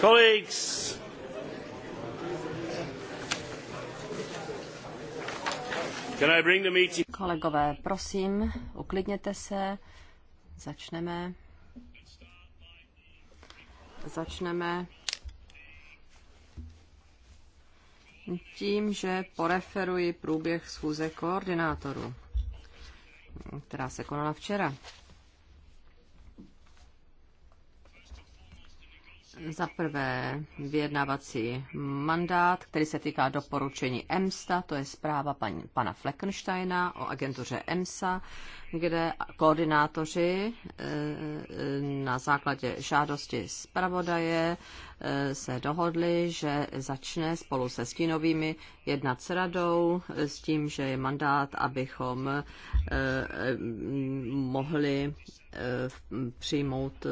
colleagues. Can I bring the meeting? Kolegové, prosím, uklidněte se, začneme začneme tím, že poreferuji průběh schůze koordinátorů, která se konala včera. Za prvé vyjednávací mandát, který se týká doporučení EMSA, to je zpráva paní, pana Fleckensteina o agentuře EMSA, kde koordinátoři eh, na základě žádosti zpravodaje eh, se dohodli, že začne spolu se Stínovými jednat s radou s tím, že je mandát, abychom eh, mohli přijmout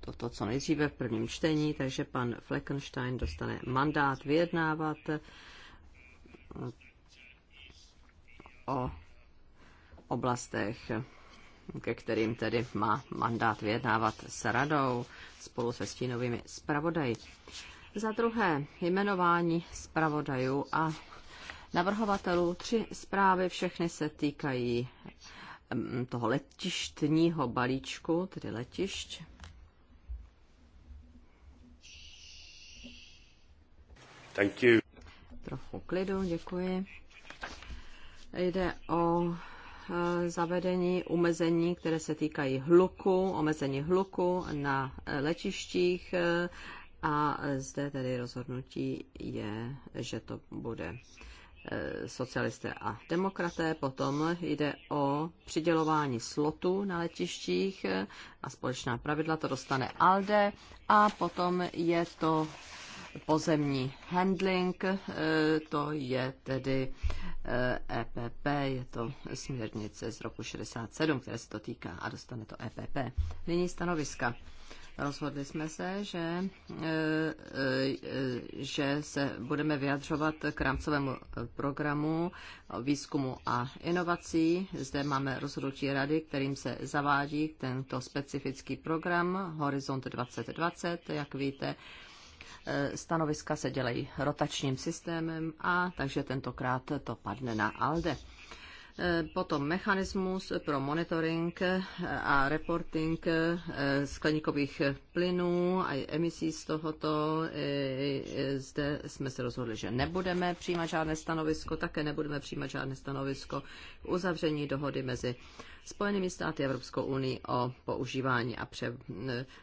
toto um, co nejdříve v prvním čtení, takže pan Fleckenstein dostane mandát vyjednávat uh, o oblastech, ke kterým tedy má mandát vyjednávat s radou spolu se stínovými zpravodaji. Za druhé, jmenování zpravodajů a navrhovatelů. Tři zprávy, všechny se týkají toho letištního balíčku, tedy letišť. Thank you. Trochu klidu, děkuji. Jde o e, zavedení umezení, které se týkají hluku, omezení hluku na e, letištích e, a zde tedy rozhodnutí je, že to bude Eh, socialisté a demokraté. Potom jde o přidělování slotu na letištích eh, a společná pravidla, to dostane ALDE. A potom je to pozemní handling, eh, to je tedy EPP, e je to směrnice z roku 67, které se to týká a dostane to EPP. Nyní stanoviska. Rozhodli jsme se, že, eh, eh, že se budeme vyjadřovat k rámcovému eh, programu výzkumu a inovací. Zde máme rozhodnutí rady, kterým se zavádí tento specifický program Horizont 2020. Jak víte, stanoviska se dělají rotačním systémem a takže tentokrát to padne na ALDE. Eh, potom mechanismus pro monitoring eh, a reporting eh, skleníkových plynů a emisí z tohoto. Zde jsme se rozhodli, že nebudeme přijímat žádné stanovisko, také nebudeme přijímat žádné stanovisko k uzavření dohody mezi Spojenými státy Evropskou unii o používání a pře-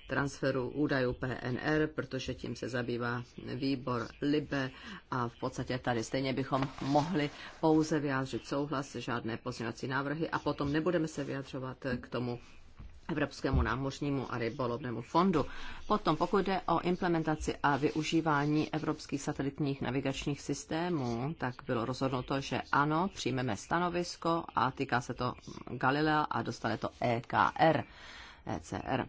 transferu údajů PNR, protože tím se zabývá výbor LIBE a v podstatě tady stejně bychom mohli pouze vyjádřit souhlas, žádné pozměňovací návrhy a potom nebudeme se vyjadřovat k tomu Evropskému námořnímu a rybolovnému fondu. Potom, pokud jde o implementaci a využívání evropských satelitních navigačních systémů, tak bylo rozhodnuto, že ano, přijmeme stanovisko a týká se to Galilea a dostane to EKR. ECR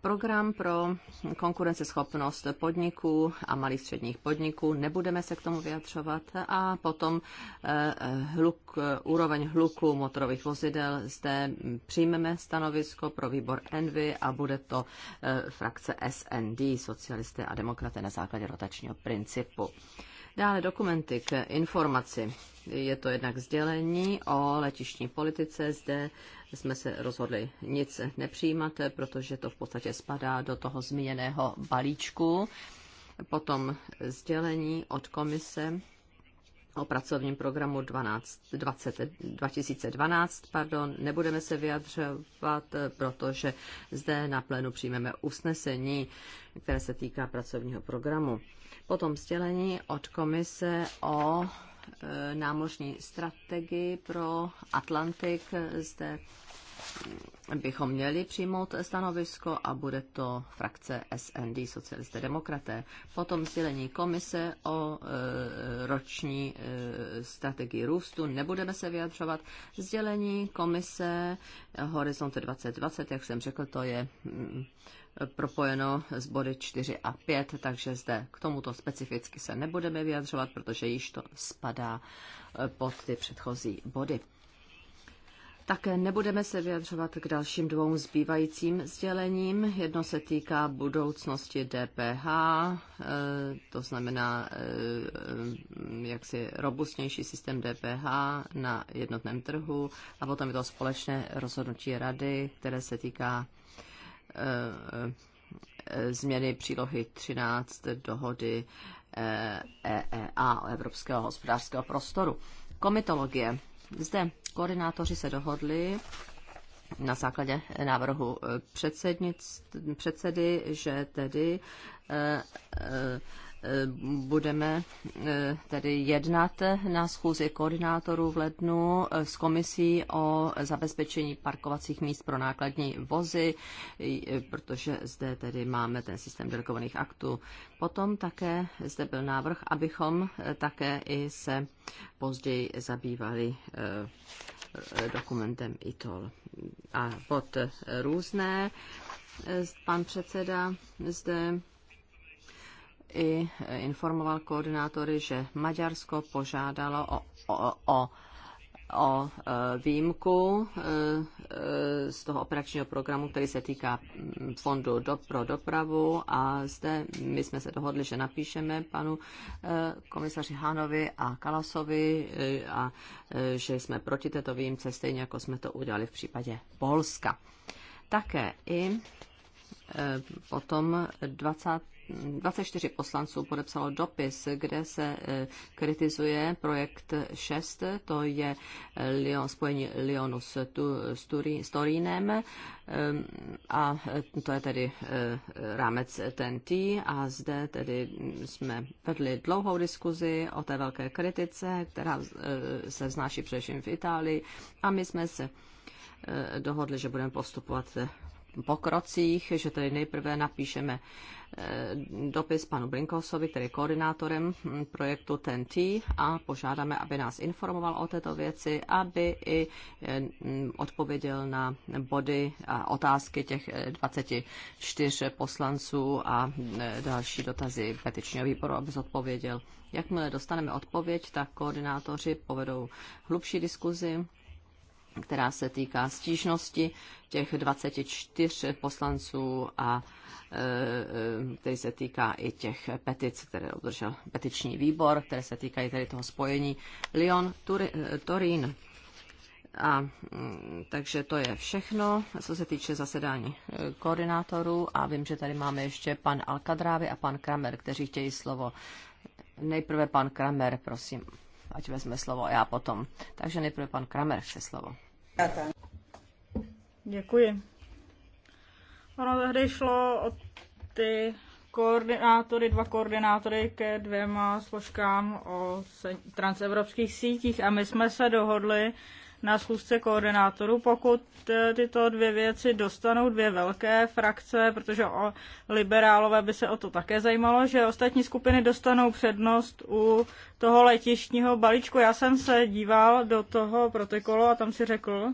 program pro konkurenceschopnost podniků a malých středních podniků. Nebudeme se k tomu vyjadřovat. A potom eh, eh, hluk, úroveň hluku motorových vozidel. Zde přijmeme stanovisko pro výbor Envy a bude to eh, frakce SND, socialisté a demokraté na základě rotačního principu. Dále dokumenty k informaci. Je to jednak sdělení o letištní politice zde jsme se rozhodli nic nepřijímat, protože to v podstatě spadá do toho zmíněného balíčku. Potom sdělení od komise o pracovním programu 12, 20, 2012. Pardon, nebudeme se vyjadřovat, protože zde na plénu přijmeme usnesení, které se týká pracovního programu. Potom sdělení od komise o e, námořní strategii pro Atlantik. Zde bychom měli přijmout stanovisko a bude to frakce SND Socialisté demokraté. Potom sdělení komise o e, roční e, strategii růstu. Nebudeme se vyjadřovat. Sdělení komise Horizont 2020, jak jsem řekl, to je mm, propojeno s body 4 a 5, takže zde k tomuto specificky se nebudeme vyjadřovat, protože již to spadá e, pod ty předchozí body. Také nebudeme se vyjadřovat k dalším dvou zbývajícím sdělením. Jedno se týká budoucnosti DPH, eh, to znamená eh, eh, jaksi robustnější systém DPH na jednotném trhu a potom je to společné rozhodnutí rady, které se týká změny přílohy 13 dohody EEA e o Evropského hospodářského prostoru. Komitologie zde koordinátoři se dohodli na základě návrhu eh, předsedy, že tedy eh, eh, Eh, budeme eh, tedy jednat na schůzi koordinátorů v lednu eh, s komisí o zabezpečení parkovacích míst pro nákladní vozy, protože zde tedy máme ten systém delegovaných aktů. Potom také zde byl návrh, abychom také i se později zabývali dokumentem ITOL. A pod různé pan předseda zde i informoval koordinátory, že Maďarsko požádalo o, o, o, o e, výjimku e, e, z toho operačního programu, který se týká mm, fondu do, pro dopravu a zde my jsme se dohodli, že napíšeme panu komisaři Hanovi a Kalasovi a že jsme proti této výjimce, stejně jako jsme to udělali v případě Polska. Také i potom 20. 24 poslanců podepsalo dopis, kde se e, kritizuje projekt 6, to je e, Leon, spojení Lyonu s, tu, s, Turí, s Torínem e, a to je tedy rámec TNT a zde tedy jsme vedli dlouhou diskuzi o té velké kritice, která se znáší především v Itálii a my jsme se dohodli, že budeme postupovat pokrocích, že tedy nejprve napíšeme eh, dopis panu Blinkosovi, který je koordinátorem hm, projektu TNT a požádáme, aby nás informoval o této věci, aby i eh, hm, odpověděl na body a otázky těch 24 eh, poslanců a další dotazy petičního výboru, aby zodpověděl. Jakmile dostaneme odpověď, tak koordinátoři povedou hlubší diskuzi která se týká stížnosti těch 24 poslanců a e, e, který se týká i těch petic, které obdržel petiční výbor, které se týkají tady toho spojení Lyon-Torín. E, a mm, takže to je všechno, co se týče zasedání koordinátorů. A vím, že tady máme ještě pan Alkadrávy a pan Kramer, kteří chtějí slovo. Nejprve pan Kramer, prosím ať vezme slovo já potom. Takže nejprve pan Kramer chce slovo. Děkuji. Ono tehdy šlo o ty koordinátory, dva koordinátory ke dvěma složkám o transevropských sítích a my jsme se dohodli, na schůzce koordinátorů, pokud e, tyto dvě věci dostanou dvě velké frakce, protože o liberálové by se o to také zajímalo, že ostatní skupiny dostanou přednost u toho letištního balíčku. Já jsem se díval do toho protokolu a tam si řekl,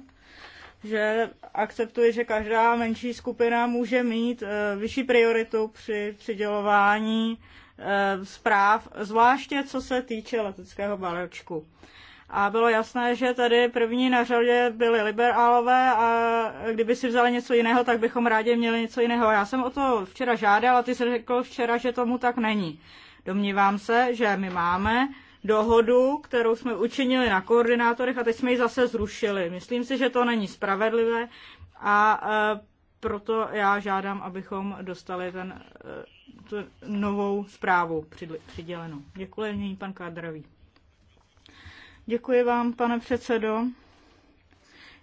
že akceptuje, že každá menší skupina může mít e, vyšší prioritu při přidělování e, zpráv, zvláště co se týče leteckého balíčku. A bylo jasné, že tady první na řadě byli liberálové a kdyby si vzali něco jiného, tak bychom rádi měli něco jiného. Já jsem o to včera žádal a ty jsi řekl včera, že tomu tak není. Domnívám se, že my máme dohodu, kterou jsme učinili na koordinátorech a teď jsme ji zase zrušili. Myslím si, že to není spravedlivé a e, proto já žádám, abychom dostali ten, e, tu novou zprávu přidělenou. Děkuji, pan Kádravý. Děkuji vám, pane předsedo.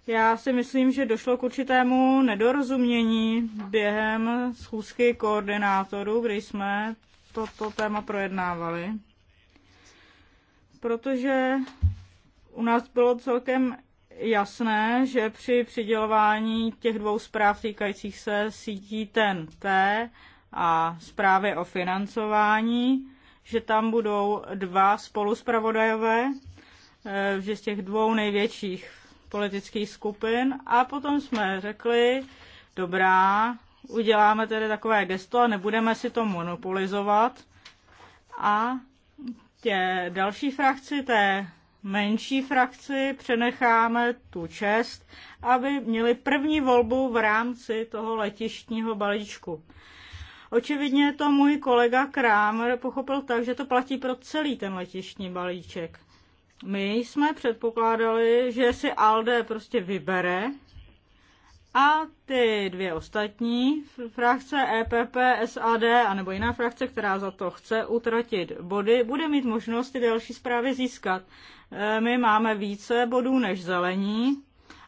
Já si myslím, že došlo k určitému nedorozumění během schůzky koordinátorů, kdy jsme toto téma projednávali. Protože u nás bylo celkem jasné, že při přidělování těch dvou zpráv týkajících se sítí TNT a zprávy o financování, že tam budou dva spoluspravodajové Eh, že z těch dvou největších politických skupin a potom jsme řekli, dobrá, uděláme tedy takové gesto a nebudeme si to monopolizovat a tě další frakci, té menší frakci přenecháme tu čest, aby měli první volbu v rámci toho letištního balíčku. Očividně to můj kolega Krámer pochopil tak, že to platí pro celý ten letištní balíček. My jsme předpokládali, že si ALDE prostě vybere a ty dvě ostatní, frakce EPP, SAD a nebo jiná frakce, která za to chce utratit body, bude mít možnost ty další zprávy získat. E, my máme více bodů než zelení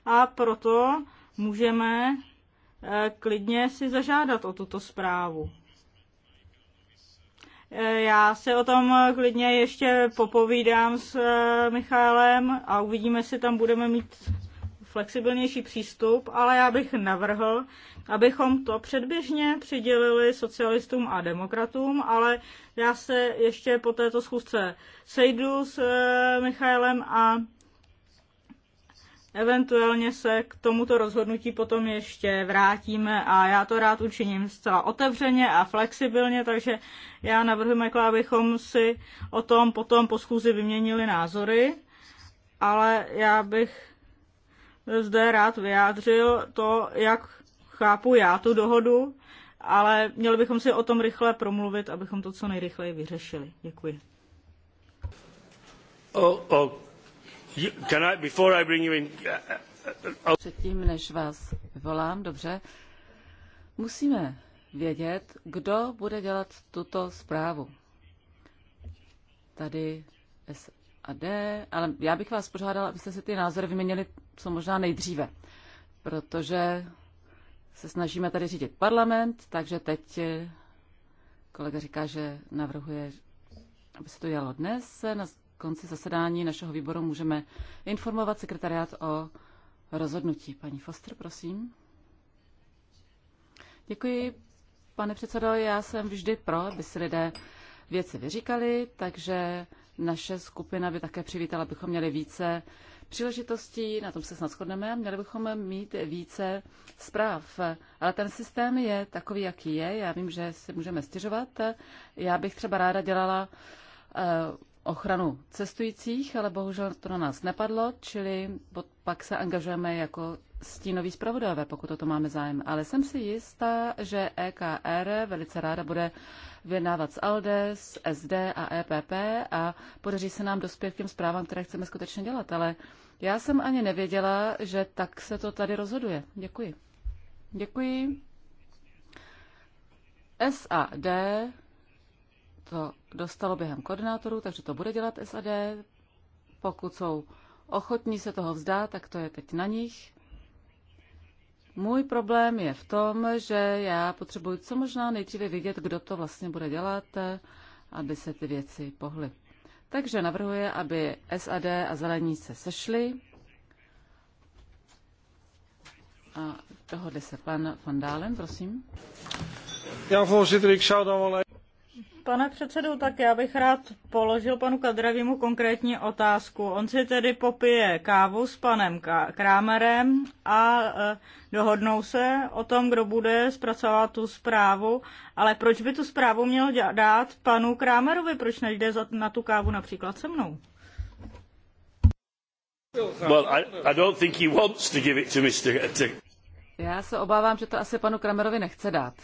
a proto můžeme e, klidně si zažádat o tuto zprávu. Eh, já se o tom klidně ještě popovídám s eh, Michálem a uvidíme, jestli tam budeme mít flexibilnější přístup, ale já bych navrhl, abychom to předběžně přidělili socialistům a demokratům, ale já se ještě po této schůzce sejdu s eh, Michálem a Eventuálně se k tomuto rozhodnutí potom ještě vrátíme a já to rád učiním zcela otevřeně a flexibilně, takže já navrhuji, Michaela, abychom si o tom potom po schůzi vyměnili názory, ale já bych zde rád vyjádřil to, jak chápu já tu dohodu, ale měli bychom si o tom rychle promluvit, abychom to co nejrychleji vyřešili. Děkuji. O, o, Uh, uh, Předtím, než vás volám, dobře, musíme vědět, kdo bude dělat tuto zprávu. Tady SAD, ale já bych vás požádala, abyste si ty názory vyměnili co možná nejdříve, protože se snažíme tady řídit parlament, takže teď eh, kolega říká, že navrhuje, aby se to dělalo dnes eh, na konci zasedání našeho výboru můžeme informovat sekretariát o rozhodnutí. Paní Foster, prosím. Děkuji, pane předsedo. Já jsem vždy pro, aby si lidé věci vyříkali, takže naše skupina by také přivítala, abychom měli více příležitostí, na tom se snad shodneme, měli bychom mít více zpráv. Ale ten systém je takový, jaký je. Já vím, že si můžeme stěžovat. Já bych třeba ráda dělala eh, ochranu cestujících, ale bohužel to na nás nepadlo, čili pak se angažujeme jako stínoví zpravodajové, pokud o to máme zájem. Ale jsem si jistá, že EKR velice ráda bude vyjednávat s Aldes, SD a EPP a podaří se nám dospět k těm zprávám, které chceme skutečně dělat. Ale já jsem ani nevěděla, že tak se to tady rozhoduje. Děkuji. Děkuji. SAD to dostalo během koordinátorů, takže to bude dělat SAD. Pokud jsou ochotní se toho vzdát, tak to je teď na nich. Můj problém je v tom, že já potřebuji co možná nejdříve vidět, kdo to vlastně bude dělat, aby se ty věci pohly. Takže navrhuje, aby SAD a zelení se sešli a dohodli se. Pan Van Dalen, prosím. Já, voorzitter, ik zou dan wel Pane předsedu, tak já bych rád položil panu Kadravimu konkrétní otázku. On si tedy popije kávu s panem Krámerem a e, dohodnou se o tom, kdo bude zpracovat tu zprávu, ale proč by tu zprávu měl dát panu Krámerovi? Proč nejde na tu kávu například se mnou? Well, I, I don't think he wants to give it to Mr. Já se obávám, že to asi panu Kramerovi nechce dát.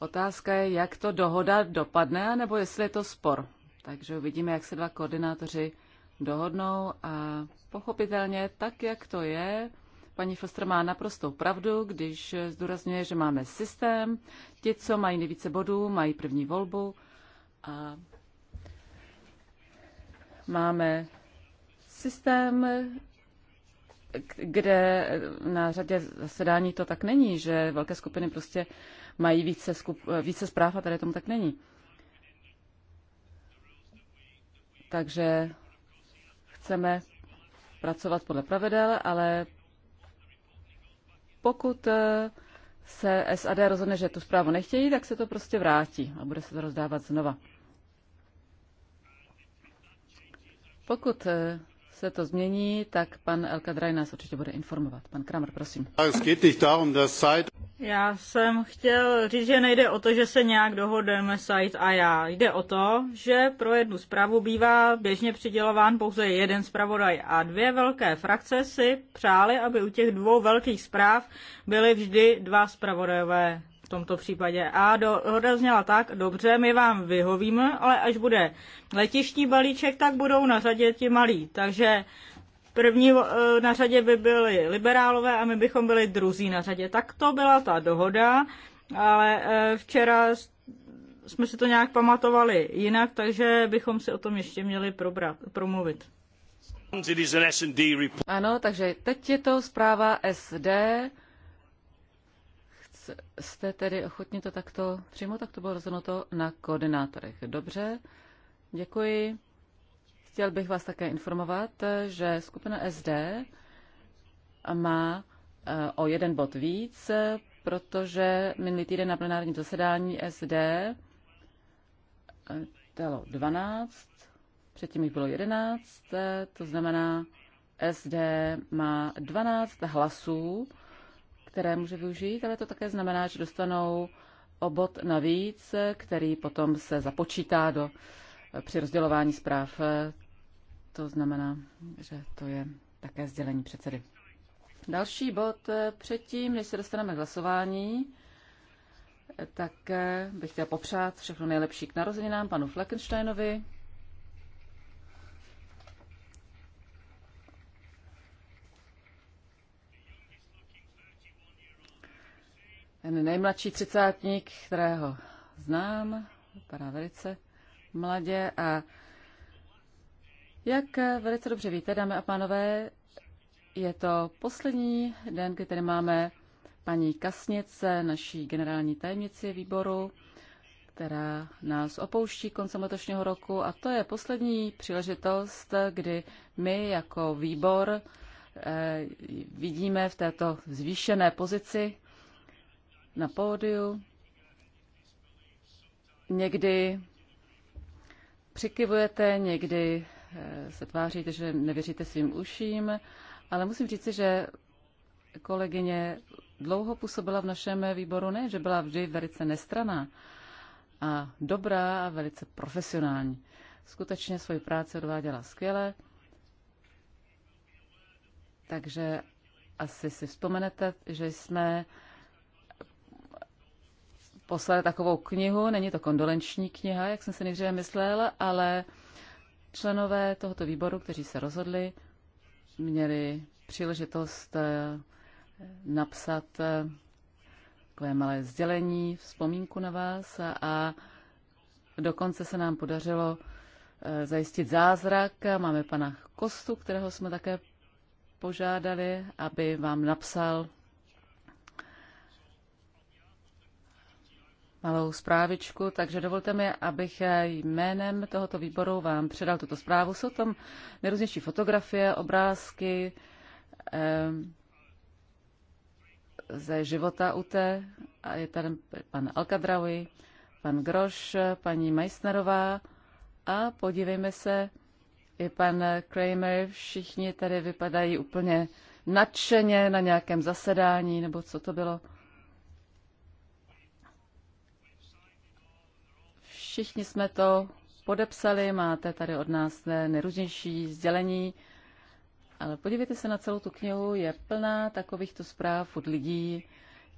Otázka je, jak to dohoda dopadne, nebo jestli je to spor. Takže uvidíme, jak se dva koordinátoři dohodnou a pochopitelně tak, jak to je, paní Foster má naprostou pravdu, když zdůrazňuje, že máme systém, ti, co mají nejvíce bodů, mají první volbu a máme systém, kde na řadě zasedání to tak není, že velké skupiny prostě mají více, skup, více zpráv a tady tomu tak není. Takže chceme pracovat podle pravidel, ale pokud eh, se SAD rozhodne, že tu zprávu nechtějí, tak se to prostě vrátí a bude se to rozdávat znova. Pokud eh, se to změní, tak pan Elkadraj nás určitě bude informovat. Pan Kramer, prosím. Já jsem chtěl říct, že nejde o to, že se nějak dohodneme site a já. Jde o to, že pro jednu zprávu bývá běžně přidělován pouze jeden zpravodaj a dvě velké frakce si přáli, aby u těch dvou velkých zpráv byly vždy dva zpravodajové v tomto případě. A dohoda zněla tak, dobře, my vám vyhovíme, ale až bude letišní balíček, tak budou na řadě ti malí. Takže První eh, na řadě by byli liberálové a my bychom byli druzí na řadě. Tak to byla ta dohoda, ale eh, včera jsme si to nějak pamatovali jinak, takže bychom si o tom ještě měli probrat, promluvit. Ano, takže teď je to zpráva SD. Jste tedy ochotni to takto přímo, Tak to bylo rozhodnuto na koordinátorech. Dobře, děkuji. Chtěl bych vás také informovat, že skupina SD má e, o jeden bod víc, protože minulý týden na plenárním zasedání SD e, dalo 12, předtím jich bylo 11, e, to znamená, SD má 12 hlasů, které může využít, ale to také znamená, že dostanou o bod navíc, který potom se započítá do při rozdělování zpráv. To znamená, že to je také sdělení předsedy. Další bod eh, předtím, než se dostaneme k hlasování, eh, tak eh, bych chtěla popřát všechno nejlepší k narozeninám panu Fleckensteinovi. Ten nejmladší třicátník, kterého znám, vypadá velice mladě a jak velice dobře víte, dámy a pánové, je to poslední den, kdy tady máme paní Kasnice, naší generální tajemnici výboru, která nás opouští koncem letošního roku a to je poslední příležitost, kdy my jako výbor eh, vidíme v této zvýšené pozici na pódiu. Někdy Přikivujete, někdy eh, se tváříte, že nevěříte svým uším, ale musím říci, že kolegyně dlouho působila v našem výboru, ne, že byla vždy velice nestraná a dobrá a velice profesionální. Skutečně svoji práci odváděla skvěle, takže asi si vzpomenete, že jsme poslali takovou knihu. Není to kondolenční kniha, jak jsem se nejdříve myslel, ale členové tohoto výboru, kteří se rozhodli, měli příležitost eh, napsat eh, takové malé sdělení, vzpomínku na vás a dokonce se nám podařilo eh, zajistit zázrak. Máme pana Kostu, kterého jsme také požádali, aby vám napsal malou zprávičku, takže dovolte mi, abych jménem tohoto výboru vám předal tuto zprávu. Jsou tam nejrůznější fotografie, obrázky eh, ze života UT. A je tady pan Alkadrawi, pan Groš, paní Meissnerová a podívejme se, i pan Kramer, všichni tady vypadají úplně nadšeně na nějakém zasedání, nebo co to bylo. Všichni jsme to podepsali, máte tady od nás nejrůznější sdělení, ale podívejte se na celou tu knihu, je plná takovýchto zpráv od lidí,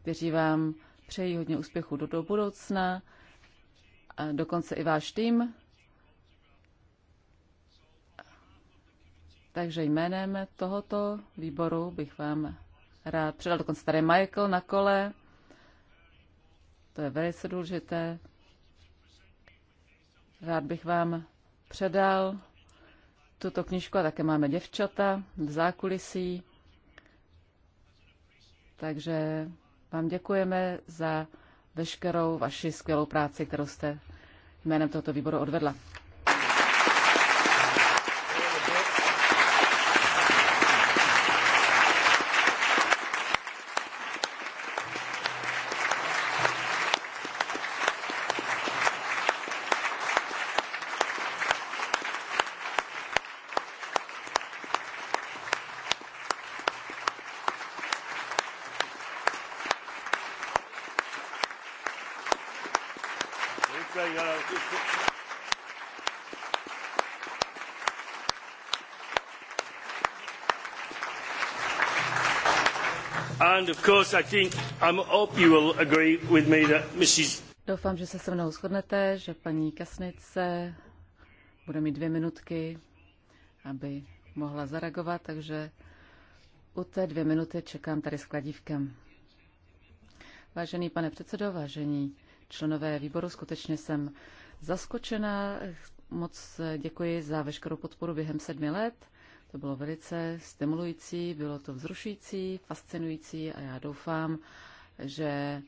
kteří vám přejí hodně úspěchu do, do budoucna, a dokonce i váš tým. Takže jménem tohoto výboru bych vám rád předal, dokonce tady Michael na kole, to je velice důležité, Rád bych vám předal tuto knižku a také máme děvčata v zákulisí. Takže vám děkujeme za veškerou vaši skvělou práci, kterou jste jménem tohoto výboru odvedla. of course I think I hope you will agree with me that Mrs. Doufám, že se se mnou shodnete, že paní Kasnice bude mít dvě minutky, aby mohla zareagovat, takže u té dvě minuty čekám tady s kladívkem. Vážený pane předsedo, vážení členové výboru, skutečně jsem zaskočena. Moc děkuji za veškerou podporu během sedmi let. To bylo velice stimulující, bylo to vzrušující, fascinující a já doufám, že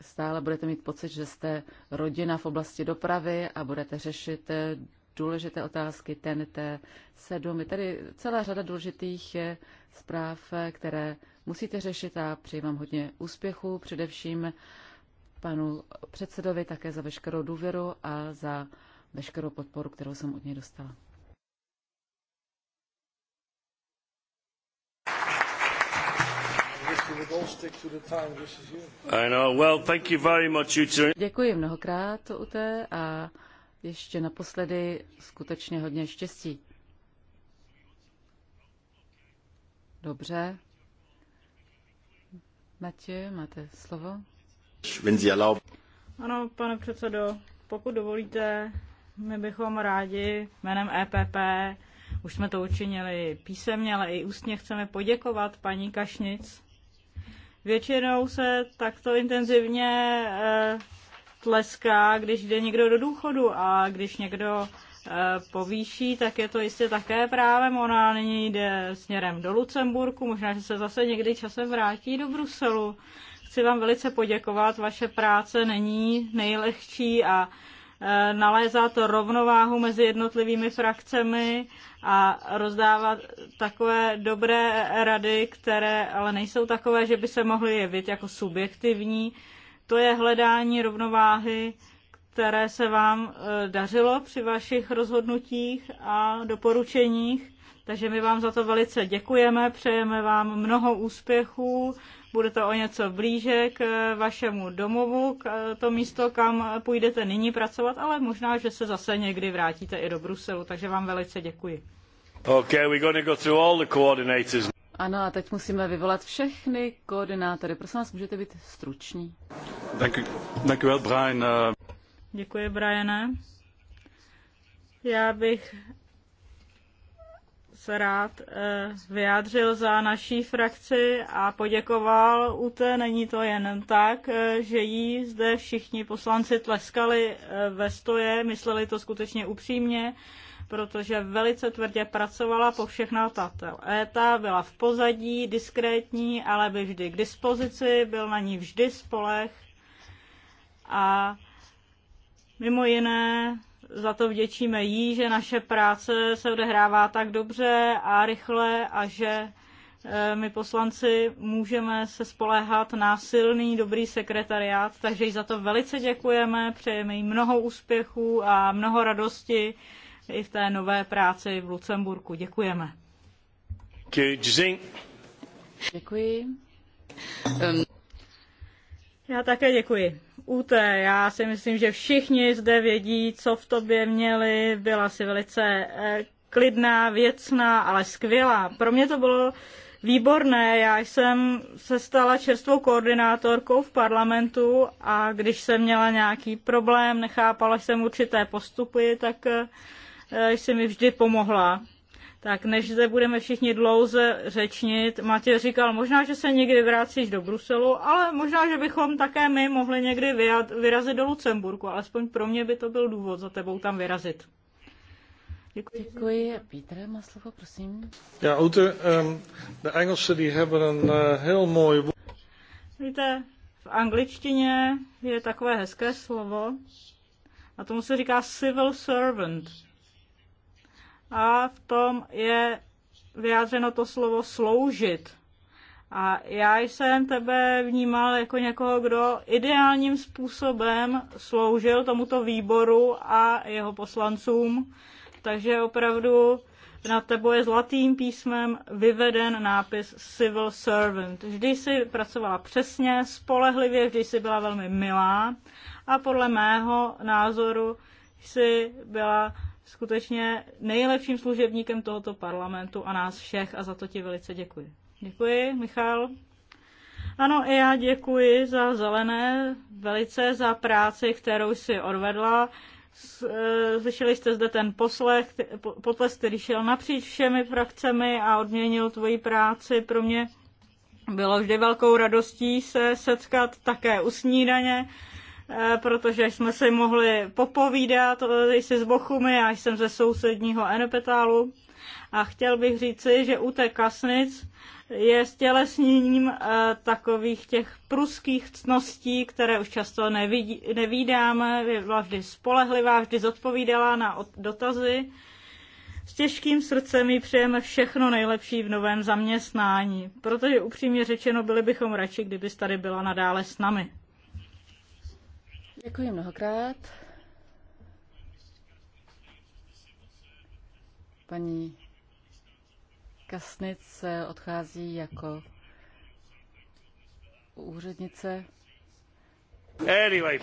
stále budete mít pocit, že jste rodina v oblasti dopravy a budete řešit eh, důležité otázky TNT 7. Je tady celá řada důležitých eh, zpráv, eh, které musíte řešit a přeji vám hodně úspěchů, především panu předsedovi také za veškerou důvěru a za veškerou podporu, kterou jsem od něj dostala. Děkuji mnohokrát, Ute, a ještě naposledy skutečně hodně štěstí. Dobře. Matě, máte slovo? Ano, pane předsedo, pokud dovolíte, my bychom rádi jménem EPP, už jsme to učinili písemně, ale i ústně chceme poděkovat paní Kašnic Většinou se takto intenzivně eh, tleská, když jde někdo do důchodu a když někdo eh, povýší, tak je to jistě také právem. Ona nyní jde směrem do Lucemburku, možná, že se zase někdy časem vrátí do Bruselu. Chci vám velice poděkovat, vaše práce není nejlehčí a Eh, nalézat rovnováhu mezi jednotlivými frakcemi a rozdávat takové dobré rady, které ale nejsou takové, že by se mohly jevit jako subjektivní. To je hledání rovnováhy, které se vám eh, dařilo při vašich rozhodnutích a doporučeních. Takže my vám za to velice děkujeme, přejeme vám mnoho úspěchů bude to o něco blíže k vašemu domovu, k to místo, kam půjdete nyní pracovat, ale možná, že se zase někdy vrátíte i do Bruselu, takže vám velice děkuji. Okay, we're gonna go through all the coordinators. Ano, a teď musíme vyvolat všechny koordinátory. Prosím vás, můžete být struční. Uh, děkuji, Brian. Děkuji, Brian. Já bych se rád eh, vyjádřil za naší frakci a poděkoval UTE. Není to jen tak, eh, že jí zde všichni poslanci tleskali eh, ve stoje, mysleli to skutečně upřímně, protože velice tvrdě pracovala po všechna ta Éta byla v pozadí, diskrétní, ale by vždy k dispozici, byl na ní vždy spoleh a mimo jiné za to vděčíme jí, že naše práce se odehrává tak dobře a rychle a že eh, my poslanci můžeme se spoléhat na silný, dobrý sekretariát, takže jí za to velice děkujeme, přejeme jí mnoho úspěchů a mnoho radosti i v té nové práci v Lucemburku. Děkujeme. Děkuji. Já také děkuji. UT. Já si myslím, že všichni zde vědí, co v tobě měli. Byla si velice eh, klidná, věcná, ale skvělá. Pro mě to bylo výborné. Já jsem se stala čerstvou koordinátorkou v parlamentu a když jsem měla nějaký problém, nechápala jsem určité postupy, tak eh, jsi mi vždy pomohla tak než zde budeme všichni dlouze řečnit, Matěj říkal, možná, že se někdy vrátíš do Bruselu, ale možná, že bychom také my mohli někdy vyrazit do Lucemburku, alespoň pro mě by to byl důvod za tebou tam vyrazit. Děkuji. Děkuji. Pítre, má slovo, prosím. Ja, Ute, um, ehm, de Engelsen die hebben een uh, heel mooi Víte, v angličtině je takové hezké slovo a tomu se říká civil servant a v tom je vyjádřeno to slovo sloužit. A já jsem tebe vnímal jako někoho, kdo ideálním způsobem sloužil tomuto výboru a jeho poslancům. Takže opravdu na tebe je zlatým písmem vyveden nápis Civil Servant. Vždy si pracovala přesně, spolehlivě, vždy si byla velmi milá a podle mého názoru si byla skutečně nejlepším služebníkem tohoto parlamentu a nás všech a za to ti velice děkuji. Děkuji, Michal. Ano, i já děkuji za zelené, velice za práci, kterou si odvedla. E, slyšeli jste zde ten poslech, potles, který šel napříč všemi frakcemi a odměnil tvoji práci. Pro mě bylo vždy velkou radostí se setkat také u snídaně Eh, protože jsme si mohli popovídat jsi eh, z Bochumy, já jsem ze sousedního Enepetálu. A chtěl bych říci, že u té kasnic je stělesněním eh, takových těch pruských ctností, které už často nevidí, nevídáme, byla vždy spolehlivá, vždy zodpovídala na dotazy. S těžkým srdcem jí přejeme všechno nejlepší v novém zaměstnání, protože upřímně řečeno byli bychom radši, kdyby tady byla nadále s námi. Děkuji mnohokrát. Paní Kasnic odchází jako úřednice. Anyway.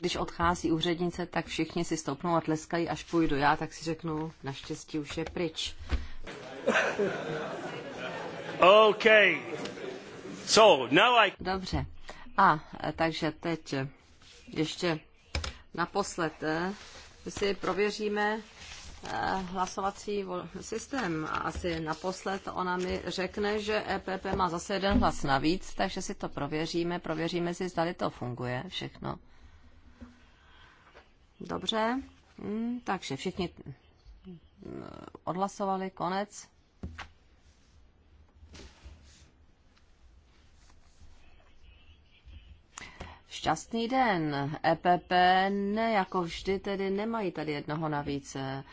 Když odchází úřednice, tak všichni si stopnou a tleskají, až půjdu já, tak si řeknu, naštěstí už je pryč. Okay. So, now I... Dobře. A takže teď ještě naposled eh, si prověříme eh, hlasovací systém. A asi naposled ona mi řekne, že EPP má zase jeden hlas navíc, takže si to prověříme. Prověříme si, zda to funguje všechno. Dobře, hm, takže všichni hm, odhlasovali, konec. Šťastný den. EPP ne, jako vždy tedy nemají tady jednoho navíc. E,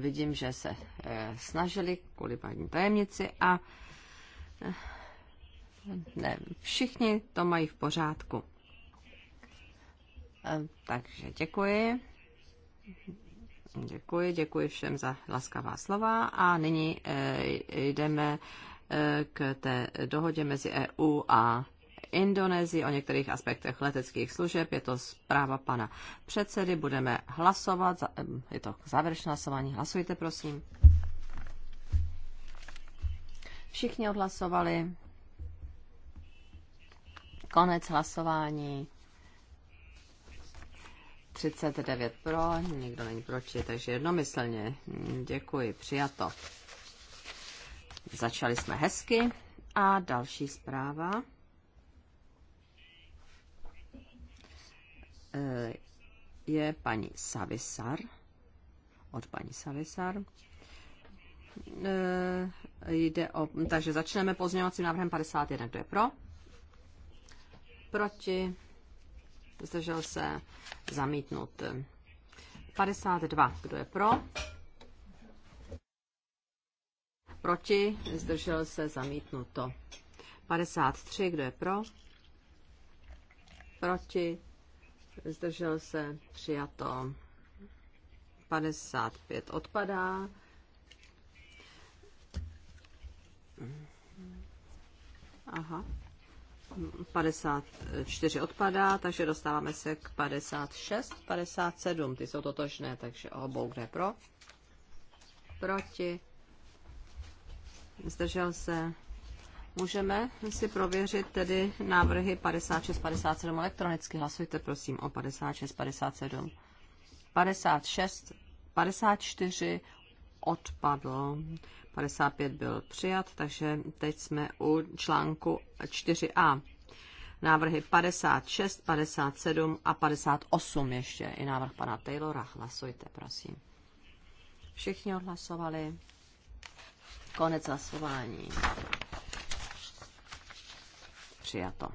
vidím, že se e, snažili kvůli paní tajemnici a e, ne, všichni to mají v pořádku. Takže děkuji. Děkuji, děkuji všem za laskavá slova a nyní jdeme k té dohodě mezi EU a Indonésii o některých aspektech leteckých služeb. Je to zpráva pana předsedy. Budeme hlasovat. Je to závěrečné hlasování. Hlasujte, prosím. Všichni odhlasovali. Konec hlasování. 39 pro, nikdo není proti, takže jednomyslně děkuji, přijato. Začali jsme hezky a další zpráva. je paní Savisar, od paní Savisar. Eh, jde o, takže začneme pozměňovacím návrhem 51. Kdo je pro? Proti? Zdržel se zamítnut. 52. Kdo je pro? Proti? Zdržel se zamítnuto. 53. Kdo je pro? Proti? zdržel se, přijato. 55 odpadá. Aha. 54 odpadá, takže dostáváme se k 56, 57, ty jsou totožné, takže obou kde pro. Proti. Zdržel se. Můžeme si prověřit tedy návrhy 56-57 elektronicky. Hlasujte prosím o 56-57. 56, 54 odpadl, 55 byl přijat, takže teď jsme u článku 4a. Návrhy 56, 57 a 58 ještě. I návrh pana Taylora. Hlasujte, prosím. Všichni odhlasovali. Konec hlasování. Přijato.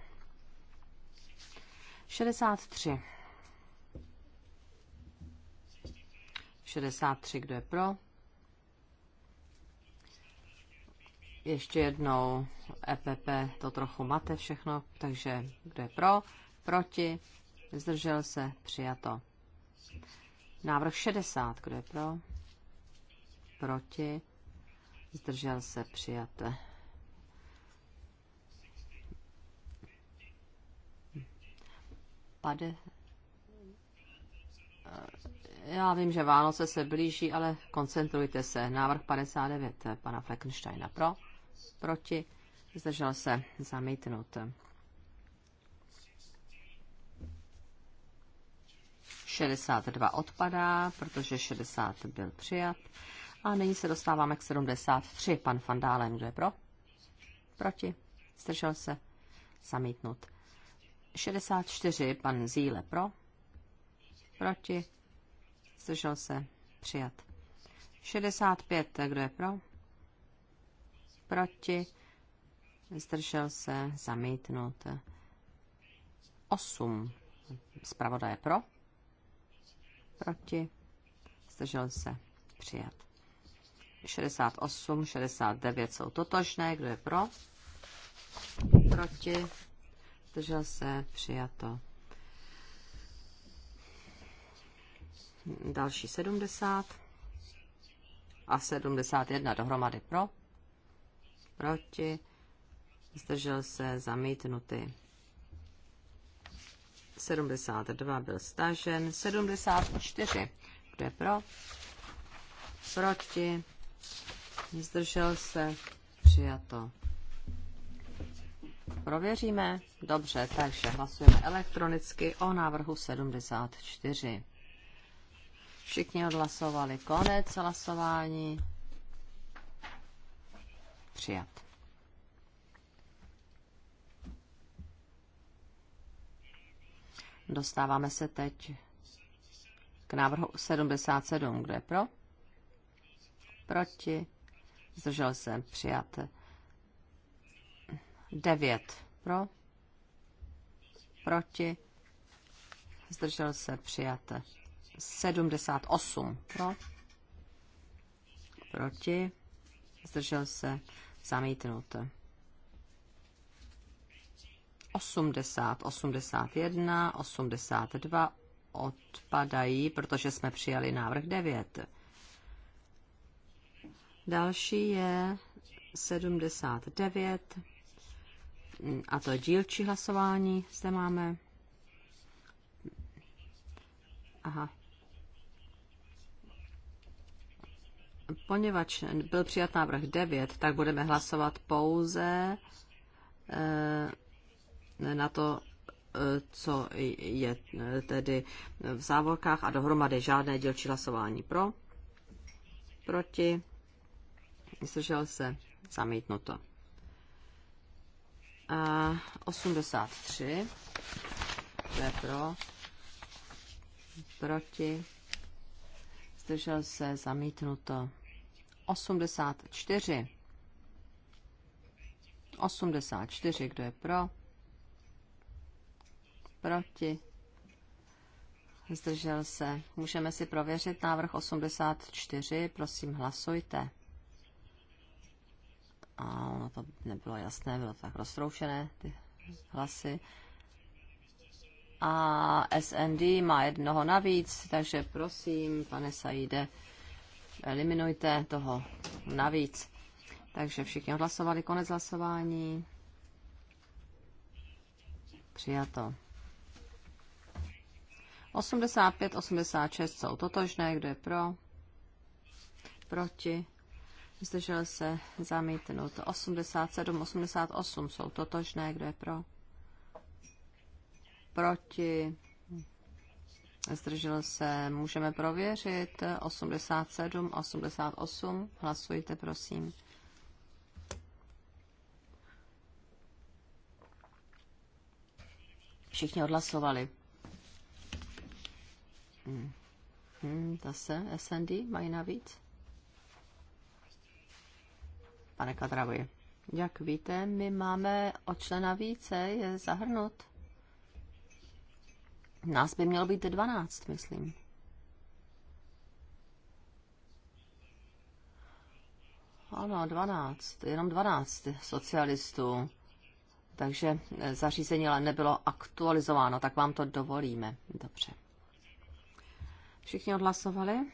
63. 63, kdo je pro? Ještě jednou EPP to trochu mate všechno, takže kdo je pro, proti, zdržel se, přijato. Návrh 60, kdo je pro, proti, zdržel se, Přijate. pade... Eh, já vím, že Vánoce se blíží, ale koncentrujte se. Návrh 59 eh, pana Fleckensteina pro, proti, zdržel se zamítnut. 62 odpadá, protože 60 byl přijat. A nyní se dostáváme k 73. Pan Fandálen, kdo je pro? Proti. Zdržel se. Zamítnut. 64, pan Zíle pro, proti, zdržel se, přijat. 65, kdo je pro, proti, zdržel se, zamítnut. 8, zpravodaje pro, proti, zdržel se, přijat. 68, 69 jsou totožné, kdo je pro, proti, zdržel se, přijato. Další 70 a 71 dohromady pro, proti, zdržel se, zamítnutý. 72 byl stažen, 74, kdo je pro, proti, zdržel se, přijato prověříme? Dobře, takže hlasujeme elektronicky o návrhu 74. Všichni odhlasovali konec hlasování. Přijat. Dostáváme se teď k návrhu 77. Kdo je pro? Proti? Zdržel jsem. přijat. 9 pro, proti, zdržel se přijaté. 78 pro, proti, zdržel se zamítnut 80, 81, 82 odpadají, protože jsme přijali návrh 9. Další je 79 a to dílčí hlasování zde máme. Aha. Poněvadž byl přijat návrh 9, tak budeme hlasovat pouze eh, na to, eh, co je eh, tedy v závorkách a dohromady žádné dělčí hlasování pro, proti, zdržel se, zamítnuto. 83. je pro? Proti? Zdržel se zamítnuto. 84. 84. Kdo je pro? Proti? Zdržel se. Můžeme si prověřit návrh 84. Prosím, hlasujte a ono to nebylo jasné, bylo to tak roztroušené, ty hlasy. A SND má jednoho navíc, takže prosím, pane Saide, eliminujte toho navíc. Takže všichni hlasovali konec hlasování. Přijato. 85, 86 jsou totožné. Kdo je pro? Proti? zdržel se zamítnout. 87, 88 jsou totožné, kdo je pro, proti, zdržel se, můžeme prověřit, 87, 88, hlasujte prosím. Všichni odhlasovali. Hmm. Hmm, zase SND mají navíc pane Kadravi. Jak víte, my máme o člena více, je zahrnut. Nás by mělo být 12, myslím. Ano, 12, jenom 12 socialistů. Takže zařízení ale nebylo aktualizováno, tak vám to dovolíme. Dobře. Všichni odhlasovali?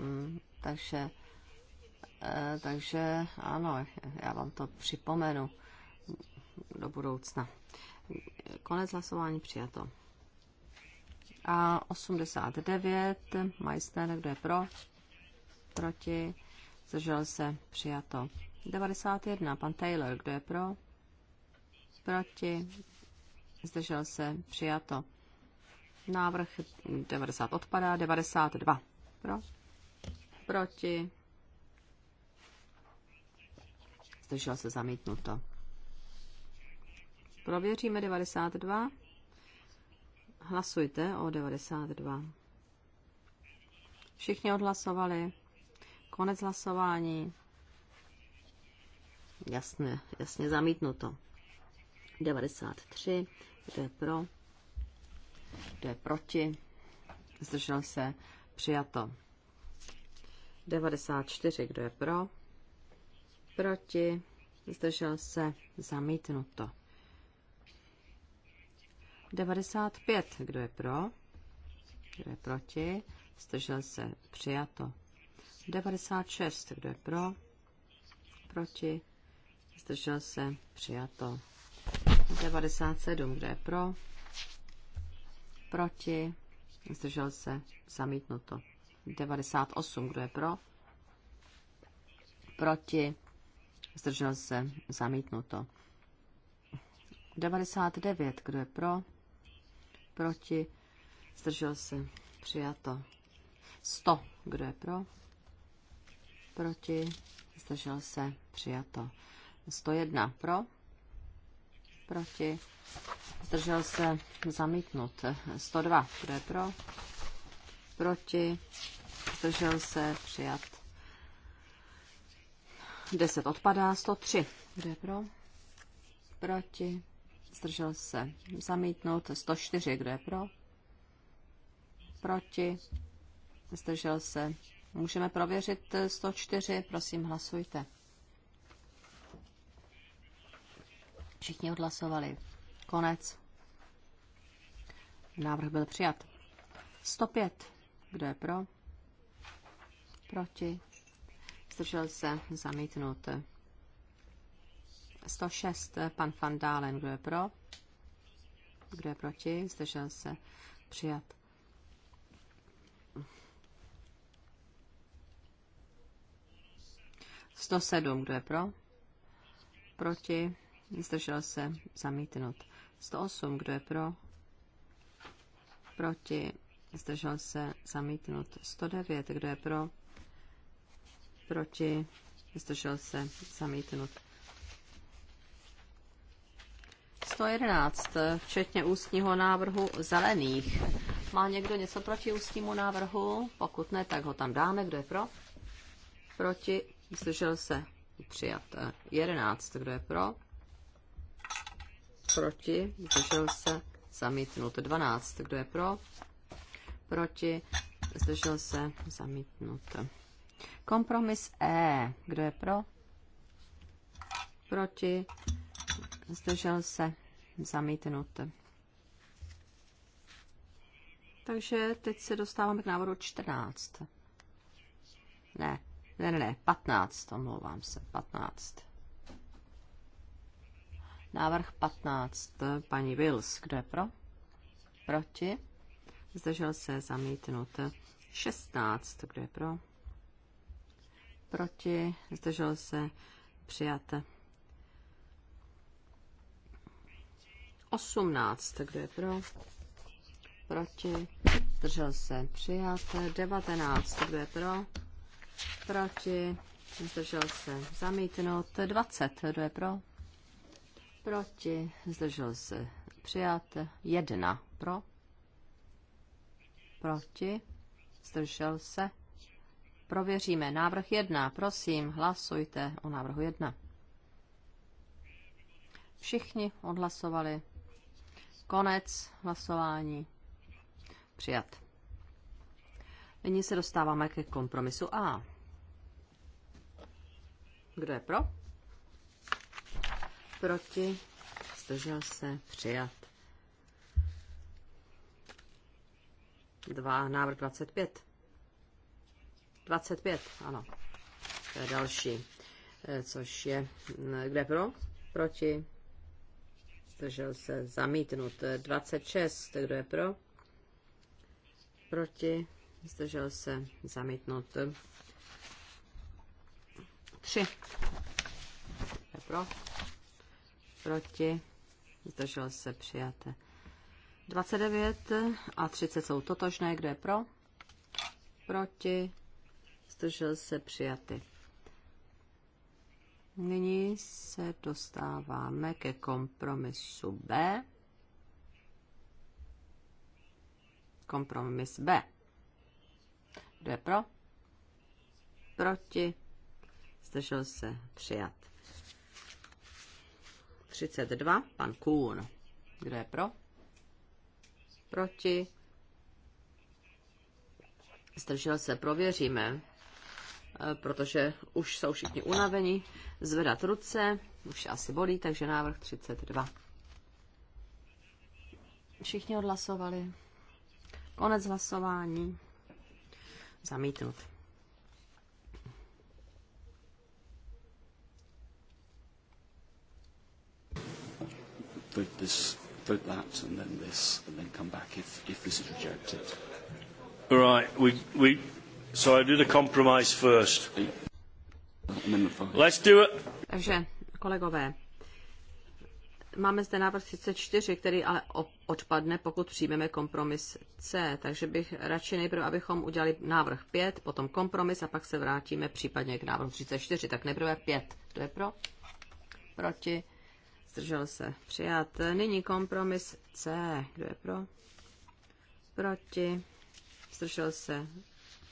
Hmm, takže Eh, takže ano, já vám to připomenu do budoucna. Konec hlasování přijato. A 89, Majster, kdo je pro? Proti? Zdržel se, přijato. 91, pan Taylor, kdo je pro? Proti? Zdržel se, přijato. Návrh 90 odpadá, 92 pro? Proti? zdržel se zamítnuto. Prověříme 92. Hlasujte o 92. Všichni odhlasovali. Konec hlasování. Jasně, jasně zamítnuto. 93. Kdo je pro? Kdo je proti? Zdržel se. Přijato. 94. Kdo je pro? proti, zdržel se, zamítnuto. 95, kdo je pro, kdo je proti, zdržel se, přijato. 96, kdo je pro, proti, zdržel se, přijato. 97, kdo je pro, proti, zdržel se, zamítnuto. 98, kdo je pro, proti, zdržel se, zamítnuto. 99, kdo je pro, proti, zdržel se, přijato. 100, kdo je pro, proti, zdržel se, přijato. 101 pro, proti, zdržel se, zamítnut. 102, kdo je pro, proti, zdržel se, přijat. 10 odpadá, 103. Kdo je pro? Proti. Zdržel se. Zamítnout. 104. Kdo je pro? Proti. Zdržel se. Můžeme prověřit 104. Prosím, hlasujte. Všichni odhlasovali. Konec. Návrh byl přijat. 105. Kdo je pro? Proti zdržel se, zamítnut. 106, pan Van Dalen, kdo je pro? Kdo je proti? Zdržel se, přijat. Sto sedm, kdo je pro? Proti? Zdržel se, zamítnut. 108, kdo je pro? Proti? Zdržel se, zamítnut. 109, kdo je pro? proti, zdržel se, zamítnut. 111, včetně ústního návrhu zelených. Má někdo něco proti ústnímu návrhu? Pokud ne, tak ho tam dáme. Kdo je pro? Proti, zdržel se, přijat. 11, kdo je pro? Proti, zdržel se, zamítnut. 12, kdo je pro? Proti, zdržel se, zamítnut. Kompromis E. Kdo je pro? Proti? Zdržel se? Zamítnut. Takže teď se dostáváme k návodu 14. Ne, ne, ne, ne 15, omlouvám se, 15. Návrh 15, paní Wills, kdo je pro? Proti? Zdržel se zamítnut. 16, kdo je pro? proti, zdržel se, přijat. 18, kdo je pro, proti, zdržel se, přijat. 19, kdo je pro, proti, zdržel se, zamítnout. 20, kdo je pro, proti, zdržel se, přijat. 1, pro, proti, zdržel se, Prověříme. Návrh 1. Prosím, hlasujte o návrhu 1. Všichni odhlasovali. Konec hlasování. Přijat. Nyní se dostáváme ke kompromisu A. Kdo je pro? Proti? Zdržel se? Přijat. 2. Návrh 25. 25, ano. To je další, eh, což je, mm, kde pro? Proti. Zdržel se zamítnut. 26, kdo je pro? Proti. Zdržel se zamítnut. 3. Je pro? Proti. Zdržel se přijaté. 29 a 30 jsou totožné. Kdo je pro? Proti zdržel se přijaty. Nyní se dostáváme ke kompromisu B. Kompromis B. Kdo je pro? Proti? Zdržel se přijat. 32. Pan Kůn. Kdo je pro? Proti? Zdržel se, prověříme. Eh, protože už jsou všichni unaveni, zvedat ruce, už asi bolí, takže návrh 32. Všichni odhlasovali. Konec hlasování. Zamítnut. this, that, and then this, and then come back if, if this is rejected. All right, we, we So I do the compromise first. Let's do it. Takže, kolegové, máme zde návrh 34, který ale odpadne, pokud přijmeme kompromis C. Takže bych radši nejprve, abychom udělali návrh 5, potom kompromis a pak se vrátíme případně k návrhu 34. Tak nejprve 5. To je pro? Proti? Zdržel se. Přijat. Nyní kompromis C. Kdo je pro? Proti? Zdržel se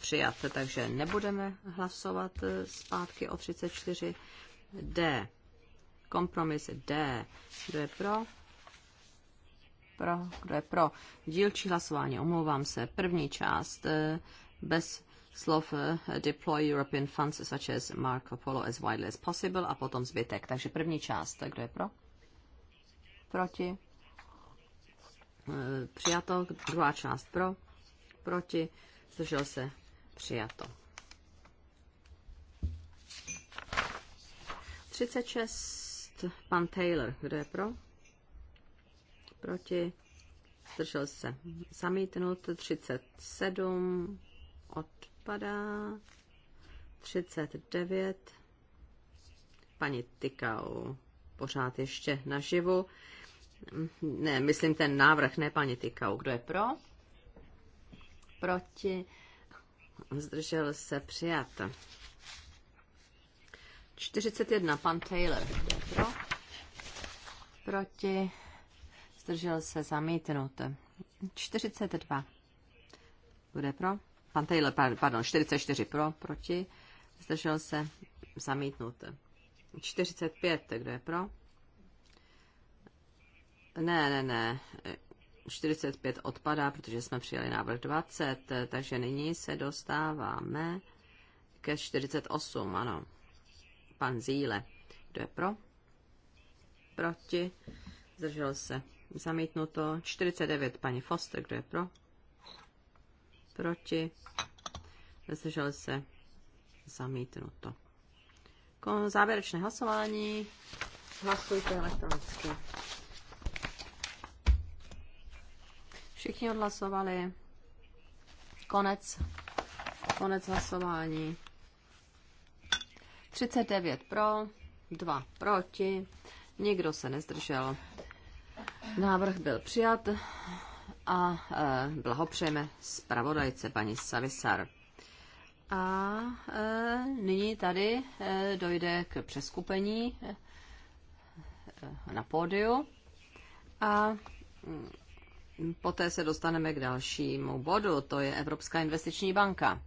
přijat, takže nebudeme hlasovat eh, zpátky o 34. D. Kompromis D. Kdo je pro? Pro. Kdo je pro? Dílčí hlasování, omlouvám se. První část eh, bez slov eh, deploy European funds such as Marco Polo as widely as possible a potom zbytek. Takže první část, kdo je pro? Proti? Přijato, druhá část pro, proti, zdržel se Přijato. 36. Pan Taylor. Kdo je pro? Proti? Zdržel se. Zamítnut. 37. Odpadá. 39. Paní Tykau. Pořád ještě naživu. Ne, myslím ten návrh, ne paní Tykau. Kdo je pro? Proti? zdržel se přijat. 41, pan Taylor, pro? Proti, zdržel se zamítnut. 42, bude pro? Pan Taylor, pardon, 44 pro, proti, zdržel se zamítnut. 45, kdo je pro? Ne, ne, ne. 45 odpadá, protože jsme přijeli návrh 20, takže nyní se dostáváme ke 48, ano. Pan Zíle, kdo je pro? Proti? Zdržel se. Zamítnuto. 49, paní Foster, kdo je pro? Proti? Zdržel se. Zamítnuto. Závěrečné hlasování. Hlasujte elektronicky. Všichni odhlasovali. Konec. Konec hlasování. 39 pro, 2 proti, nikdo se nezdržel. Návrh byl přijat a e, blahopřejeme zpravodajce paní Savisar. A e, nyní tady e, dojde k přeskupení e, na pódiu a mm, poté se dostaneme k dalšímu bodu, to je Evropská investiční banka.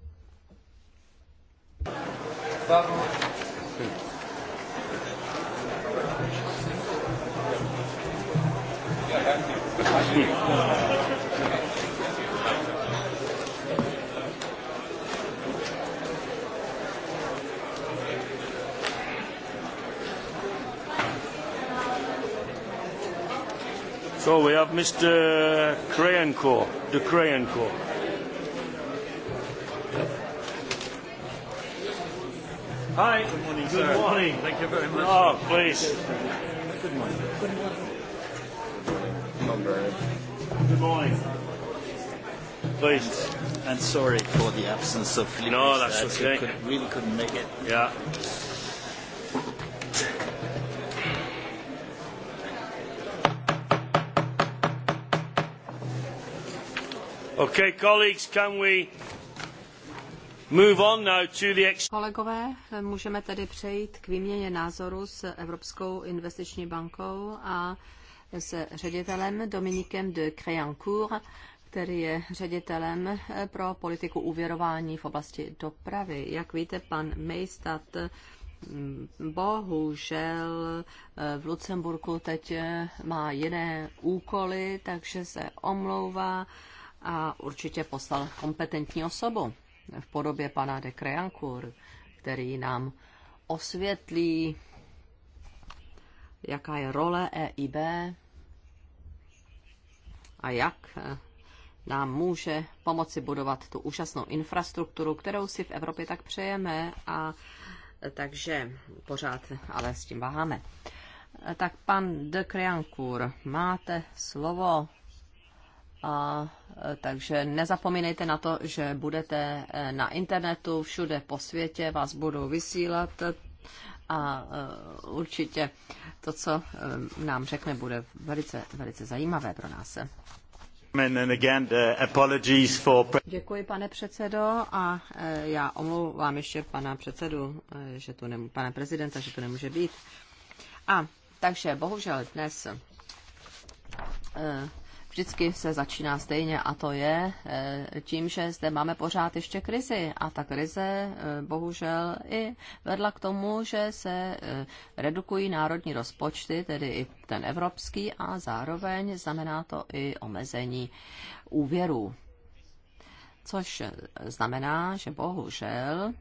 So we have Mr. Crayon Corps, the Crayon Corps. Hi. Good morning. Good sir. morning. Thank you very much. Oh, please. Good morning. morning. Good morning. Please. And sorry for the absence of No, that's that okay. Could, really couldn't make it. Yeah. Okay, colleagues, can we move on now to the... Kolegové, můžeme tedy přejít k výměně názoru s Evropskou investiční bankou a s ředitelem Dominikem de Créancourt, který je ředitelem pro politiku úvěrování v oblasti dopravy. Jak víte, pan Mejstat mm, bohužel eh, v Lucemburku teď eh, má jiné úkoly, takže se omlouvá a určitě poslal kompetentní osobu v podobě pana de Creancourt, který nám osvětlí, jaká je role EIB a jak eh, nám může pomoci budovat tu úžasnou infrastrukturu, kterou si v Evropě tak přejeme a eh, takže pořád ale s tím váháme. Eh, tak pan de Creancourt, máte slovo a e, takže nezapomínejte na to, že budete e, na internetu, všude po světě vás budou vysílat a e, určitě to, co nám řekne, bude velice, velice zajímavé pro nás. Uh, Děkuji, pane předsedo, a já omlouvám ještě pana předsedu, že tu nemů- pana prezidenta, že tu nemůže být. A takže bohužel dnes vždycky se začíná stejně a to je eh, tím, že zde máme pořád ještě krizi a ta krize eh, bohužel i vedla k tomu, že se eh, redukují národní rozpočty, tedy i ten evropský a zároveň znamená to i omezení úvěrů. Což znamená, že bohužel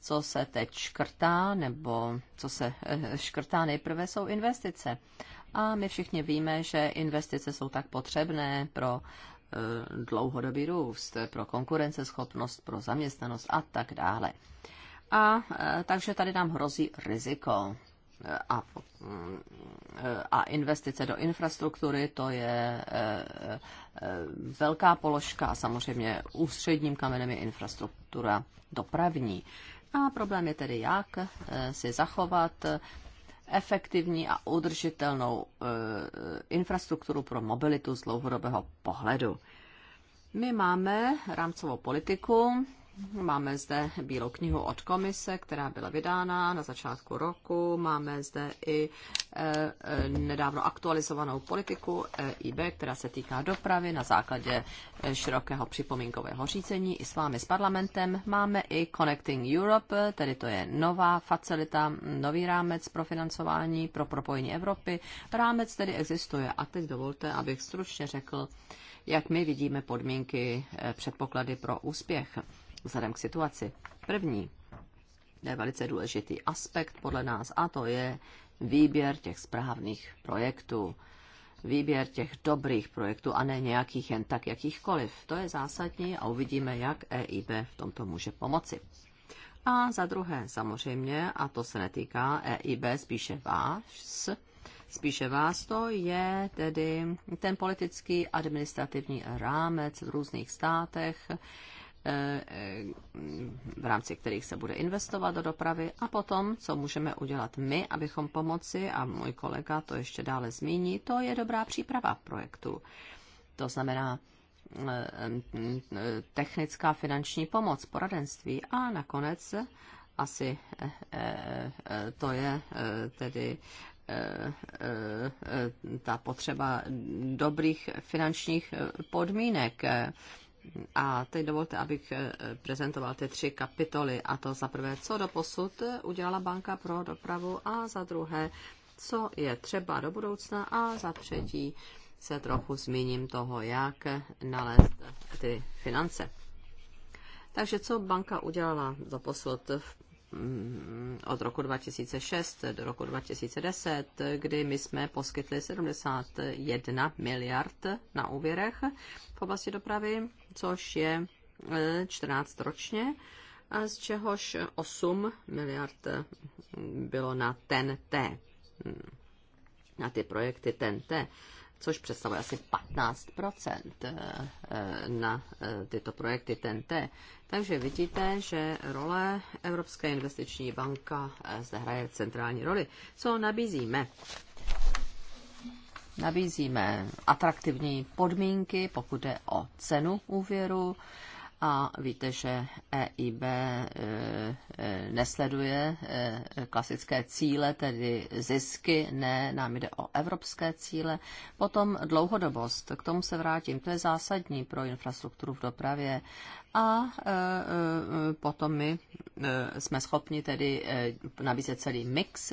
co se teď škrtá, nebo co se škrtá nejprve, jsou investice. A my všichni víme, že investice jsou tak potřebné pro e, dlouhodobý růst, pro konkurenceschopnost, pro zaměstnanost a tak dále. A e, takže tady nám hrozí riziko. E, a, a investice do infrastruktury, to je velká položka a samozřejmě ústředním kamenem je infrastruktura dopravní. A problém je tedy, jak si zachovat efektivní a udržitelnou eh, infrastrukturu pro mobilitu z dlouhodobého pohledu. My máme rámcovou politiku, Máme zde bílou knihu od komise, která byla vydána na začátku roku. Máme zde i e, e, nedávno aktualizovanou politiku e IB, která se týká dopravy na základě širokého připomínkového řízení i s vámi s parlamentem. Máme i Connecting Europe, tedy to je nová facilita, nový rámec pro financování, pro propojení Evropy. Rámec tedy existuje. A teď dovolte, abych stručně řekl, jak my vidíme podmínky, předpoklady pro úspěch vzhledem k situaci. První, je velice důležitý aspekt podle nás, a to je výběr těch správných projektů. Výběr těch dobrých projektů a ne nějakých jen tak jakýchkoliv. To je zásadní a uvidíme, jak EIB v tomto může pomoci. A za druhé, samozřejmě, a to se netýká EIB, spíše vás, spíše vás, to je tedy ten politický administrativní rámec v různých státech, Eh, v rámci kterých se bude investovat do dopravy a potom, co můžeme udělat my, abychom pomoci, a můj kolega to ještě dále zmíní, to je dobrá příprava projektu. To znamená eh, eh, technická finanční pomoc, poradenství a nakonec asi to je tedy ta potřeba dobrých finančních podmínek a teď dovolte, abych eh, prezentoval ty tři kapitoly, a to za prvé, co do posud udělala banka pro dopravu, a za druhé, co je třeba do budoucna, a za třetí se trochu zmíním toho, jak nalézt ty finance. Takže co banka udělala do posud v od roku 2006 do roku 2010, kdy my jsme poskytli 71 miliard na úvěrech v oblasti dopravy, což je 14 eh, ročně, a z čehož 8 miliard mm, bylo na TNT, mm. na ty projekty TNT což představuje asi 15 eh, eh, na eh, tyto projekty TNT. Takže vidíte, že role Evropské investiční banka zde hraje centrální roli. Co nabízíme? Nabízíme atraktivní podmínky, pokud jde o cenu úvěru, a víte, že EIB e, e, nesleduje e, klasické cíle, tedy zisky, ne, nám jde o evropské cíle. Potom dlouhodobost, k tomu se vrátím, to je zásadní pro infrastrukturu v dopravě a potom my jsme schopni tedy nabízet celý mix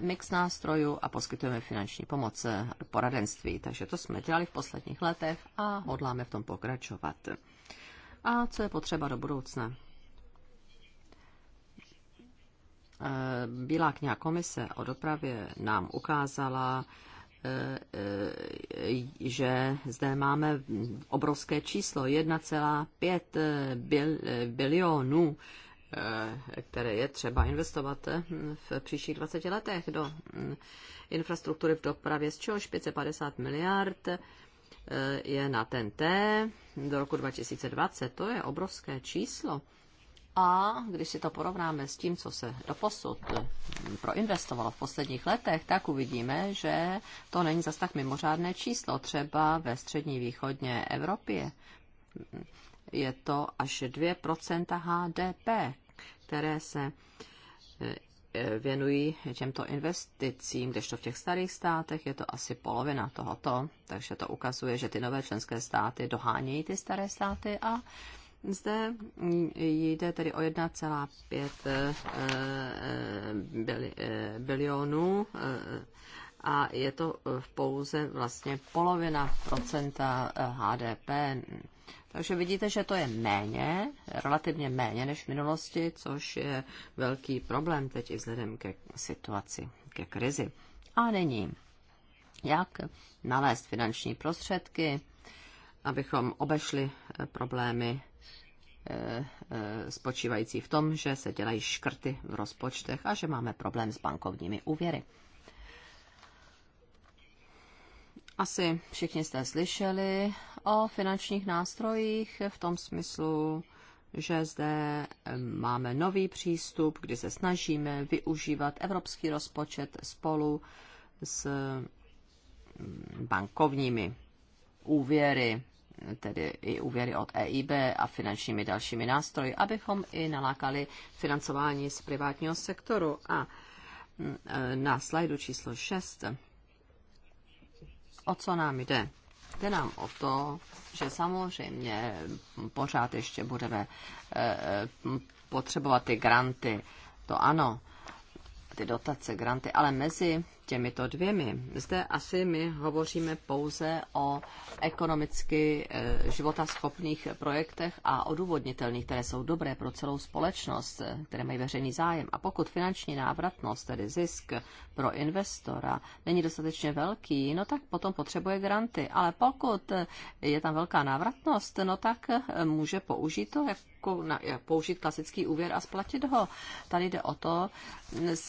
mix nástrojů a poskytujeme finanční pomoc poradenství. Takže to jsme dělali v posledních letech a hodláme v tom pokračovat a co je potřeba do budoucna. Eh, Bílá kniha komise o dopravě nám ukázala, eh, eh, že zde máme obrovské číslo 1,5 bilionů, které je třeba investovat v příštích 20 letech do mm, infrastruktury v dopravě, z čehož 550 miliard Eh, je na ten t do roku 2020. To je obrovské číslo. A když si to porovnáme s tím, co se doposud eh, proinvestovalo v posledních letech, tak uvidíme, že to není zas tak mimořádné číslo. Třeba ve střední východně Evropě je to až 2% HDP, které se eh, Eh, věnují těmto investicím, kdežto v těch starých státech je to asi polovina tohoto, takže to ukazuje, že ty nové členské státy dohánějí ty staré státy a zde jde tedy o 1,5 eh, eh, bilionů a je to pouze vlastně polovina procenta HDP takže vidíte, že to je méně, relativně méně než v minulosti, což je velký problém teď i vzhledem ke situaci, ke krizi. A není. Jak nalézt finanční prostředky, abychom obešli eh, problémy eh, eh, spočívající v tom, že se dělají škrty v rozpočtech a že máme problém s bankovními úvěry. Asi všichni jste slyšeli o finančních nástrojích v tom smyslu, že zde máme nový přístup, kdy se snažíme využívat evropský rozpočet spolu s mm, bankovními úvěry, tedy i úvěry od EIB a finančními dalšími nástroji, abychom i nalákali financování z privátního sektoru. A mm, e, na slajdu číslo 6, o co nám jde? Jde nám o to, že samozřejmě pořád ještě budeme eh, eh, potřebovat ty granty. To ano, ty dotace, granty, ale mezi těmito dvěmi, zde asi my hovoříme pouze o ekonomicky eh, životaschopných projektech a odůvodnitelných, které jsou dobré pro celou společnost, eh, které mají veřejný zájem. A pokud finanční návratnost, tedy zisk pro investora, není dostatečně velký, no tak potom potřebuje granty. Ale pokud eh, je tam velká návratnost, no tak může použít to jako jako eh, použít klasický úvěr a splatit ho. Tady jde o to,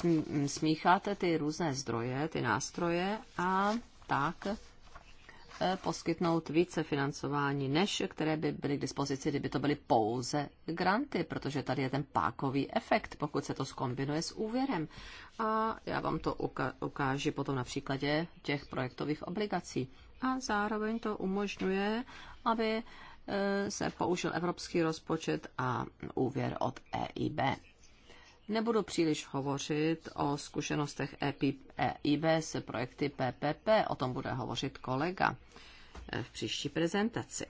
mm, mm, smícháte ty různé zdroje, ty nástroje a tak eh, poskytnout více financování, než které by byly k dispozici, kdyby to byly pouze granty, protože tady je ten pákový efekt, pokud se to skombinuje s úvěrem. A já vám to ukážu potom na příkladě těch projektových obligací. A zároveň to umožňuje, aby se použil evropský rozpočet a úvěr od EIB. Nebudu příliš hovořit o zkušenostech EIB e se projekty PPP, o tom bude hovořit kolega eh, v příští prezentaci.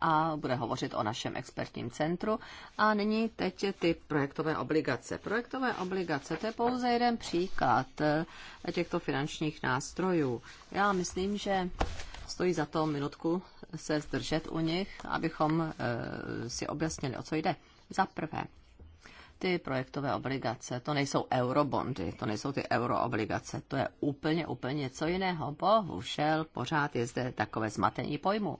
a bude hovořit o našem expertním centru. A nyní teď ty projektové obligace. Projektové obligace, to je pouze jeden příklad eh, těchto finančních nástrojů. Já myslím, že stojí za to minutku se zdržet u nich, abychom eh, si objasnili, o co jde. Za prvé, ty projektové obligace, to nejsou eurobondy, to nejsou ty euroobligace, to je úplně, úplně něco jiného. Bohužel pořád je zde takové zmatení pojmu.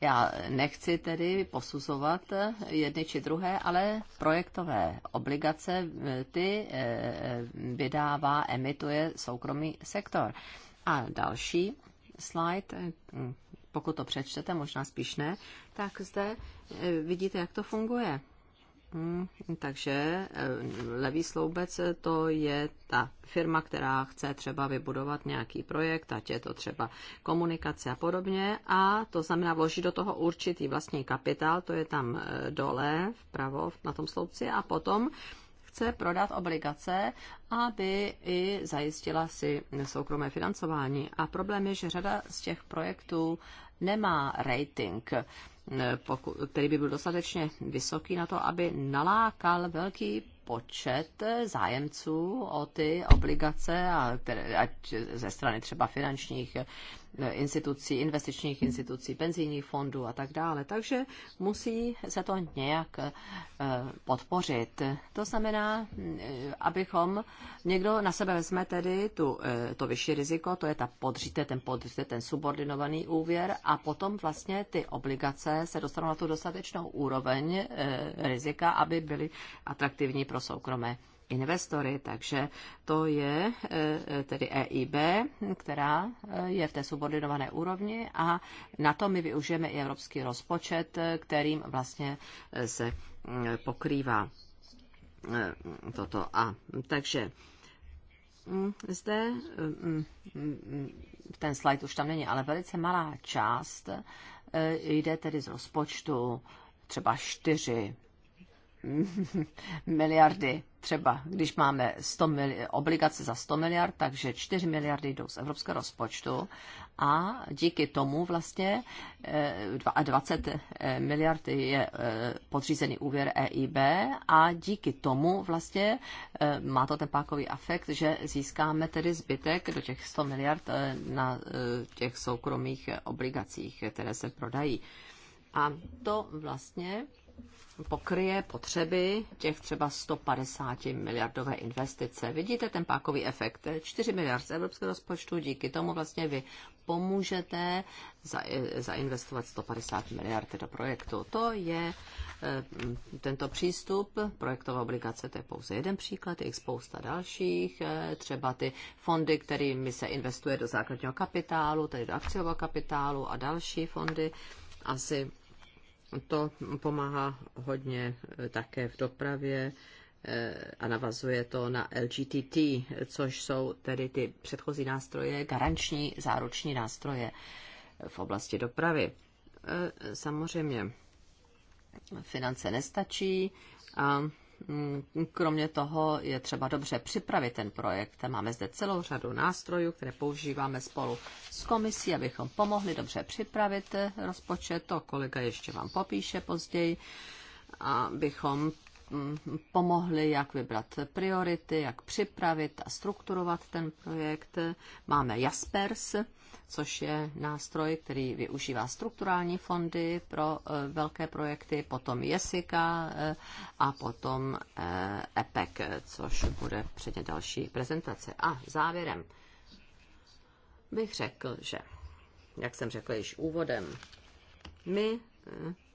Já nechci tedy posuzovat jedny či druhé, ale projektové obligace eh, ty eh, vydává, emituje soukromý sektor. A další slide, hm, pokud to přečtete, možná spíš ne, tak zde eh, vidíte, jak to funguje. Mm, takže eh, levý sloubec eh, to je ta firma, která chce třeba vybudovat nějaký projekt, ať je to třeba komunikace a podobně. A to znamená vložit do toho určitý vlastní kapitál, to je tam eh, dole, vpravo na tom sloupci a potom chce prodat obligace, aby i zajistila si soukromé financování. A problém je, že řada z těch projektů nemá rating Eh, který by byl dostatečně vysoký na to, aby nalákal velký počet eh, zájemců o ty obligace, a které, ať ze strany třeba finančních eh, institucí, investičních institucí, penzijních fondů a tak dále. Takže musí se to nějak eh, podpořit. To znamená, eh, abychom někdo na sebe vezme tedy tu, eh, to vyšší riziko, to je ta podříte, ten podříte, ten subordinovaný úvěr a potom vlastně ty obligace se dostanou na tu dostatečnou úroveň rizika, aby byly atraktivní pro soukromé investory, takže to je eh, tedy EIB, která eh, je v té subordinované úrovni a na to my využijeme i evropský rozpočet, eh, kterým vlastně se mm, pokrývá toto. A takže mm, zde mm, ten slide už tam není, ale velice malá část jde tedy z rozpočtu třeba 4 miliardy, třeba když máme 100 mili- obligace za 100 miliard, takže 4 miliardy jdou z evropského rozpočtu a díky tomu vlastně 20 eh, eh, miliard je eh, podřízený úvěr EIB a díky tomu vlastně má to ten pákový efekt, že získáme tedy zbytek do těch 100 miliard na těch soukromých obligacích, které se prodají. A to vlastně pokryje potřeby těch třeba 150 miliardové investice. Vidíte ten pákový efekt? 4 miliard z evropského rozpočtu, díky tomu vlastně vy pomůžete za, zainvestovat 150 miliard do projektu. To je eh, tento přístup, projektová obligace, to je pouze jeden příklad, je spousta dalších, eh, třeba ty fondy, kterými se investuje do základního kapitálu, tedy do akciového kapitálu a další fondy, asi to pomáhá hodně eh, také v dopravě eh, a navazuje to na LGTT, což jsou tedy ty předchozí nástroje, garanční záruční nástroje eh, v oblasti dopravy. Samozřejmě finance nestačí a Mm, kromě toho je třeba dobře připravit ten projekt. Máme zde celou řadu nástrojů, které používáme spolu s komisí, abychom pomohli dobře připravit rozpočet. To kolega ještě vám popíše později, abychom mm, pomohli, jak vybrat priority, jak připravit a strukturovat ten projekt. Máme Jaspers, což je nástroj, který využívá strukturální fondy pro eh, velké projekty, potom Jessica eh, a potom eh, EPEC, což bude předně další prezentace. A závěrem bych řekl, že, jak jsem řekl již úvodem, my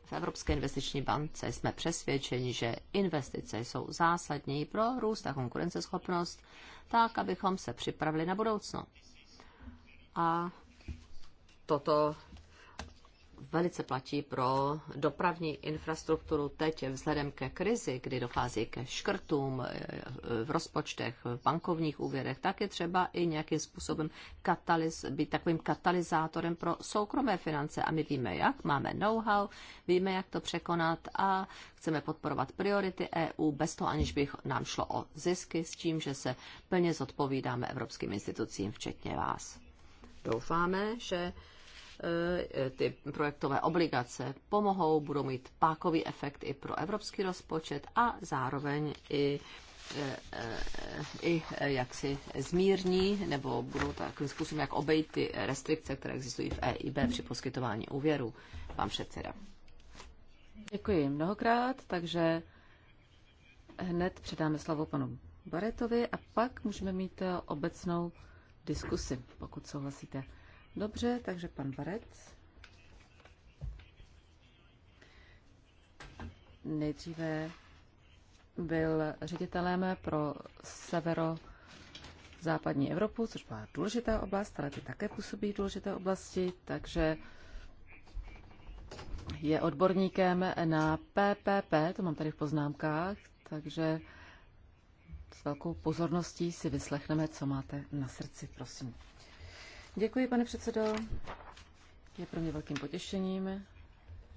v Evropské investiční bance jsme přesvědčeni, že investice jsou zásadní pro růst a konkurenceschopnost, tak abychom se připravili na budoucnost. A toto velice platí pro dopravní infrastrukturu teď vzhledem ke krizi, kdy dochází ke škrtům eh, v rozpočtech, v bankovních úvěrech, tak je třeba i nějakým způsobem kataliz, být takovým katalyzátorem pro soukromé finance. A my víme jak, máme know-how, víme jak to překonat a chceme podporovat priority EU bez toho, aniž by nám šlo o zisky, s tím, že se plně zodpovídáme evropským institucím, včetně vás. Doufáme, že eh, ty projektové obligace pomohou, budou mít pákový efekt i pro evropský rozpočet a zároveň i eh, eh, i jak si zmírní, nebo budou takovým způsobem, jak obejít ty restrikce, které existují v EIB při poskytování úvěru. Vám předseda. Děkuji mnohokrát, takže hned předáme slovo panu Baretovi a pak můžeme mít obecnou diskusi, pokud souhlasíte. Dobře, takže pan Varec. Nejdříve byl ředitelem pro severo západní Evropu, což byla důležitá oblast, ale ty také působí důležité oblasti, takže je odborníkem na PPP, to mám tady v poznámkách, takže s velkou pozorností si vyslechneme, co máte na srdci, prosím. Děkuji, pane předsedo. Je pro mě velkým potěšením,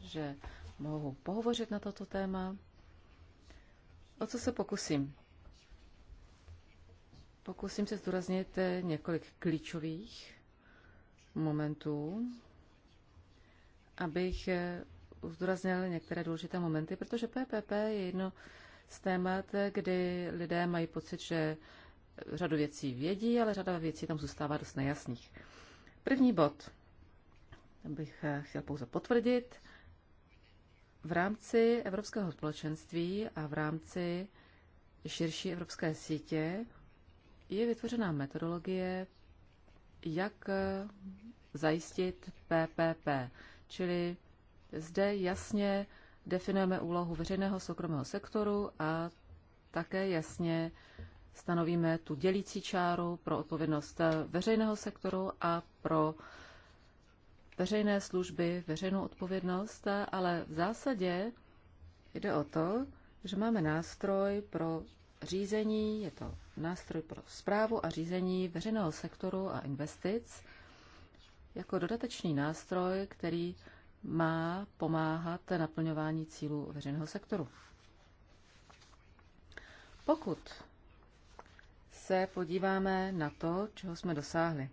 že mohu pohovořit na toto téma. O co se pokusím? Pokusím se zdůraznit několik klíčových momentů, abych zdůraznil některé důležité momenty, protože PPP je jedno z témat, kdy lidé mají pocit, že řadu věcí vědí, ale řada věcí tam zůstává dost nejasných. První bod bych eh, chtěl pouze potvrdit. V rámci Evropského společenství a v rámci širší evropské sítě je vytvořená metodologie, jak eh, zajistit PPP, čili zde jasně definujeme úlohu veřejného soukromého sektoru a také jasně stanovíme tu dělící čáru pro odpovědnost veřejného sektoru a pro veřejné služby, veřejnou odpovědnost, ale v zásadě jde o to, že máme nástroj pro řízení, je to nástroj pro zprávu a řízení veřejného sektoru a investic, jako dodatečný nástroj, který má pomáhat naplňování cílů veřejného sektoru. Pokud se podíváme na to, čeho jsme dosáhli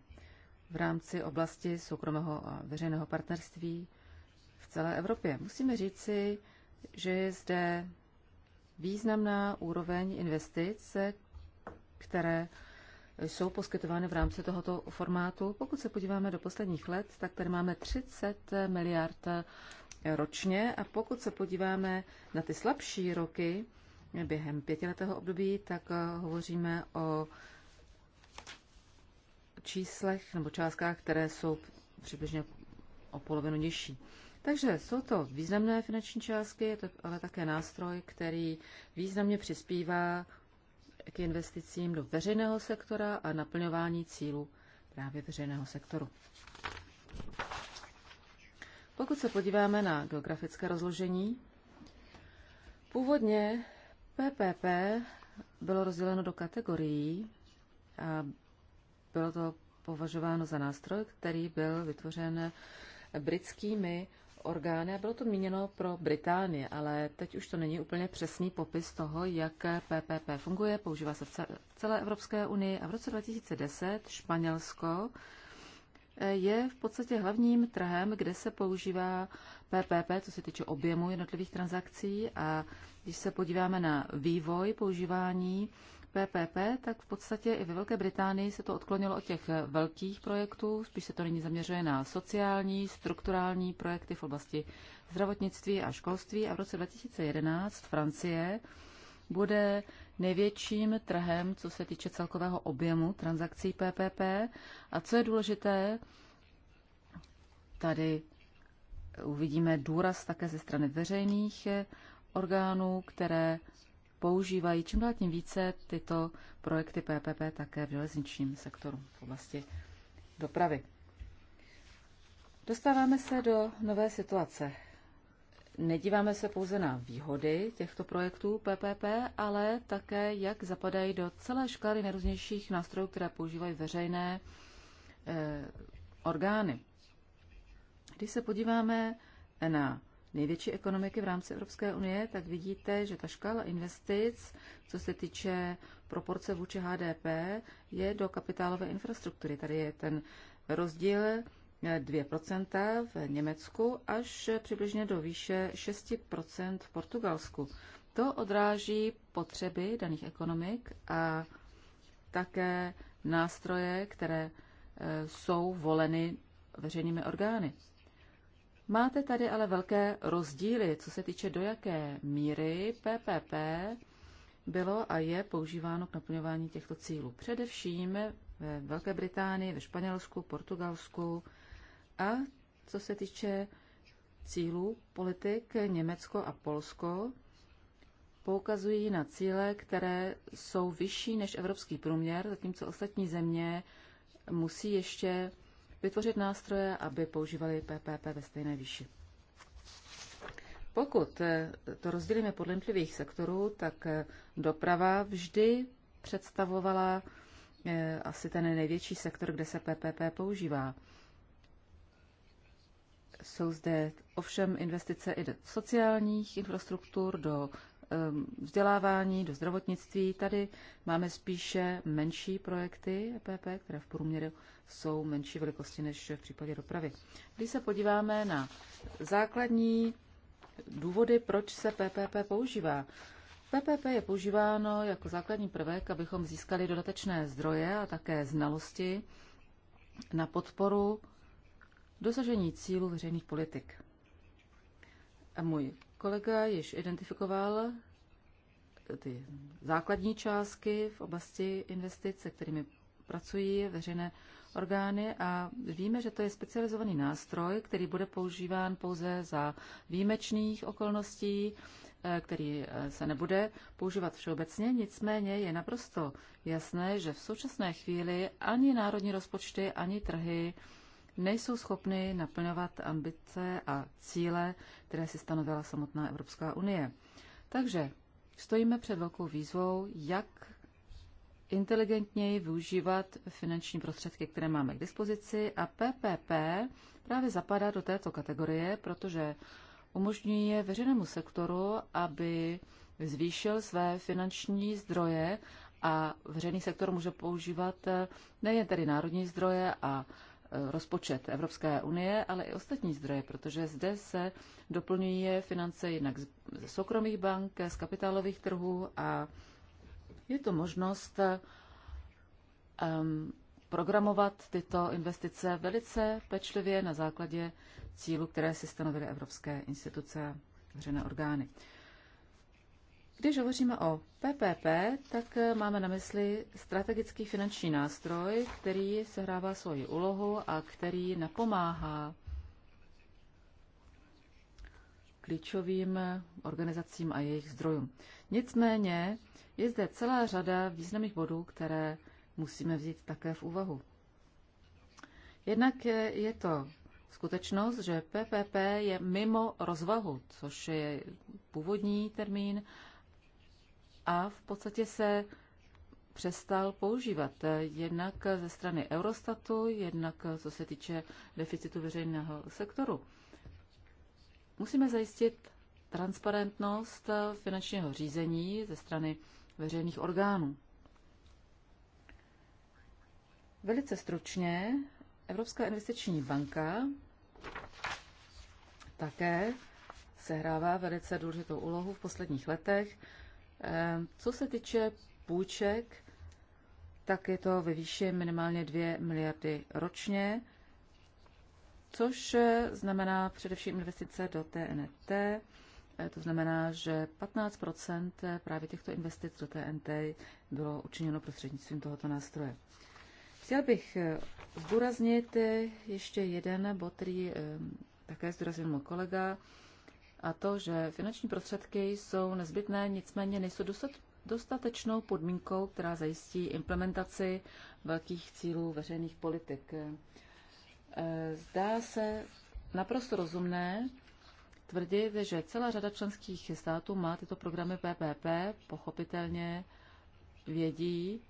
v rámci oblasti soukromého a veřejného partnerství v celé Evropě, musíme říci, že je zde významná úroveň investic, které jsou poskytovány v rámci tohoto formátu. Pokud se podíváme do posledních let, tak tady máme 30 miliard ročně a pokud se podíváme na ty slabší roky během pětiletého období, tak eh, hovoříme o číslech nebo částkách, které jsou přibližně o polovinu nižší. Takže jsou to významné finanční částky, je to ale také nástroj, který významně přispívá k investicím do veřejného sektora a naplňování cílů právě veřejného sektoru. Pokud se podíváme na geografické rozložení, původně PPP bylo rozděleno do kategorií a bylo to považováno za nástroj, který byl vytvořen britskými orgány a bylo to míněno pro Británie, ale teď už to není úplně přesný popis toho, jak PPP funguje. Používá se v celé Evropské unii a v roce 2010 Španělsko eh, je v podstatě hlavním trhem, kde se používá PPP, co se týče objemu jednotlivých transakcí a když se podíváme na vývoj používání PPP, tak v podstatě i ve Velké Británii se to odklonilo od těch velkých projektů, spíš se to nyní zaměřuje na sociální, strukturální projekty v oblasti zdravotnictví a školství a v roce 2011 Francie bude největším trhem, co se týče celkového objemu transakcí PPP. A co je důležité, tady uvidíme důraz také ze strany veřejných orgánů, které používají čím dál tím více tyto projekty PPP také v železničním sektoru v oblasti dopravy. Dostáváme se do nové situace. Nedíváme se pouze na výhody těchto projektů PPP, ale také, jak zapadají do celé škály nejrůznějších nástrojů, které používají veřejné eh, orgány. Když se podíváme na největší ekonomiky v rámci Evropské unie, tak vidíte, že ta škála investic, co se týče proporce vůči HDP, je do kapitálové infrastruktury. Tady je ten rozdíl 2% eh, v Německu až přibližně do výše 6% v Portugalsku. To odráží potřeby daných ekonomik a také nástroje, které eh, jsou voleny veřejnými orgány. Máte tady ale velké rozdíly, co se týče do jaké míry PPP bylo a je používáno k naplňování těchto cílů. Především ve Velké Británii, ve Španělsku, Portugalsku a co se týče cílů politik Německo a Polsko, poukazují na cíle, které jsou vyšší než evropský průměr, zatímco ostatní země musí ještě vytvořit nástroje, aby používali PPP ve stejné výši. Pokud eh, to rozdělíme podle jednotlivých sektorů, tak eh, doprava vždy představovala eh, asi ten největší sektor, kde se PPP používá. Jsou zde ovšem investice i do sociálních infrastruktur, do Ehm, vzdělávání, do zdravotnictví. Tady máme spíše menší projekty EPP, které v průměru jsou menší velikosti než v případě dopravy. Když se podíváme na základní důvody, proč se PPP používá, PPP je používáno jako základní prvek, abychom získali dodatečné zdroje a také znalosti na podporu dosažení cílů veřejných politik. A můj Kolega již identifikoval ty základní částky v oblasti investic, se kterými pracují veřejné orgány a víme, že to je specializovaný nástroj, který bude používán pouze za výjimečných okolností, eh, který eh, se nebude používat všeobecně, nicméně je naprosto jasné, že v současné chvíli ani národní rozpočty, ani trhy nejsou schopny naplňovat ambice a cíle, které si stanovila samotná Evropská unie. Takže stojíme před velkou výzvou, jak inteligentněji využívat finanční prostředky, které máme k dispozici a PPP právě zapadá do této kategorie, protože umožňuje veřejnému sektoru, aby zvýšil své finanční zdroje a veřejný sektor může používat nejen tedy národní zdroje a rozpočet Evropské unie, ale i ostatní zdroje, protože zde se doplňují finance jinak ze soukromých bank, z kapitálových trhů a je to možnost um, programovat tyto investice velice pečlivě na základě cílu, které si stanovily evropské instituce a veřejné orgány. Když hovoříme o PPP, tak eh, máme na mysli strategický finanční nástroj, který sehrává svoji úlohu a který napomáhá klíčovým eh, organizacím a jejich zdrojům. Nicméně je zde celá řada významných bodů, které musíme vzít také v úvahu. Jednak eh, je to skutečnost, že PPP je mimo rozvahu, což je původní termín a v podstatě se přestal používat. Jednak ze strany Eurostatu, jednak co se týče deficitu veřejného sektoru. Musíme zajistit transparentnost finančního řízení ze strany veřejných orgánů. Velice stručně, Evropská investiční banka také sehrává velice důležitou úlohu v posledních letech. Eh, co se týče půjček, tak je to ve výši minimálně 2 miliardy ročně, což znamená především investice do TNT. Eh, to znamená, že 15 právě těchto investic do TNT bylo učiněno prostřednictvím tohoto nástroje. Chtěl bych eh, zdůraznit ještě jeden bod, který také zdůraznil můj kolega, a to, že finanční prostředky jsou nezbytné, nicméně nejsou dostatečnou podmínkou, která zajistí implementaci velkých cílů veřejných politik. E, zdá se naprosto rozumné tvrdit, že celá řada členských států má tyto programy PPP, pochopitelně vědí,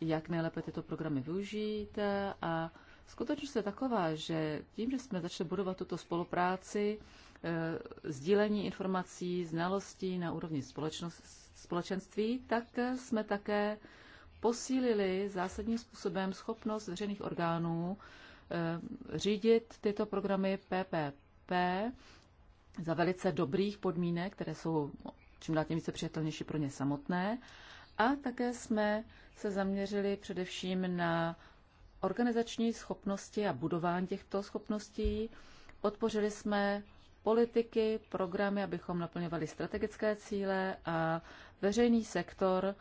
jak nejlépe tyto programy využít a skutečnost je taková, že tím, že jsme začali budovat tuto spolupráci, Eh, sdílení informací, znalostí na úrovni společenství, tak jsme také posílili zásadním způsobem schopnost veřejných orgánů eh, řídit tyto programy PPP za velice dobrých podmínek, které jsou čím dál tím více přijatelnější pro ně samotné. A také jsme se zaměřili především na organizační schopnosti a budování těchto schopností. Podpořili jsme politiky, programy, abychom naplňovali strategické cíle a veřejný sektor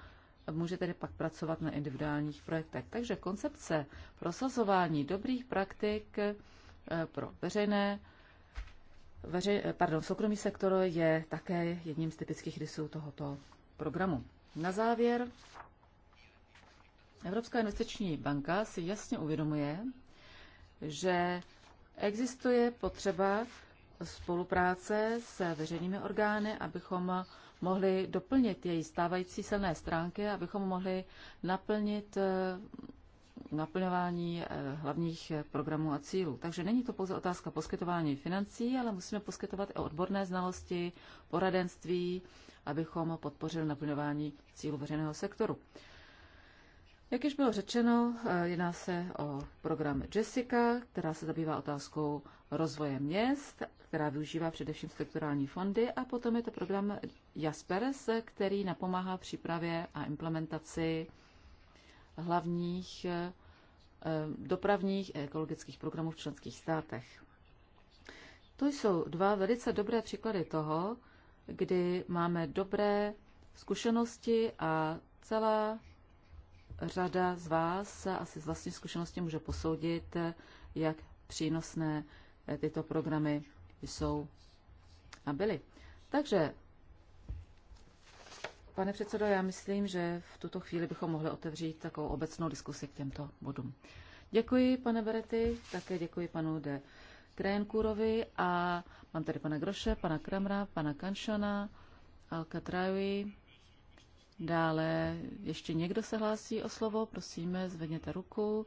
může tedy pak pracovat na individuálních projektech. Takže koncepce prosazování dobrých praktik eh, pro veřejné, veřej, eh, pardon, soukromý sektor je také jedním z typických rysů tohoto programu. Na závěr, Evropská investiční banka si jasně uvědomuje, že existuje potřeba spolupráce s veřejnými orgány, abychom mohli doplnit její stávající silné stránky, abychom mohli naplnit eh, naplňování eh, hlavních programů a cílů. Takže není to pouze otázka poskytování financí, ale musíme poskytovat i odborné znalosti, poradenství, abychom podpořili naplňování cílů veřejného sektoru. Jak již bylo řečeno, eh, jedná se o program Jessica, která se zabývá otázkou rozvoje měst která využívá především strukturální fondy a potom je to program Jaspers, který napomáhá přípravě a implementaci hlavních eh, dopravních a ekologických programů v členských státech. To jsou dva velice dobré příklady toho, kdy máme dobré zkušenosti a celá řada z vás asi z vlastní zkušenosti může posoudit, jak přínosné eh, tyto programy jsou a byly. Takže, pane předsedo, já myslím, že v tuto chvíli bychom mohli otevřít takovou obecnou diskusi k těmto bodům. Děkuji, pane Berety, také děkuji panu de Krejenkurovi a mám tady pana Groše, pana Kramra, pana Kanšana, Alcatraui. Dále ještě někdo se hlásí o slovo, prosíme, zvedněte ruku.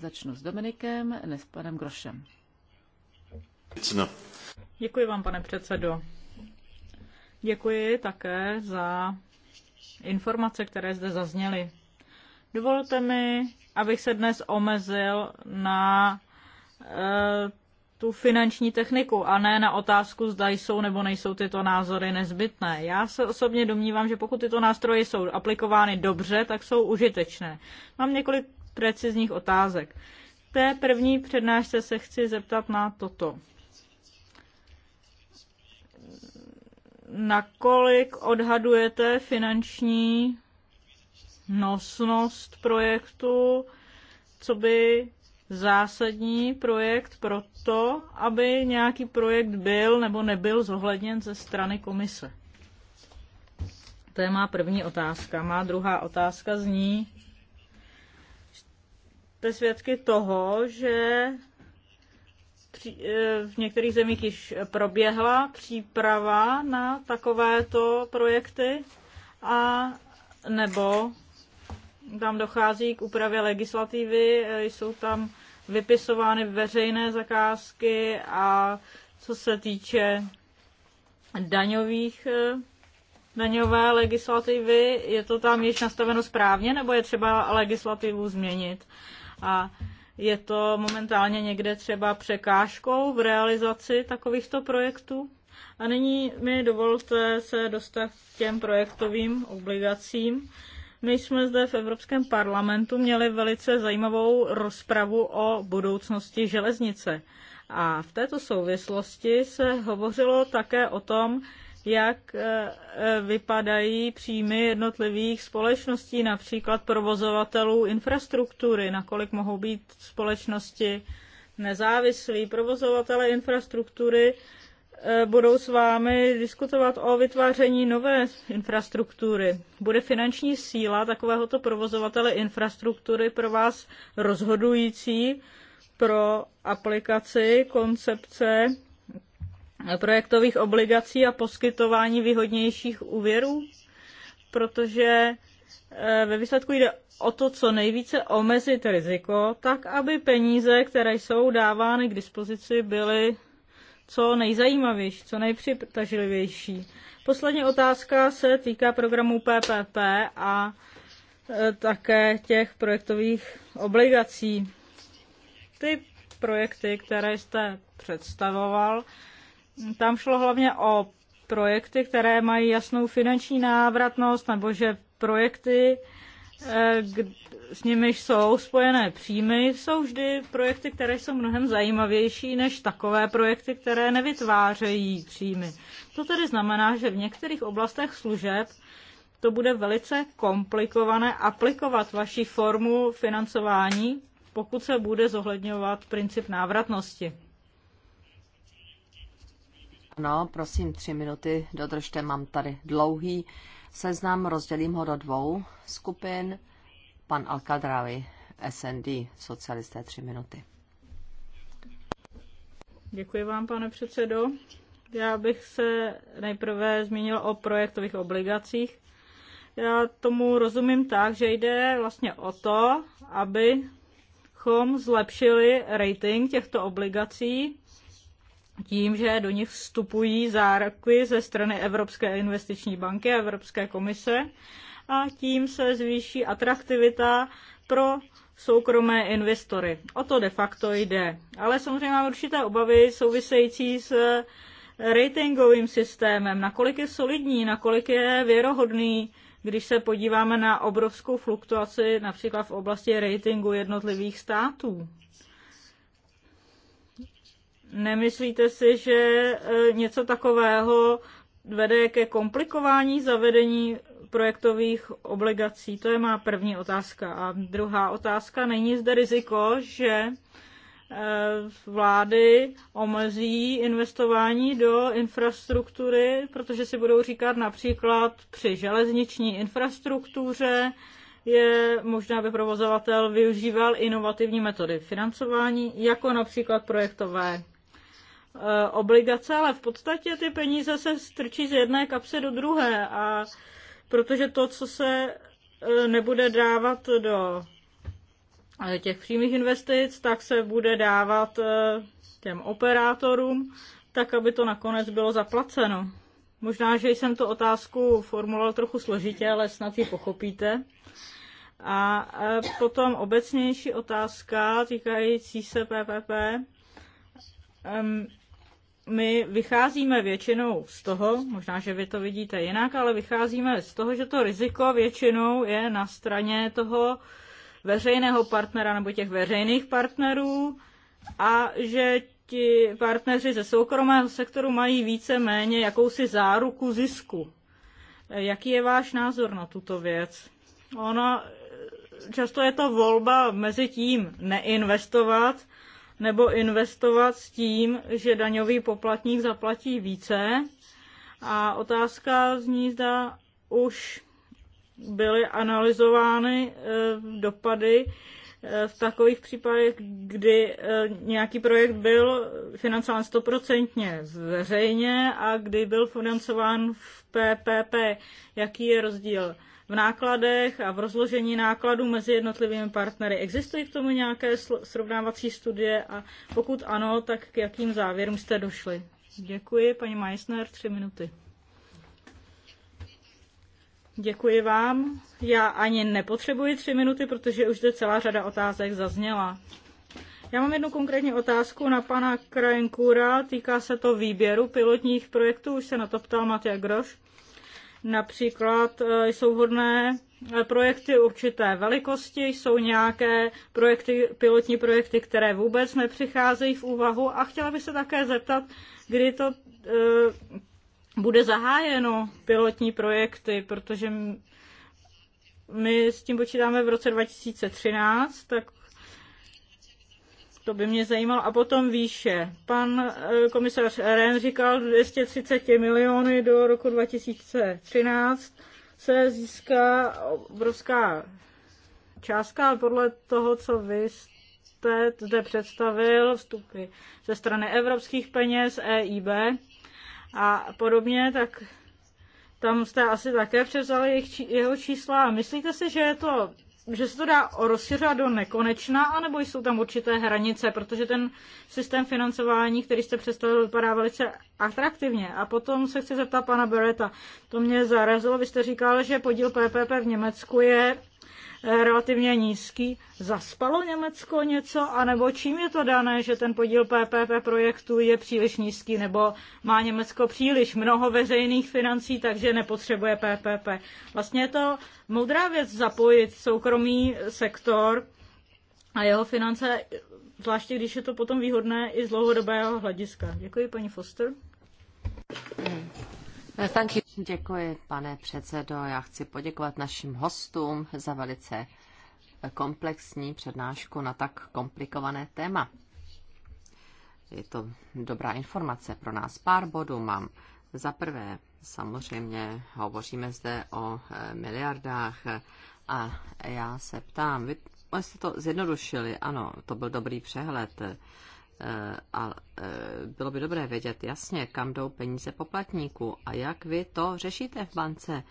Začnu s Dominikem, ne s panem Grošem. No. Děkuji vám, pane předsedo. Děkuji také za informace, které zde zazněly. Dovolte mi, abych se dnes omezil na e, tu finanční techniku a ne na otázku, zda jsou nebo nejsou tyto názory nezbytné. Já se osobně domnívám, že pokud tyto nástroje jsou aplikovány dobře, tak jsou užitečné. Mám několik precizních otázek. V té první přednášce se chci zeptat na toto. nakolik odhadujete finanční nosnost projektu, co by zásadní projekt pro to, aby nějaký projekt byl nebo nebyl zohledněn ze strany komise? To je má první otázka. Má druhá otázka zní, jste svědky toho, že Eh, v některých zemích již proběhla příprava na takovéto projekty a nebo tam dochází k úpravě legislativy, eh, jsou tam vypisovány veřejné zakázky a co se týče daňových, eh, daňové legislativy, je to tam již nastaveno správně nebo je třeba legislativu změnit? A je to momentálně někde třeba překážkou v realizaci takovýchto projektů? A nyní mi dovolte se dostat k těm projektovým obligacím. My jsme zde v Evropském parlamentu měli velice zajímavou rozpravu o budoucnosti železnice. A v této souvislosti se hovořilo také o tom, jak eh, eh, vypadají příjmy jednotlivých společností, například provozovatelů infrastruktury, nakolik mohou být společnosti nezávislí. Provozovatele infrastruktury eh, budou s vámi diskutovat o vytváření nové infrastruktury. Bude finanční síla takovéhoto provozovatele infrastruktury pro vás rozhodující pro aplikaci koncepce projektových obligací a poskytování výhodnějších úvěrů, protože eh, ve výsledku jde o to, co nejvíce omezit riziko, tak aby peníze, které jsou dávány k dispozici, byly co nejzajímavější, co nejpřitažlivější. Poslední otázka se týká programu PPP a eh, také těch projektových obligací. Ty projekty, které jste představoval, tam šlo hlavně o projekty, které mají jasnou finanční návratnost, nebo že projekty, eh, s nimiž jsou spojené příjmy, jsou vždy projekty, které jsou mnohem zajímavější než takové projekty, které nevytvářejí příjmy. To tedy znamená, že v některých oblastech služeb to bude velice komplikované aplikovat vaši formu financování, pokud se bude zohledňovat princip návratnosti. Ano, prosím, tři minuty dodržte, mám tady dlouhý seznam, rozdělím ho do dvou skupin. Pan Alkadravi, SND, socialisté, tři minuty. Děkuji vám, pane předsedo. Já bych se nejprve zmínil o projektových obligacích. Já tomu rozumím tak, že jde vlastně o to, abychom zlepšili rating těchto obligací tím, že do nich vstupují záruky ze strany Evropské investiční banky a Evropské komise a tím se zvýší atraktivita pro soukromé investory. O to de facto jde. Ale samozřejmě mám určité obavy související s eh, ratingovým systémem, nakolik je solidní, nakolik je věrohodný, když se podíváme na obrovskou fluktuaci například v oblasti ratingu jednotlivých států. Nemyslíte si, že e, něco takového vede ke komplikování zavedení projektových obligací? To je má první otázka. A druhá otázka, není zde riziko, že e, vlády omezí investování do infrastruktury, protože si budou říkat například při železniční infrastruktuře je možná, aby provozovatel využíval inovativní metody financování, jako například projektové Eh, obligace, ale v podstatě ty peníze se strčí z jedné kapsy do druhé a protože to, co se eh, nebude dávat do eh, těch přímých investic, tak se bude dávat těm operátorům, tak aby to nakonec bylo zaplaceno. Možná, že jsem tu otázku formuloval trochu složitě, ale snad ji pochopíte. A potom obecnější otázka týkající se PPP my vycházíme většinou z toho, možná, že vy to vidíte jinak, ale vycházíme z toho, že to riziko většinou je na straně toho veřejného partnera nebo těch veřejných partnerů a že ti partneři ze soukromého sektoru mají více méně jakousi záruku zisku. Jaký je váš názor na tuto věc? Ono, často je to volba mezi tím neinvestovat nebo investovat s tím, že daňový poplatník zaplatí více. A otázka zní, zda už byly analyzovány e, dopady e, v takových případech, kdy e, nějaký projekt byl financován stoprocentně veřejně a kdy byl financován v PPP. Jaký je rozdíl? v nákladech a v rozložení nákladů mezi jednotlivými partnery. Existují k tomu nějaké srovnávací studie a pokud ano, tak k jakým závěrům jste došli? Děkuji, paní Meissner, tři minuty. Děkuji vám. Já ani nepotřebuji tři minuty, protože už zde celá řada otázek zazněla. Já mám jednu konkrétní otázku na pana Krajenkura, týká se to výběru pilotních projektů, už se na to ptal Matěj Groš. Například e, jsou hodné e, projekty určité velikosti, jsou nějaké projekty, pilotní projekty, které vůbec nepřicházejí v úvahu a chtěla bych se také zeptat, kdy to e, bude zahájeno pilotní projekty, protože my s tím počítáme v roce 2013, tak to by mě zajímalo. A potom výše. Pan eh, komisař Ren říkal 230 miliony do roku 2013 se získá obrovská částka, ale podle toho, co vy jste zde představil, vstupy ze strany evropských peněz, EIB a podobně, tak tam jste asi také převzali jeho čísla. Myslíte si, že je to že se to dá rozšiřovat do nekonečna, anebo jsou tam určité hranice, protože ten systém financování, který jste představil, vypadá velice atraktivně. A potom se chci zeptat pana Bereta. To mě zarazilo, vy jste říkal, že podíl PPP v Německu je relativně nízký. Zaspalo Německo něco, anebo čím je to dané, že ten podíl PPP projektů je příliš nízký, nebo má Německo příliš mnoho veřejných financí, takže nepotřebuje PPP. Vlastně je to moudrá věc zapojit soukromý sektor a jeho finance, zvláště když je to potom výhodné i z dlouhodobého hlediska. Děkuji, paní Foster. Hmm. Uh, Děkuji, pane předsedo. Já chci poděkovat našim hostům za velice komplexní přednášku na tak komplikované téma. Je to dobrá informace pro nás. Pár bodů mám. Za prvé, samozřejmě hovoříme zde o eh, miliardách eh, a já se ptám, vy jste to zjednodušili, ano, to byl dobrý přehled a bylo by dobré vědět jasně, kam jdou peníze poplatníků a jak vy to řešíte v bance,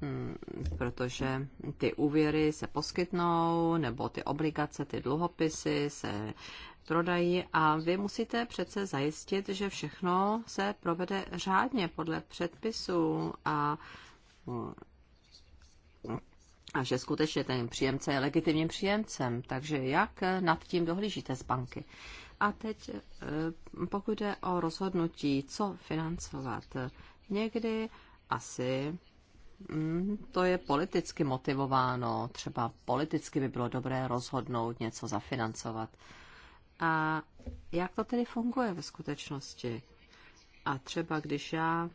hmm, protože ty úvěry se poskytnou, nebo ty obligace, ty dluhopisy se prodají a vy musíte přece zajistit, že všechno se provede řádně podle předpisů a a že skutečně ten příjemce je legitimním příjemcem. Takže jak nad tím dohlížíte z banky? A teď, eh, pokud jde o rozhodnutí, co financovat, někdy asi mm, to je politicky motivováno. Třeba politicky by bylo dobré rozhodnout něco zafinancovat. A jak to tedy funguje ve skutečnosti? A třeba když já,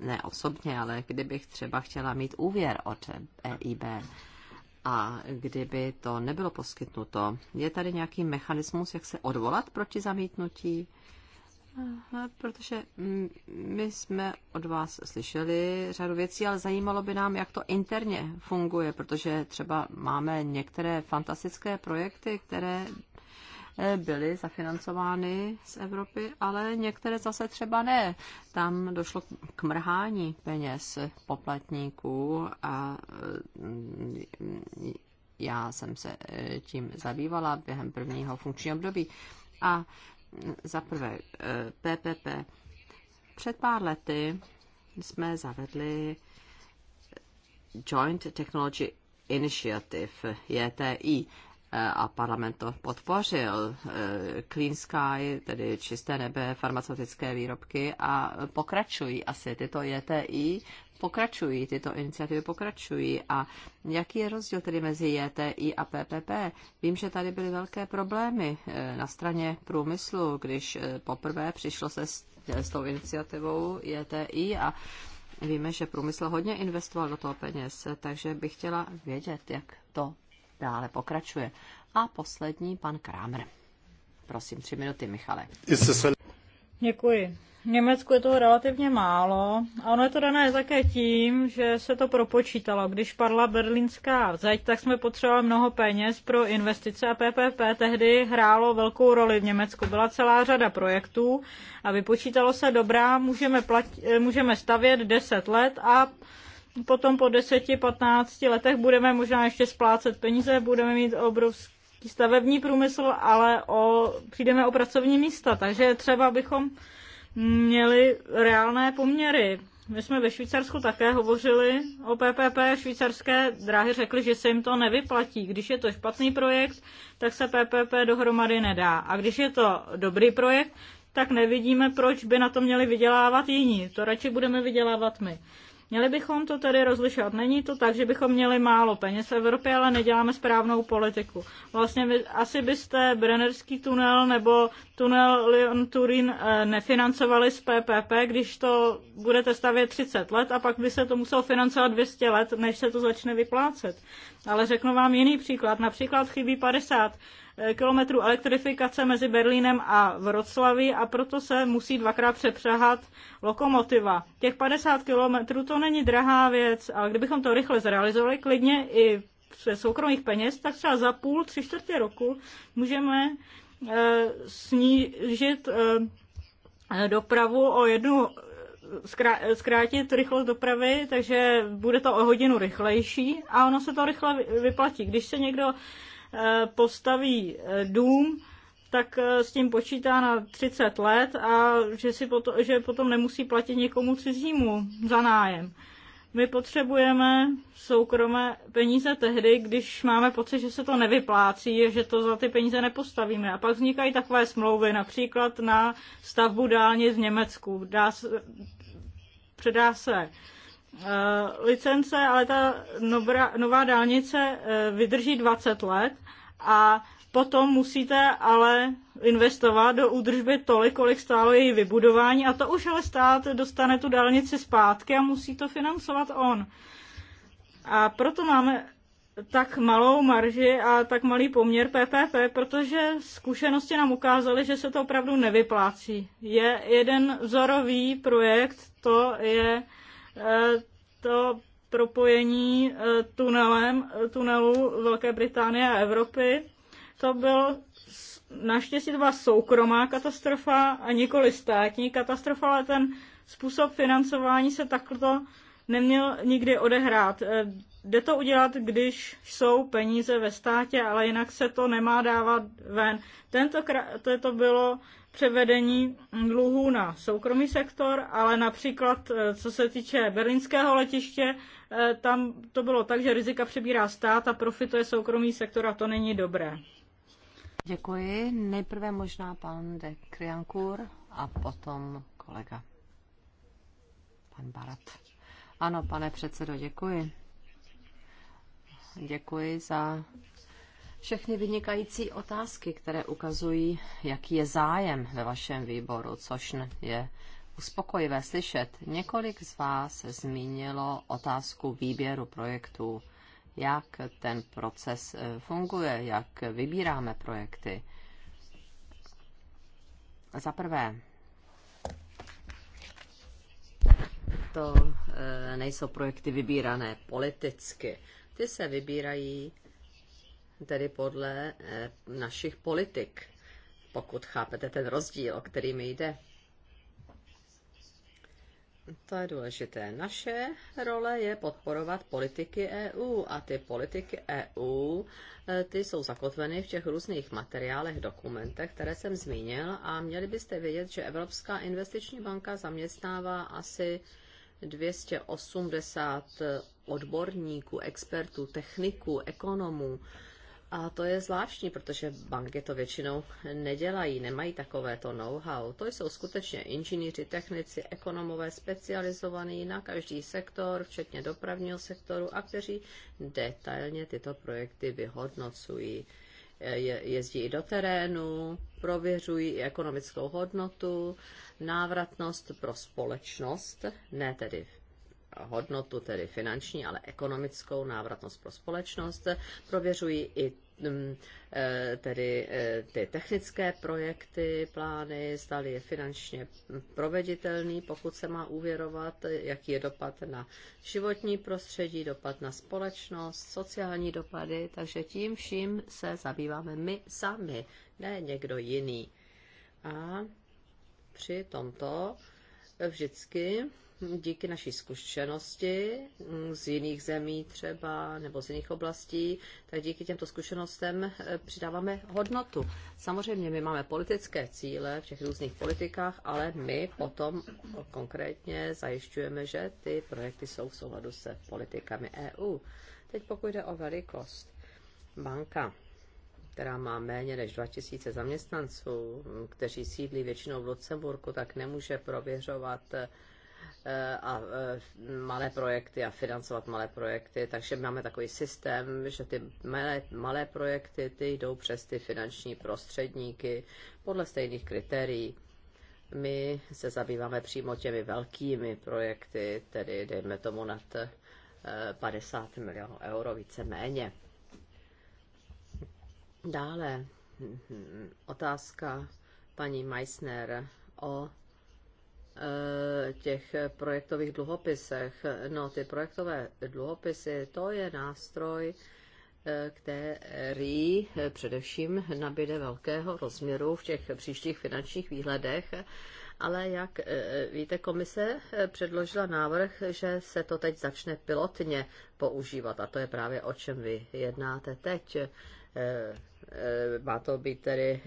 ne osobně, ale kdybych třeba chtěla mít úvěr od EIB, a kdyby to nebylo poskytnuto, je tady nějaký mechanismus, jak se odvolat proti zamítnutí? Protože mm, my jsme od vás slyšeli řadu věcí, ale zajímalo by nám, jak to interně funguje, protože třeba máme některé fantastické projekty, které byly zafinancovány z Evropy, ale některé zase třeba ne. Tam došlo k mrhání peněz poplatníků a mm, já jsem se eh, tím zabývala během prvního funkčního období. A mm, za prvé PPP. Eh, Před pár lety jsme zavedli Joint Technology Initiative, JTI. Eh, a parlament to podpořil. Eh, Clean Sky, tedy čisté nebe, farmaceutické výrobky a pokračují asi tyto JTI, e pokračují, tyto iniciativy pokračují a jaký je rozdíl tedy mezi JTI e a PPP? Vím, že tady byly velké problémy eh, na straně průmyslu, když poprvé přišlo se s, s tou iniciativou JTI e a Víme, že průmysl hodně investoval do toho peněz, takže bych chtěla vědět, jak to dále pokračuje. A poslední, pan Kramer. Prosím, tři minuty, Michale. Děkuji. V Německu je toho relativně málo a ono je to dané také tím, že se to propočítalo. Když padla berlínská zeď, tak jsme potřebovali mnoho peněz pro investice a PPP tehdy hrálo velkou roli v Německu. Byla celá řada projektů a vypočítalo se dobrá, můžeme, platit, eh, můžeme stavět 10 let a potom po 10-15 letech budeme možná ještě splácet peníze, budeme mít obrovský stavební průmysl, ale o, přijdeme o pracovní místa, takže třeba bychom měli reálné poměry. My jsme ve Švýcarsku také hovořili o PPP. Švýcarské dráhy řekly, že se jim to nevyplatí. Když je to špatný projekt, tak se PPP dohromady nedá. A když je to dobrý projekt, tak nevidíme, proč by na to měli vydělávat jiní. To radši budeme vydělávat my. Měli bychom to tedy rozlišovat. Není to tak, že bychom měli málo peněz v Evropě, ale neděláme správnou politiku. Vlastně by, asi byste Brennerský tunel nebo tunel Lyon-Turin eh, nefinancovali z PPP, když to budete stavět 30 let a pak by se to muselo financovat 200 let, než se to začne vyplácet. Ale řeknu vám jiný příklad. Například chybí 50 Eh, kilometrů elektrifikace mezi Berlínem a Vroclaví a proto se musí dvakrát přepřehat lokomotiva. Těch 50 kilometrů to není drahá věc, ale kdybychom to rychle zrealizovali, klidně i ze soukromých peněz, tak třeba za půl, tři čtvrtě roku můžeme eh, snížit eh, dopravu o jednu, zkrátit rychlost dopravy, takže bude to o hodinu rychlejší a ono se to rychle vyplatí. Když se někdo Eh, postaví eh, dům, tak eh, s tím počítá na 30 let a že, si potom, že potom nemusí platit někomu cizímu za nájem. My potřebujeme soukromé peníze tehdy, když máme pocit, že se to nevyplácí, že to za ty peníze nepostavíme. A pak vznikají takové smlouvy, například na stavbu dálnic v Německu. Dá se, předá se Eh, licence, ale ta nobra, nová dálnice eh, vydrží 20 let a potom musíte ale investovat do údržby tolik, kolik stálo její vybudování a to už ale stát dostane tu dálnici zpátky a musí to financovat on. A proto máme tak malou marži a tak malý poměr PPP, protože zkušenosti nám ukázaly, že se to opravdu nevyplácí. Je jeden vzorový projekt, to je eh, to propojení eh, tunelem, eh, tunelu Velké Británie a Evropy. To byl naštěstí to byla soukromá katastrofa a nikoli státní katastrofa, ale ten způsob financování se takto neměl nikdy odehrát. Eh, jde to udělat, když jsou peníze ve státě, ale jinak se to nemá dávat ven. Tentokrát to bylo převedení dluhů na soukromý sektor, ale například eh, co se týče berlínského letiště, eh, tam to bylo tak, že rizika přebírá stát a profituje soukromý sektor a to není dobré. Děkuji. Nejprve možná pan de Kriankur a potom kolega. Pan Barat. Ano, pane předsedo, děkuji. Děkuji za všechny vynikající otázky, které ukazují, jaký je zájem ve vašem výboru, což je uspokojivé slyšet. Několik z vás zmínilo otázku výběru projektů, jak ten proces e, funguje, jak vybíráme projekty. Za prvé, to e, nejsou projekty vybírané politicky. Ty se vybírají tedy podle eh, našich politik, pokud chápete ten rozdíl, o který mi jde. To je důležité. Naše role je podporovat politiky EU a ty politiky EU eh, ty jsou zakotveny v těch různých materiálech, dokumentech, které jsem zmínil a měli byste vědět, že Evropská investiční banka zaměstnává asi 280 odborníků, expertů, techniků, ekonomů, a to je zvláštní, protože banky to většinou nedělají, nemají takovéto know-how. To jsou skutečně inženýři, technici, ekonomové specializovaní na každý sektor, včetně dopravního sektoru, a kteří detailně tyto projekty vyhodnocují. Je, jezdí i do terénu, prověřují i ekonomickou hodnotu, návratnost pro společnost, ne tedy hodnotu, tedy finanční, ale ekonomickou návratnost pro společnost. Prověřují i mm, e, tedy e, ty technické projekty, plány, zdali je finančně proveditelný, pokud se má uvěrovat, jaký je dopad na životní prostředí, dopad na společnost, sociální dopady, takže tím vším se zabýváme my sami, ne někdo jiný. A při tomto vždycky díky naší zkušenosti z jiných zemí třeba nebo z jiných oblastí, tak díky těmto zkušenostem eh, přidáváme hodnotu. Samozřejmě my máme politické cíle v těch různých politikách, ale my potom konkrétně zajišťujeme, že ty projekty jsou v souladu se politikami EU. Teď pokud jde o velikost, banka která má méně než 2000 zaměstnanců, kteří sídlí většinou v Lucemburku, tak nemůže prověřovat eh, E, a e, malé projekty a financovat malé projekty. Takže máme takový systém, že ty malé, malé projekty ty jdou přes ty finanční prostředníky podle stejných kritérií. My se zabýváme přímo těmi velkými projekty, tedy dejme tomu nad 50 e, milionů euro, více méně. Dále hm, hm, otázka paní Meissner o Eh, těch projektových dluhopisech. No, ty projektové dluhopisy, to je nástroj, eh, který eh, především nabíde velkého rozměru v těch příštích finančních výhledech. Ale jak víte, komise předložila návrh, že se to teď začne pilotně používat a to je právě o čem vy jednáte teď Eh, má to být tedy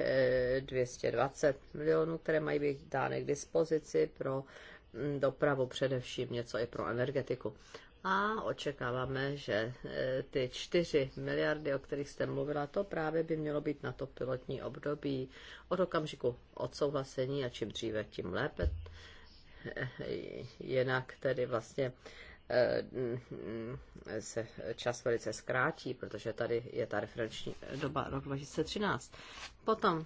220 eh, milionů, které mají být dány k dispozici pro mm, dopravu především, něco i pro energetiku. A očekáváme, že eh, ty 4 miliardy, o kterých jste mluvila, to právě by mělo být na to pilotní období od okamžiku odsouhlasení a čím dříve, tím lépe. Jinak tedy vlastně Eh, mm, se čas velice zkrátí, protože tady je ta referenční doba rok 2013. Potom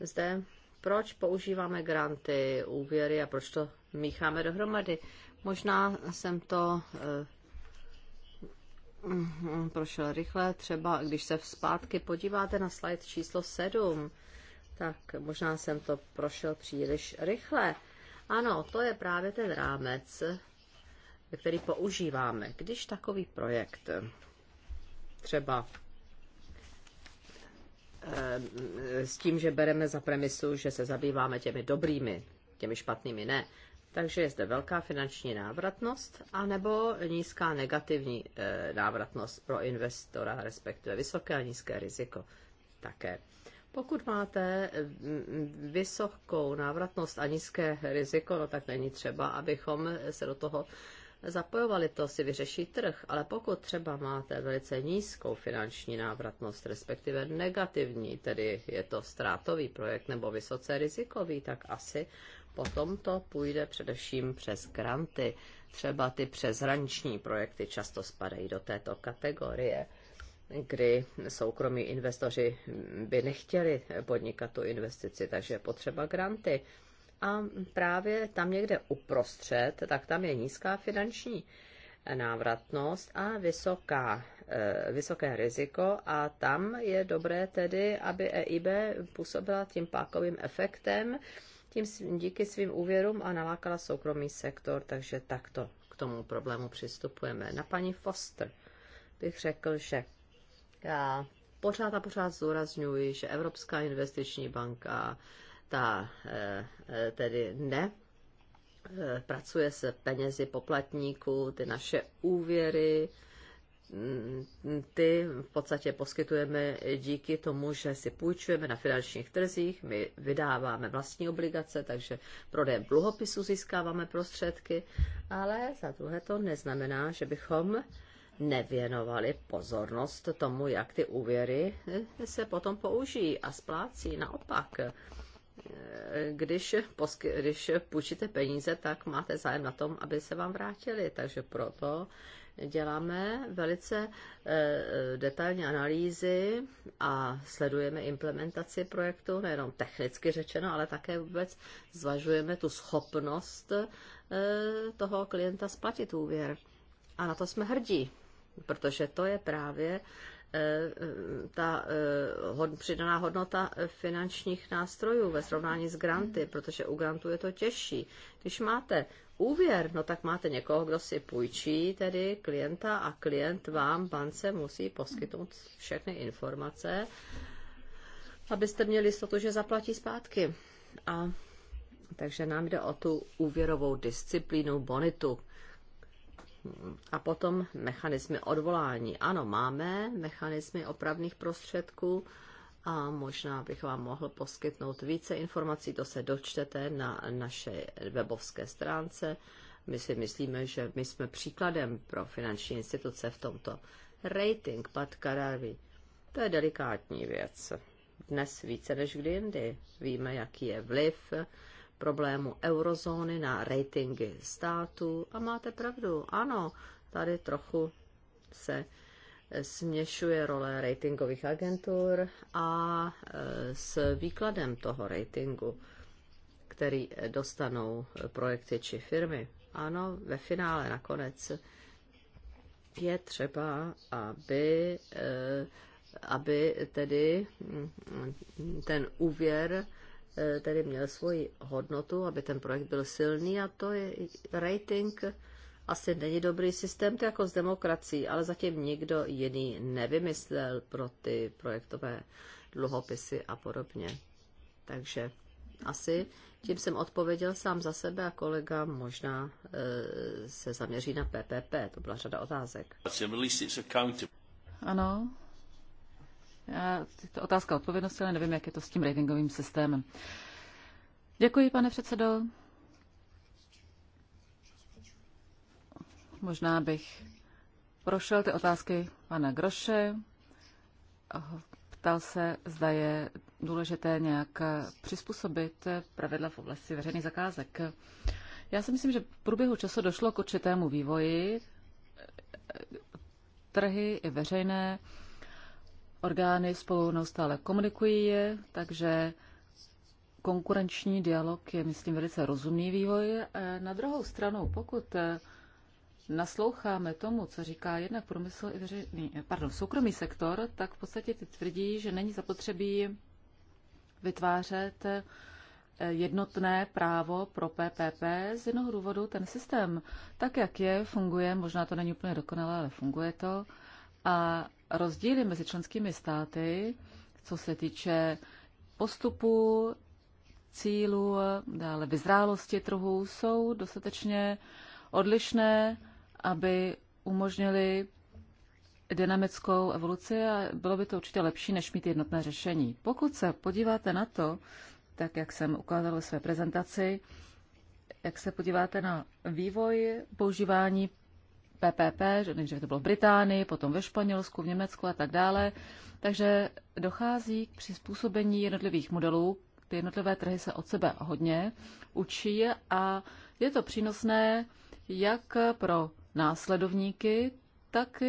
zde, proč používáme granty, úvěry a proč to mícháme dohromady. Možná jsem to eh, mm, prošel rychle. Třeba když se zpátky podíváte na slide číslo 7, tak možná jsem to prošel příliš rychle. Ano, to je právě ten rámec, který používáme. Když takový projekt třeba eh, s tím, že bereme za premisu, že se zabýváme těmi dobrými, těmi špatnými ne, takže je zde velká finanční návratnost anebo nízká negativní eh, návratnost pro investora, respektive vysoké a nízké riziko také. Pokud máte mm, vysokou návratnost a nízké riziko, no tak není třeba, abychom se do toho zapojovali, to si vyřeší trh, ale pokud třeba máte velice nízkou finanční návratnost, respektive negativní, tedy je to ztrátový projekt nebo vysoce rizikový, tak asi potom to půjde především přes granty. Třeba ty přeshraniční projekty často spadají do této kategorie kdy soukromí investoři by nechtěli podnikat tu investici, takže je potřeba granty a právě tam někde uprostřed, tak tam je nízká finanční návratnost a vysoká, eh, vysoké riziko a tam je dobré tedy, aby EIB působila tím pákovým efektem, tím díky svým úvěrům a nalákala soukromý sektor, takže takto k tomu problému přistupujeme. Na paní Foster bych řekl, že já pořád a pořád zdůrazňuji, že Evropská investiční banka ta eh, eh, tedy ne eh, pracuje se penězi poplatníků, ty naše úvěry, mm, ty v podstatě poskytujeme díky tomu, že si půjčujeme na finančních trzích, my vydáváme vlastní obligace, takže prodejem dluhopisu získáváme prostředky, ale za druhé to neznamená, že bychom nevěnovali pozornost tomu, jak ty úvěry se potom použijí a splácí. Naopak, když, posky, když půjčíte peníze, tak máte zájem na tom, aby se vám vrátili. Takže proto děláme velice eh, detailní analýzy a sledujeme implementaci projektu, nejenom technicky řečeno, ale také vůbec zvažujeme tu schopnost eh, toho klienta splatit úvěr. A na to jsme hrdí, protože to je právě Eh, ta eh, přidaná hodnota finančních nástrojů ve srovnání s granty, mhm. protože u grantů je to těžší. Když máte úvěr, no tak máte někoho, kdo si půjčí, tedy klienta a klient vám, bance, musí poskytnout všechny informace, abyste měli jistotu, že zaplatí zpátky. A takže nám jde o tu úvěrovou disciplínu, bonitu, a potom mechanismy odvolání. Ano, máme mechanismy opravných prostředků a možná bych vám mohl poskytnout více informací, to se dočtete na naše webovské stránce. My si myslíme, že my jsme příkladem pro finanční instituce v tomto. Rating Pad Karavi, to je delikátní věc. Dnes více než kdy jindy. Víme, jaký je vliv problému eurozóny na ratingy států. A máte pravdu, ano, tady trochu se eh, směšuje role ratingových agentur a eh, s výkladem toho ratingu, který eh, dostanou projekty či firmy. Ano, ve finále nakonec je třeba, aby, aby tedy mm, ten úvěr Eh, tedy měl svoji hodnotu, aby ten projekt byl silný a to je rating asi není dobrý systém, to jako s demokracií, ale zatím nikdo jiný nevymyslel pro ty projektové dluhopisy a podobně. Takže asi tím jsem odpověděl sám za sebe a kolega možná e, se zaměří na PPP. To byla řada otázek. Ano, to otázka odpovědnosti, ale nevím, jak je to s tím ratingovým systémem. Děkuji, pane předsedo. Možná bych prošel ty otázky pana Groše. Ptal se, zda je důležité nějak přizpůsobit pravidla v oblasti veřejných zakázek. Já si myslím, že v průběhu času došlo k určitému vývoji. Trhy i veřejné orgány spolu neustále komunikují, takže konkurenční dialog je, myslím, velice rozumný vývoj. Na druhou stranu, pokud eh, nasloucháme tomu, co říká jednak průmysl i veřejný, eh, pardon, soukromý sektor, tak v podstatě ty tvrdí, že není zapotřebí vytvářet eh, jednotné právo pro PPP z jednoho důvodu ten systém, tak jak je, funguje, možná to není úplně dokonalé, ale funguje to a rozdíly mezi členskými státy, co se týče postupu, cílu, dále vyzrálosti trhu, jsou dostatečně odlišné, aby umožnili dynamickou evoluci a bylo by to určitě lepší, než mít jednotné řešení. Pokud se podíváte na to, tak jak jsem ukázal ve své prezentaci, jak se podíváte na vývoj používání PPP, že nejdříve to bylo v Británii, potom ve Španělsku, v Německu a tak dále. Takže dochází k přizpůsobení jednotlivých modelů, ty jednotlivé trhy se od sebe hodně učí a je to přínosné jak pro následovníky, tak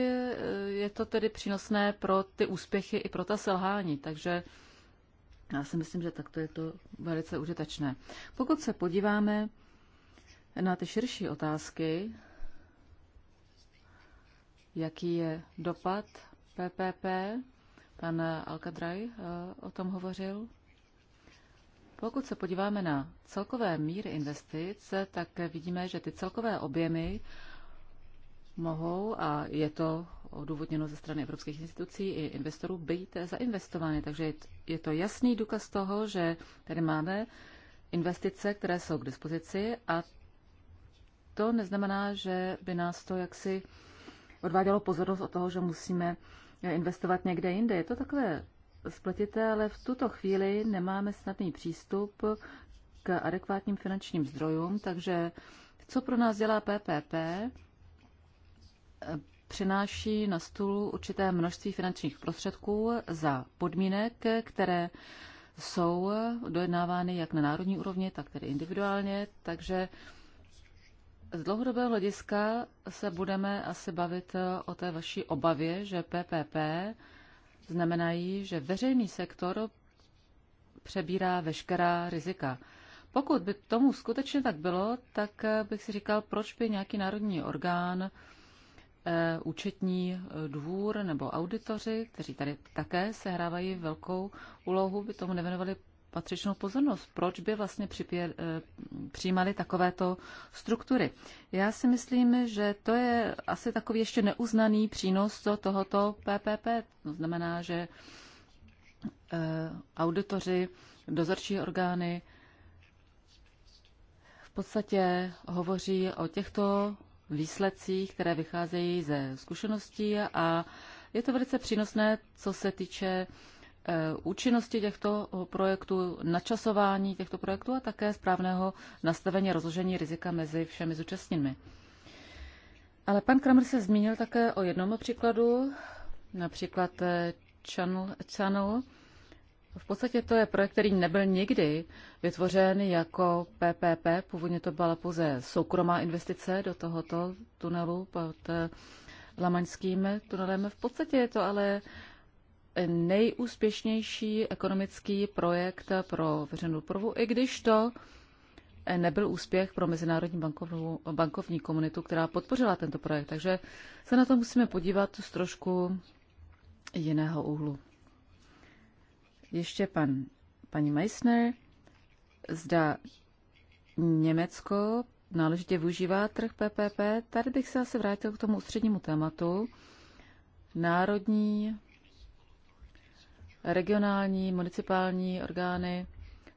je to tedy přínosné pro ty úspěchy i pro ta selhání. Takže já si myslím, že takto je to velice užitečné. Pokud se podíváme na ty širší otázky, jaký je dopad PPP. Pan Alcadraj eh, o tom hovořil. Pokud se podíváme na celkové míry investic, tak vidíme, že ty celkové objemy mohou, a je to odůvodněno ze strany evropských institucí i investorů, být zainvestovány. Takže je to jasný důkaz toho, že tady máme investice, které jsou k dispozici a to neznamená, že by nás to jaksi odvádělo pozornost od toho, že musíme investovat někde jinde. Je to takové spletité, ale v tuto chvíli nemáme snadný přístup k adekvátním finančním zdrojům, takže co pro nás dělá PPP? Přináší na stůl určité množství finančních prostředků za podmínek, které jsou dojednávány jak na národní úrovni, tak tedy individuálně, takže z dlouhodobého hlediska se budeme asi bavit eh, o té vaší obavě, že PPP znamenají, že veřejný sektor přebírá veškerá rizika. Pokud by tomu skutečně tak bylo, tak eh, bych si říkal, proč by nějaký národní orgán, eh, účetní dvůr nebo auditoři, kteří tady také sehrávají velkou úlohu, by tomu nevěnovali patřičnou pozornost. Proč by vlastně připě, eh, přijímali takovéto struktury? Já si myslím, že to je asi takový ještě neuznaný přínos tohoto PPP. To znamená, že eh, auditoři, dozorčí orgány v podstatě hovoří o těchto výsledcích, které vycházejí ze zkušeností a je to velice přínosné, co se týče Eh, účinnosti těchto eh, projektů, načasování těchto projektů a také správného nastavení rozložení rizika mezi všemi zúčastněnými. Ale pan Kramer se zmínil také o jednom příkladu, například eh, Channel, Channel. V podstatě to je projekt, který nebyl nikdy vytvořen jako PPP. Původně to byla pouze soukromá investice do tohoto tunelu pod Lamaňským tunelem. V podstatě je to ale nejúspěšnější ekonomický projekt pro veřejnou prvu, i když to nebyl úspěch pro mezinárodní bankovnou, bankovní komunitu, která podpořila tento projekt. Takže se na to musíme podívat z trošku jiného úhlu. Ještě pan, paní Meissner, zda Německo náležitě využívá trh PPP. Tady bych se asi vrátil k tomu ústřednímu tématu. Národní regionální, municipální orgány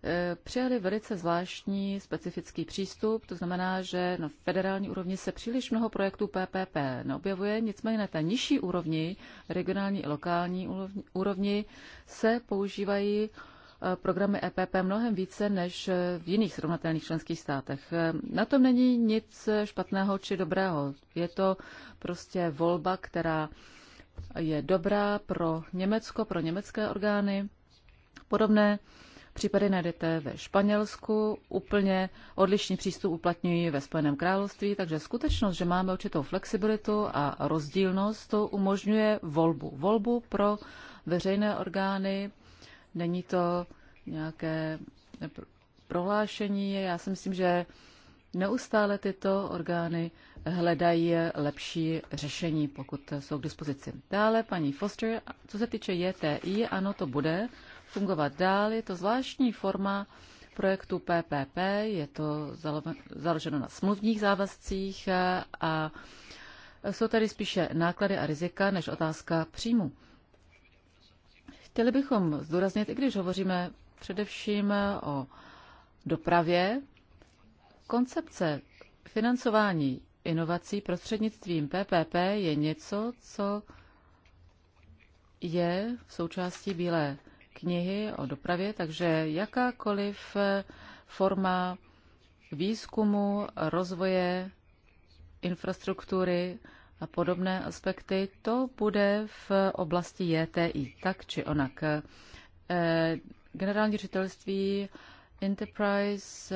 eh, přijali velice zvláštní specifický přístup, to znamená, že na federální úrovni se příliš mnoho projektů PPP neobjevuje, nicméně na té nižší úrovni, regionální i lokální úrovni, se používají eh, programy EPP mnohem více než eh, v jiných srovnatelných členských státech. Na tom není nic špatného či dobrého. Je to prostě volba, která je dobrá pro Německo, pro německé orgány. Podobné případy najdete ve Španělsku, úplně odlišný přístup uplatňují ve Spojeném království, takže skutečnost, že máme určitou flexibilitu a rozdílnost, to umožňuje volbu. Volbu pro veřejné orgány, není to nějaké prohlášení, já si myslím, že neustále tyto orgány hledají lepší řešení, pokud jsou k dispozici. Dále paní Foster, co se týče JTI, ano, to bude fungovat dál. Je to zvláštní forma projektu PPP, je to založeno na smluvních závazcích a jsou tady spíše náklady a rizika než otázka příjmu. Chtěli bychom zdůraznit, i když hovoříme především o dopravě, koncepce financování inovací prostřednictvím PPP je něco, co je v součástí Bílé knihy o dopravě, takže jakákoliv eh, forma výzkumu, rozvoje infrastruktury a podobné aspekty, to bude v oblasti JTI, tak či onak. Eh, generální ředitelství Enterprise,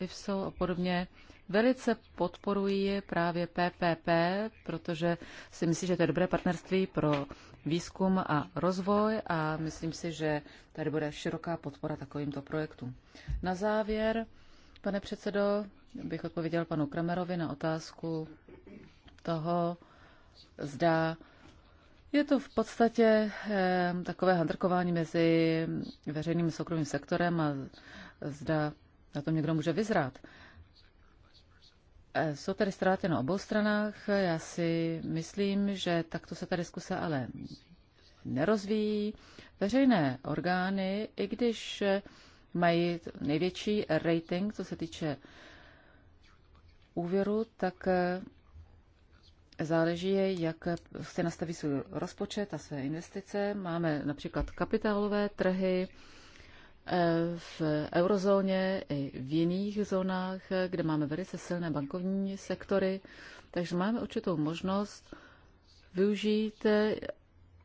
eh, IFSO a podobně velice podporuji právě PPP, protože si myslím, že to je dobré partnerství pro výzkum a rozvoj a myslím si, že tady bude široká podpora takovýmto projektům. Na závěr, pane předsedo, bych odpověděl panu Kramerovi na otázku toho, zda je to v podstatě eh, takové handrkování mezi veřejným a soukromým sektorem a zda na tom někdo může vyzrát. Eh, jsou tady ztráty na obou stranách. Já si myslím, že takto se ta diskuse ale nerozvíjí. Veřejné orgány, i když eh, mají největší rating, co se týče úvěru, tak eh, záleží, jak se nastaví svůj rozpočet a své investice. Máme například kapitálové trhy, Eh, v eurozóně i v jiných zónách, eh, kde máme velice silné bankovní sektory, takže máme určitou možnost využít eh,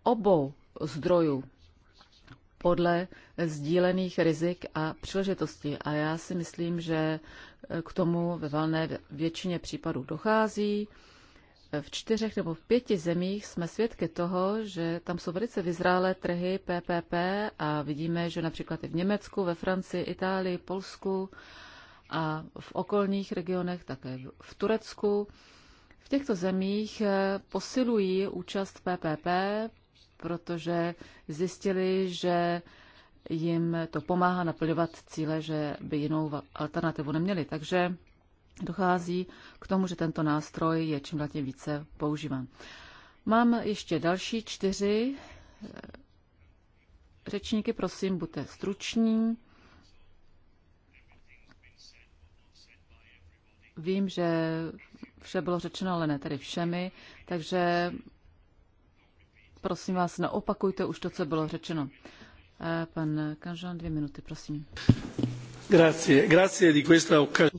obou zdrojů podle sdílených rizik a příležitostí. A já si myslím, že k tomu ve valné většině případů dochází v čtyřech nebo v pěti zemích jsme svědky toho, že tam jsou velice vyzrálé trhy PPP a vidíme, že například i v Německu, ve Francii, Itálii, Polsku a v okolních regionech, také v Turecku. V těchto zemích eh, posilují účast PPP, protože zjistili, že jim to pomáhá naplňovat cíle, že by jinou alternativu neměli. Takže dochází k tomu, že tento nástroj je čím dál tím více používán. Mám ještě další čtyři eh, řečníky, prosím, buďte struční. Vím, že vše bylo řečeno, ale ne tedy všemi, takže prosím vás, neopakujte už to, co bylo řečeno. Eh, pan Kanžan, dvě minuty, prosím.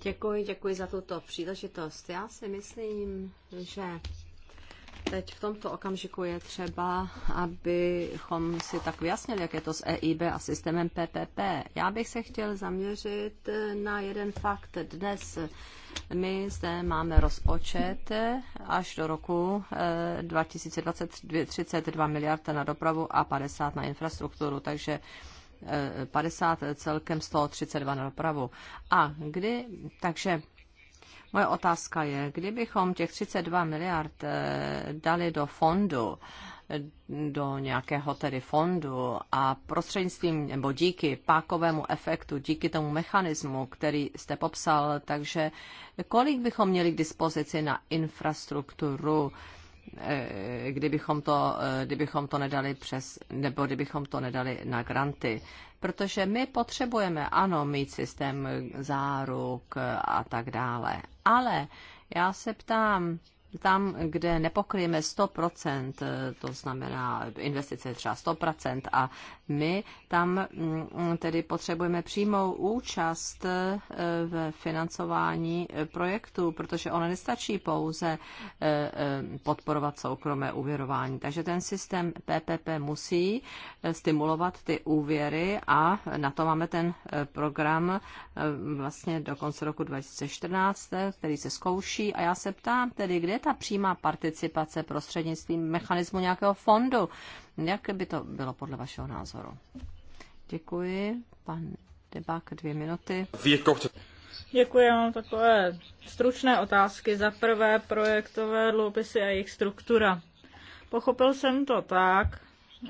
Děkuji, děkuji za tuto příležitost. Já si myslím, že teď v tomto okamžiku je třeba, abychom si tak vyjasnili, jak je to s EIB a systémem PPP. Já bych se chtěl zaměřit na jeden fakt. Dnes my zde máme rozpočet až do roku eh, 2032 32 miliard na dopravu a 50 na infrastrukturu, takže 50, celkem 132 na dopravu. A kdy, takže moje otázka je, kdybychom těch 32 miliard eh, dali do fondu, do nějakého tedy fondu a prostřednictvím nebo díky pákovému efektu, díky tomu mechanismu, který jste popsal, takže kolik bychom měli k dispozici na infrastrukturu, Eh, kdybychom to, eh, kdybychom to nedali přes, nebo kdybychom to nedali na granty. Protože my potřebujeme, ano, mít systém záruk a tak dále. Ale já se ptám, tam, kde nepokryjeme 100%, to znamená investice třeba 100%, a my tam mm, tedy potřebujeme přímou účast eh, v financování eh, projektů, protože ono nestačí pouze eh, podporovat soukromé úvěrování. Takže ten systém PPP musí stimulovat ty úvěry a na to máme ten program vlastně do konce roku 2014, který se zkouší. A já se ptám tedy, kde je ta přímá participace prostřednictvím mechanismu nějakého fondu. Jak by to bylo podle vašeho názoru? Děkuji. Pan Debak, dvě minuty. Děkuji, já mám takové stručné otázky. Za prvé projektové dloupisy a jejich struktura. Pochopil jsem to tak,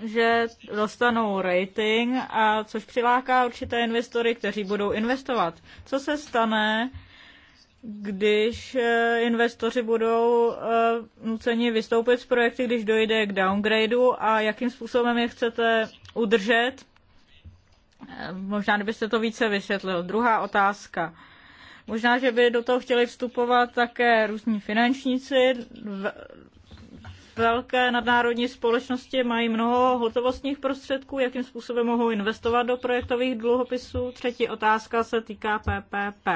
že dostanou rating, a což přiláká určité investory, kteří budou investovat. Co se stane, když eh, investoři budou eh, nuceni vystoupit z projekty, když dojde k downgradeu a jakým způsobem je chcete udržet? Eh, možná, kdybyste to více vysvětlil. Druhá otázka. Možná, že by do toho chtěli vstupovat také různí finančníci. Velké nadnárodní společnosti mají mnoho hotovostních prostředků, jakým způsobem mohou investovat do projektových dluhopisů. Třetí otázka se týká PPP.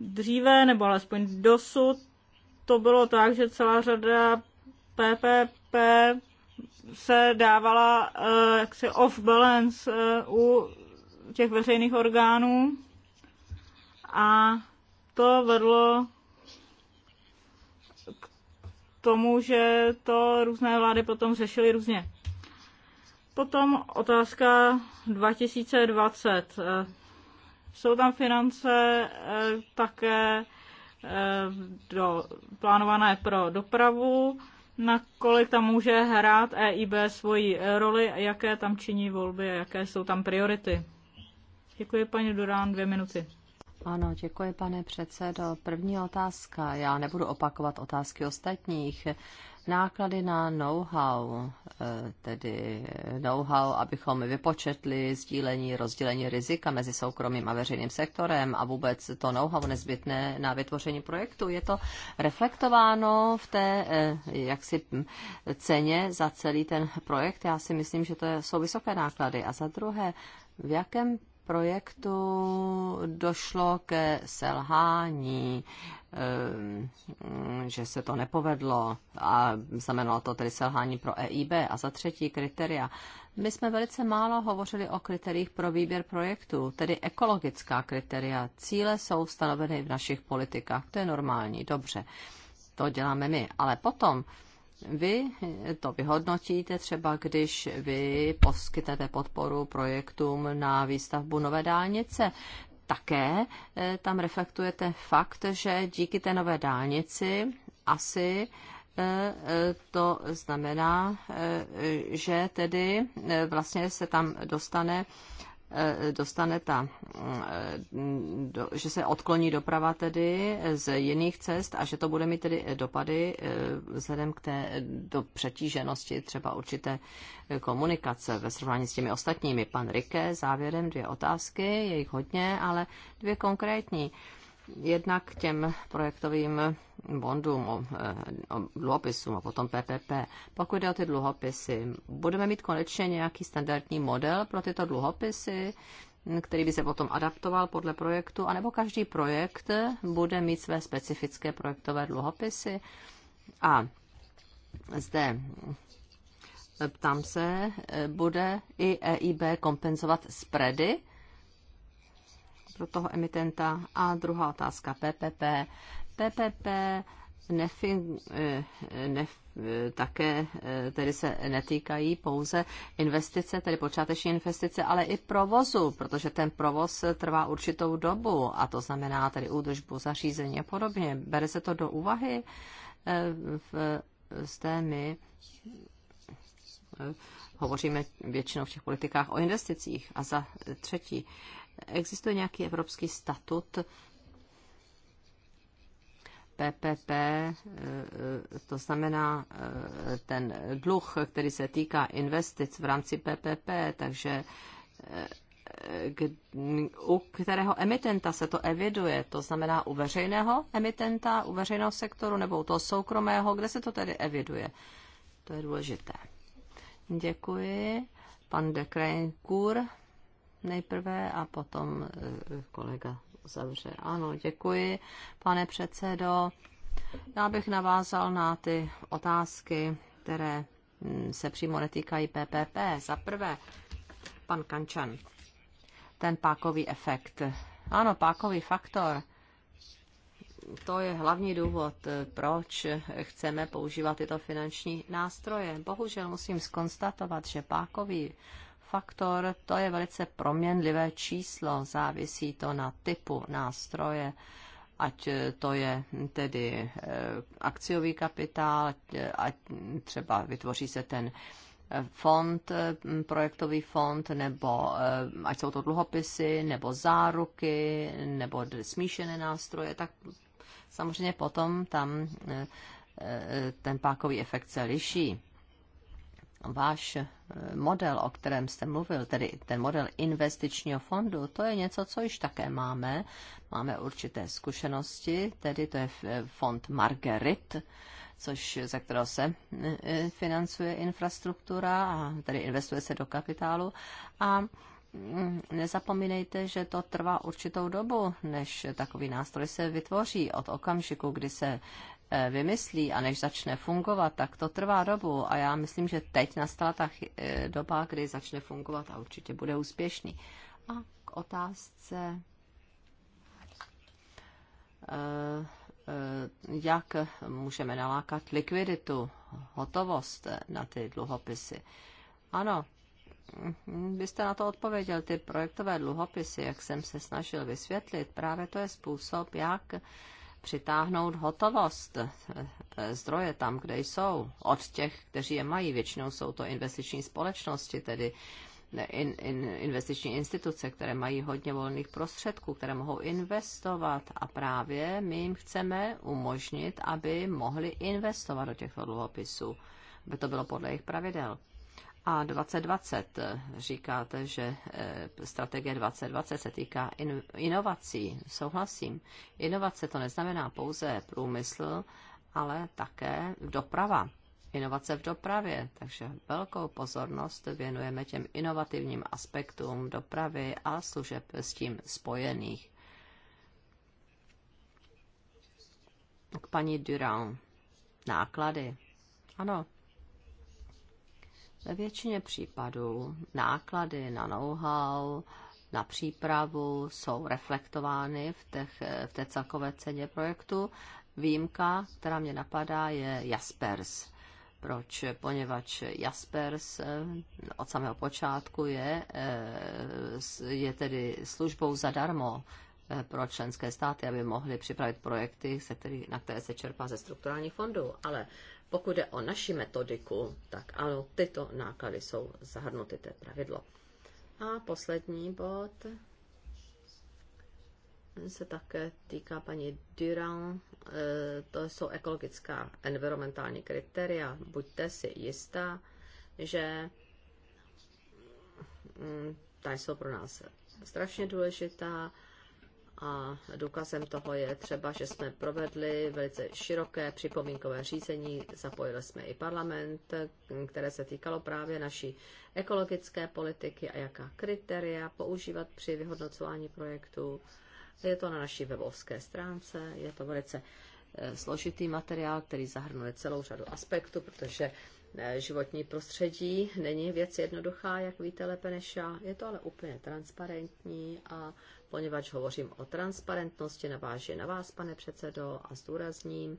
Dříve, nebo alespoň dosud, to bylo tak, že celá řada PPP se dávala uh, jaksi off balance uh, u těch veřejných orgánů a to vedlo k tomu, že to různé vlády potom řešily různě. Potom otázka 2020. Jsou tam finance eh, také eh, do, plánované pro dopravu, nakolik tam může hrát EIB svoji roli, jaké tam činí volby a jaké jsou tam priority. Děkuji, paní Durán, dvě minuty. Ano, děkuji, pane předsedo. První otázka. Já nebudu opakovat otázky ostatních náklady na know-how, eh, tedy know-how, abychom vypočetli sdílení, rozdělení rizika mezi soukromým a veřejným sektorem a vůbec to know-how nezbytné na vytvoření projektu. Je to reflektováno v té eh, jaksi ceně za celý ten projekt? Já si myslím, že to jsou vysoké náklady. A za druhé, v jakém projektu došlo ke selhání, ehm, že se to nepovedlo a znamenalo to tedy selhání pro EIB. A za třetí kritéria. My jsme velice málo hovořili o kritériích pro výběr projektů, tedy ekologická kritéria. Cíle jsou stanoveny v našich politikách, to je normální, dobře. To děláme my. Ale potom vy to vyhodnotíte třeba, když vy poskytete podporu projektům na výstavbu nové dálnice také eh, tam reflektujete fakt, že díky té nové dálnici asi eh, eh, to znamená, že tedy vlastně se tam dostane Eh, dostane ta, mm, eh, že se odkloní doprava tedy z jiných cest a že to bude mít tedy dopady eh, vzhledem k té do přetíženosti třeba určité komunikace ve srovnání s těmi ostatními. Pan Rike, závěrem dvě otázky, je jich hodně, ale dvě konkrétní jednak k těm projektovým bondům, o, o dluhopisům a potom PPP. Pokud jde o ty dluhopisy, budeme mít konečně nějaký standardní model pro tyto dluhopisy, který by se potom adaptoval podle projektu, anebo každý projekt bude mít své specifické projektové dluhopisy. A zde e, ptám se, e, bude i EIB kompenzovat spready pro toho emitenta. A druhá otázka PPP. PPP nefin, eh, nef, eh, také eh, tedy se netýkají pouze investice, tedy počáteční investice, ale i provozu, protože ten provoz trvá určitou dobu a to znamená tedy údržbu, zařízení a podobně. Bere se to do úvahy v, té my hovoříme většinou v těch politikách o investicích. A za třetí, Existuje nějaký evropský statut PPP, eh, to znamená eh, ten dluh, který se týká investic v rámci PPP, takže eh, u kterého emitenta se to eviduje, to znamená u veřejného emitenta, u veřejného sektoru nebo u toho soukromého, kde se to tedy eviduje. To je důležité. Děkuji. Pan de Krenkur nejprve a potom eh, kolega zavře. Ano, děkuji, pane předsedo. Já bych navázal na ty otázky, které hm, se přímo netýkají PPP. Za prvé, pan Kančan, ten pákový efekt. Ano, pákový faktor. To je hlavní důvod, eh, proč chceme používat tyto finanční nástroje. Bohužel musím skonstatovat, že pákový faktor, to je velice proměnlivé číslo, závisí to na typu nástroje, ať to je tedy eh, akciový kapitál, ať třeba vytvoří se ten eh, fond, eh, projektový fond, nebo ať jsou to dluhopisy, nebo záruky, nebo smíšené nástroje, tak samozřejmě potom tam ten pákový efekt se liší váš eh, model, o kterém jste mluvil, tedy ten model investičního fondu, to je něco, co již také máme. Máme určité zkušenosti, tedy to je eh, fond Margerit, což, eh, za kterého se financuje infrastruktura, a tedy investuje se do kapitálu. A mm, nezapomínejte, že to trvá určitou dobu, než takový nástroj se vytvoří od okamžiku, kdy se Eh, vymyslí a než začne fungovat, tak to trvá dobu a já myslím, že teď nastala ta eh, doba, kdy začne fungovat a určitě bude úspěšný. A k otázce, eh, jak můžeme nalákat likviditu, hotovost na ty dluhopisy. Ano, vy jste na to odpověděl, ty projektové dluhopisy, jak jsem se snažil vysvětlit, právě to je způsob, jak přitáhnout hotovost, eh, zdroje tam, kde jsou, od těch, kteří je mají. Většinou jsou to investiční společnosti, tedy in, in, investiční instituce, které mají hodně volných prostředků, které mohou investovat a právě my jim chceme umožnit, aby mohli investovat do těchto dluhopisů, aby to bylo podle jejich pravidel a 2020 říkáte, že e, strategie 2020 se týká inovací. Souhlasím. Inovace to neznamená pouze průmysl, ale také doprava. Inovace v dopravě, takže velkou pozornost věnujeme těm inovativním aspektům dopravy a služeb s tím spojených. K paní Durand. Náklady. Ano, ve většině případů náklady na know-how, na přípravu jsou reflektovány v, těch, v té celkové ceně projektu. Výjimka, která mě napadá, je Jaspers. Proč? Poněvadž Jaspers eh, od samého počátku je, eh, je tedy službou zadarmo eh, pro členské státy, aby mohly připravit projekty, se který, na které se čerpá ze strukturálních fondů. Ale pokud jde o naši metodiku, tak ano, tyto náklady jsou zahrnuty, to je pravidlo. A poslední bod se také týká paní E, To jsou ekologická environmentální kritéria. Buďte si jistá, že mm, ta jsou pro nás strašně důležitá a důkazem toho je třeba, že jsme provedli velice široké připomínkové řízení, zapojili jsme i parlament, které se týkalo právě naší ekologické politiky a jaká kritéria používat při vyhodnocování projektu. Je to na naší webovské stránce, je to velice eh, složitý materiál, který zahrnuje celou řadu aspektů, protože Eh, životní prostředí není věc jednoduchá, jak víte lépe než já. Je to ale úplně transparentní a poněvadž hovořím o transparentnosti, naváží na vás, pane předsedo, a zdůrazním,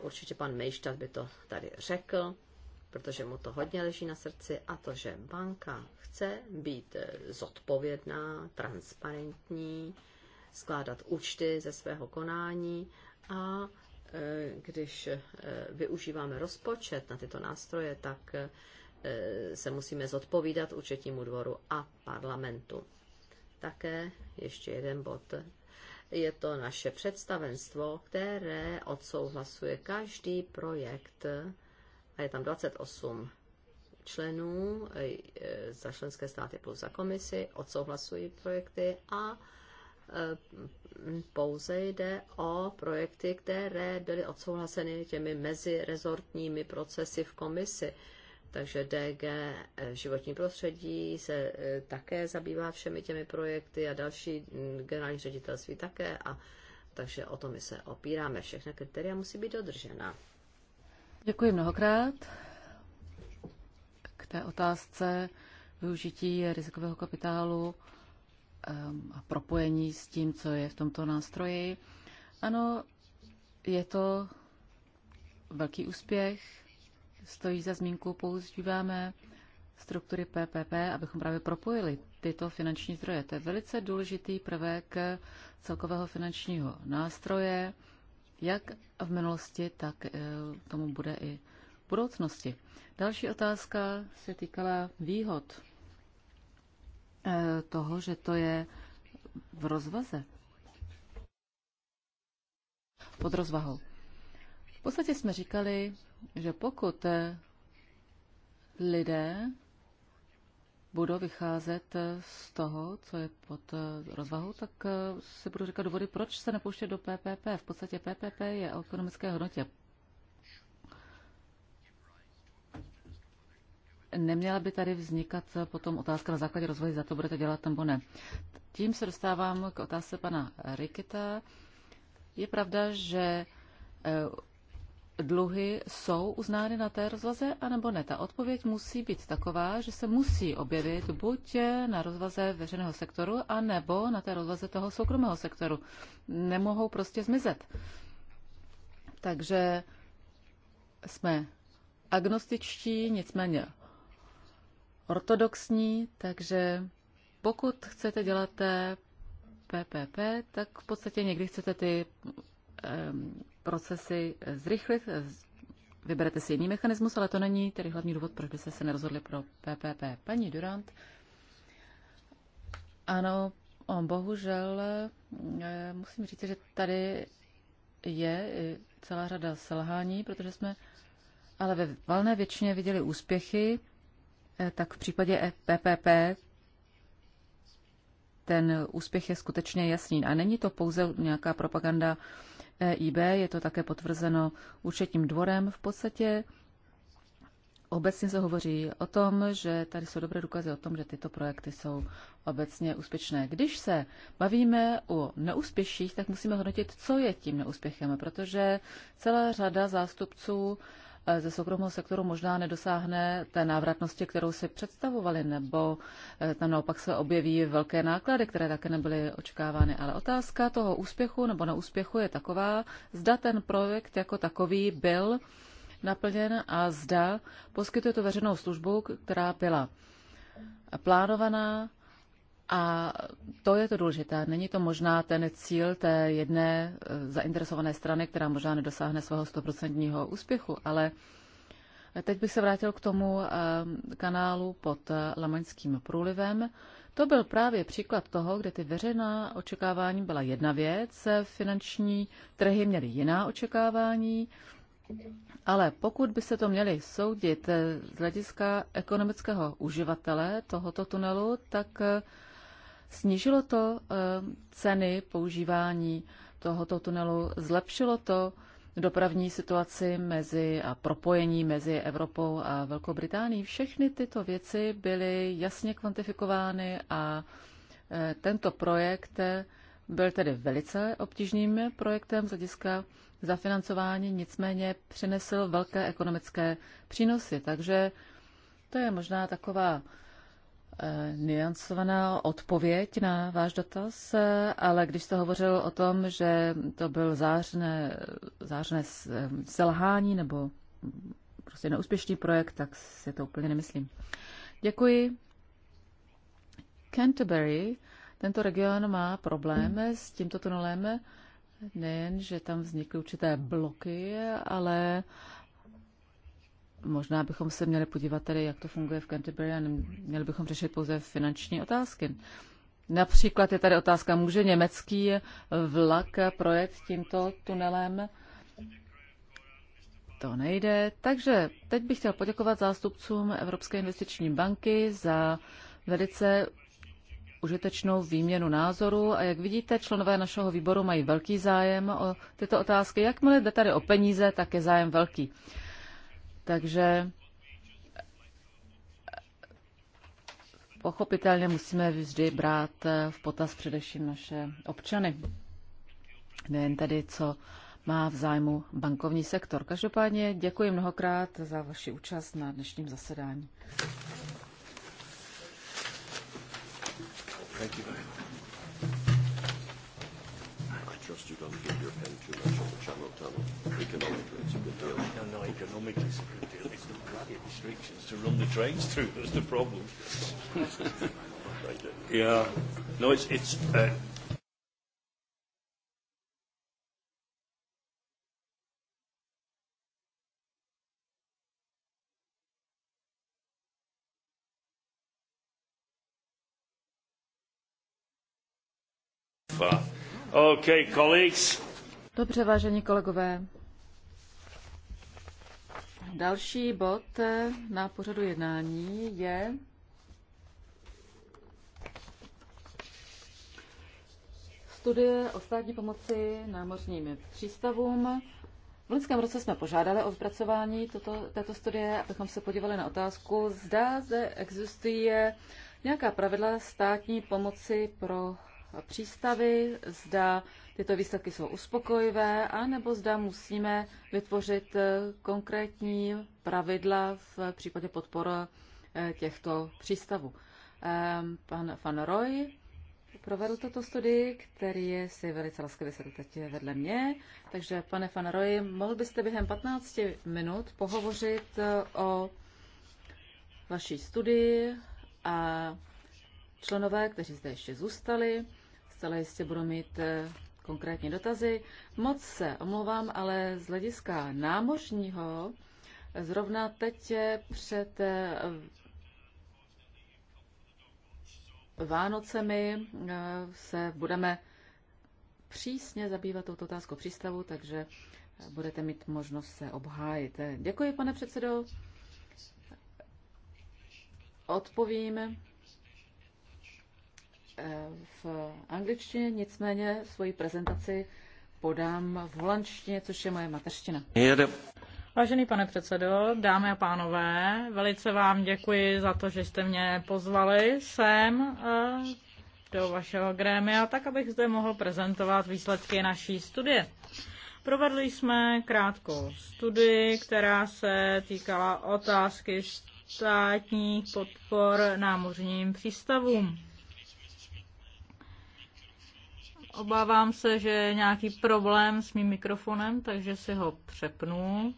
určitě pan Mejštad by to tady řekl, protože mu to hodně leží na srdci, a to, že banka chce být eh, zodpovědná, transparentní, skládat účty ze svého konání a když eh, využíváme rozpočet na tyto nástroje, tak eh, se musíme zodpovídat účetnímu dvoru a parlamentu. Také ještě jeden bod. Je to naše představenstvo, které odsouhlasuje každý projekt a je tam 28 členů eh, za členské státy plus za komisi, odsouhlasují projekty a Eh, pouze jde o projekty, které byly odsouhlaseny těmi mezirezortními procesy v komisi. Takže DG eh, životní prostředí se eh, také zabývá všemi těmi projekty a další mm, generální ředitelství také. A takže o to my se opíráme. Všechna kritéria musí být dodržena. Děkuji mnohokrát. K té otázce využití rizikového kapitálu Um, a propojení s tím, co je v tomto nástroji. Ano, je to velký úspěch, stojí za zmínku, používáme struktury PPP, abychom právě propojili tyto finanční zdroje. To je velice důležitý prvek celkového finančního nástroje, jak v minulosti, tak eh, tomu bude i v budoucnosti. Další otázka se týkala výhod Eh, toho, že to je v rozvaze. Pod rozvahou. V podstatě jsme říkali, že pokud eh, lidé budou vycházet eh, z toho, co je pod rozvahou, tak si budu říkat důvody, proč se nepouštět do PPP. V podstatě PPP je o ekonomické hodnotě. neměla by tady vznikat potom otázka na základě rozvoje, za to budete dělat nebo ne. Tím se dostávám k otázce pana Rikita. Je pravda, že eh, dluhy jsou uznány na té rozvaze, anebo ne. Ta odpověď musí být taková, že se musí objevit buď na rozvaze veřejného sektoru, anebo na té rozvaze toho soukromého sektoru. Nemohou prostě zmizet. Takže jsme agnostičtí, nicméně ortodoxní, takže pokud chcete dělat PPP, tak v podstatě někdy chcete ty um, procesy zrychlit, vyberete si jiný mechanismus, ale to není tedy hlavní důvod, proč byste se nerozhodli pro PPP. Paní Durant, ano, on bohužel eh, musím říct, že tady je eh, celá řada selhání, protože jsme ale ve valné většině viděli úspěchy. Eh, tak v případě PPP e- ten úspěch je skutečně jasný. A není to pouze nějaká propaganda EIB, je to také potvrzeno účetním dvorem. V podstatě obecně se hovoří o tom, že tady jsou dobré důkazy o tom, že tyto projekty jsou obecně úspěšné. Když se bavíme o neúspěších, tak musíme hodnotit, co je tím neúspěchem, protože celá řada zástupců uh, Eh, ze soukromého sektoru možná nedosáhne té návratnosti, kterou si představovali, nebo eh, tam naopak se objeví velké náklady, které také nebyly očekávány. Ale otázka toho úspěchu nebo neúspěchu je taková, zda ten projekt jako takový byl naplněn a zda poskytuje tu veřejnou službu, která byla plánovaná, a to je to důležité. Není to možná ten cíl té jedné eh, zainteresované strany, která možná nedosáhne svého stoprocentního úspěchu, ale teď bych se vrátil k tomu eh, kanálu pod eh, Lamaňským průlivem. To byl právě příklad toho, kde ty veřejná očekávání byla jedna věc, finanční trhy měly jiná očekávání, ale pokud by se to měli soudit z hlediska ekonomického uživatele tohoto tunelu, tak Snížilo to eh, ceny používání tohoto tunelu, zlepšilo to dopravní situaci mezi a propojení mezi Evropou a Velkou Británií. Všechny tyto věci byly jasně kvantifikovány a eh, tento projekt byl tedy velice obtížným projektem z hlediska zafinancování, nicméně přinesl velké ekonomické přínosy. Takže to je možná taková Eh, nuancovaná odpověď na váš dotaz, eh, ale když jste hovořil o tom, že to byl zářné, zářné eh, selhání nebo prostě neúspěšný projekt, tak si to úplně nemyslím. Děkuji. Canterbury, tento region má problém s tímto tunelem, nejen, že tam vznikly určité bloky, ale Možná bychom se měli podívat tady, jak to funguje v Canterbury a měli bychom řešit pouze finanční otázky. Například je tady otázka, může německý vlak projet tímto tunelem? To nejde. Takže teď bych chtěl poděkovat zástupcům Evropské investiční banky za velice užitečnou výměnu názoru a jak vidíte, členové našeho výboru mají velký zájem o tyto otázky. Jakmile jde tady o peníze, tak je zájem velký. Takže pochopitelně musíme vždy brát v potaz především naše občany. Nejen tedy, co má v zájmu bankovní sektor. Každopádně děkuji mnohokrát za vaši účast na dnešním zasedání. Thank you very much trust you don't give your pen too much on the channel tunnel. Economically, it's a good deal. No, no, no, economically it's a good deal. It's the bloody restrictions to run the trains through that's the problem. yeah. No, it's, it's uh, Dobře, vážení kolegové. Další bod na pořadu jednání je studie o státní pomoci námořním přístavům. V loňském roce jsme požádali o vypracování toto, této studie, abychom se podívali na otázku, zda zde existuje nějaká pravidla státní pomoci pro přístavy, zda tyto výsledky jsou uspokojivé, anebo zda musíme vytvořit eh, konkrétní pravidla v případě podpor eh, těchto přístavů. Ehm, pan Van Roy provedl tuto studii, který si velice laskavě se teď vedle mě. Takže, pane Van Roy, mohl byste během 15 minut pohovořit eh, o vaší studii a členové, kteří zde ještě zůstali, zcela jistě budu mít eh, konkrétní dotazy. Moc se omlouvám, ale z hlediska námořního zrovna teď před eh, Vánocemi eh, se budeme přísně zabývat touto otázkou přístavu, takže budete mít možnost se obhájit. Děkuji, pane předsedo. Odpovím Eh, v angličtině, nicméně svoji prezentaci podám v holandštině, což je moje mateřština. Jede. Vážený pane předsedo, dámy a pánové, velice vám děkuji za to, že jste mě pozvali sem eh, do vašeho grémia, tak abych zde mohl prezentovat výsledky naší studie. Provedli jsme krátkou studii, která se týkala otázky státních podpor námořním přístavům. Obávám se, že je nějaký problém s mým mikrofonem, takže si ho přepnu.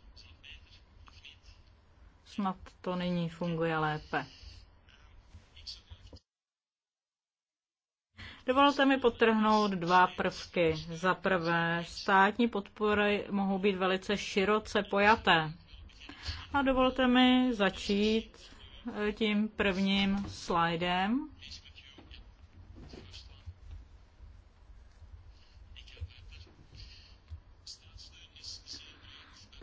Snad to nyní funguje lépe. Dovolte mi potrhnout dva prvky. Za prvé, státní podpory mohou být velice široce pojaté. A dovolte mi začít eh, tím prvním slajdem,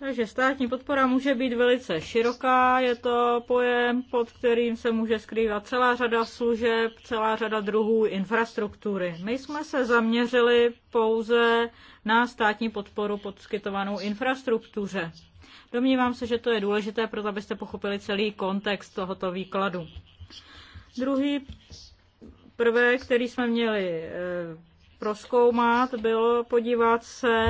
Takže státní podpora může být velice široká, je to pojem, pod kterým se může skrývat celá řada služeb, celá řada druhů infrastruktury. My jsme se zaměřili pouze na státní podporu podskytovanou infrastruktuře. Domnívám se, že to je důležité, proto abyste pochopili celý kontext tohoto výkladu. Druhý prvek, který jsme měli eh, proskoumat, bylo podívat se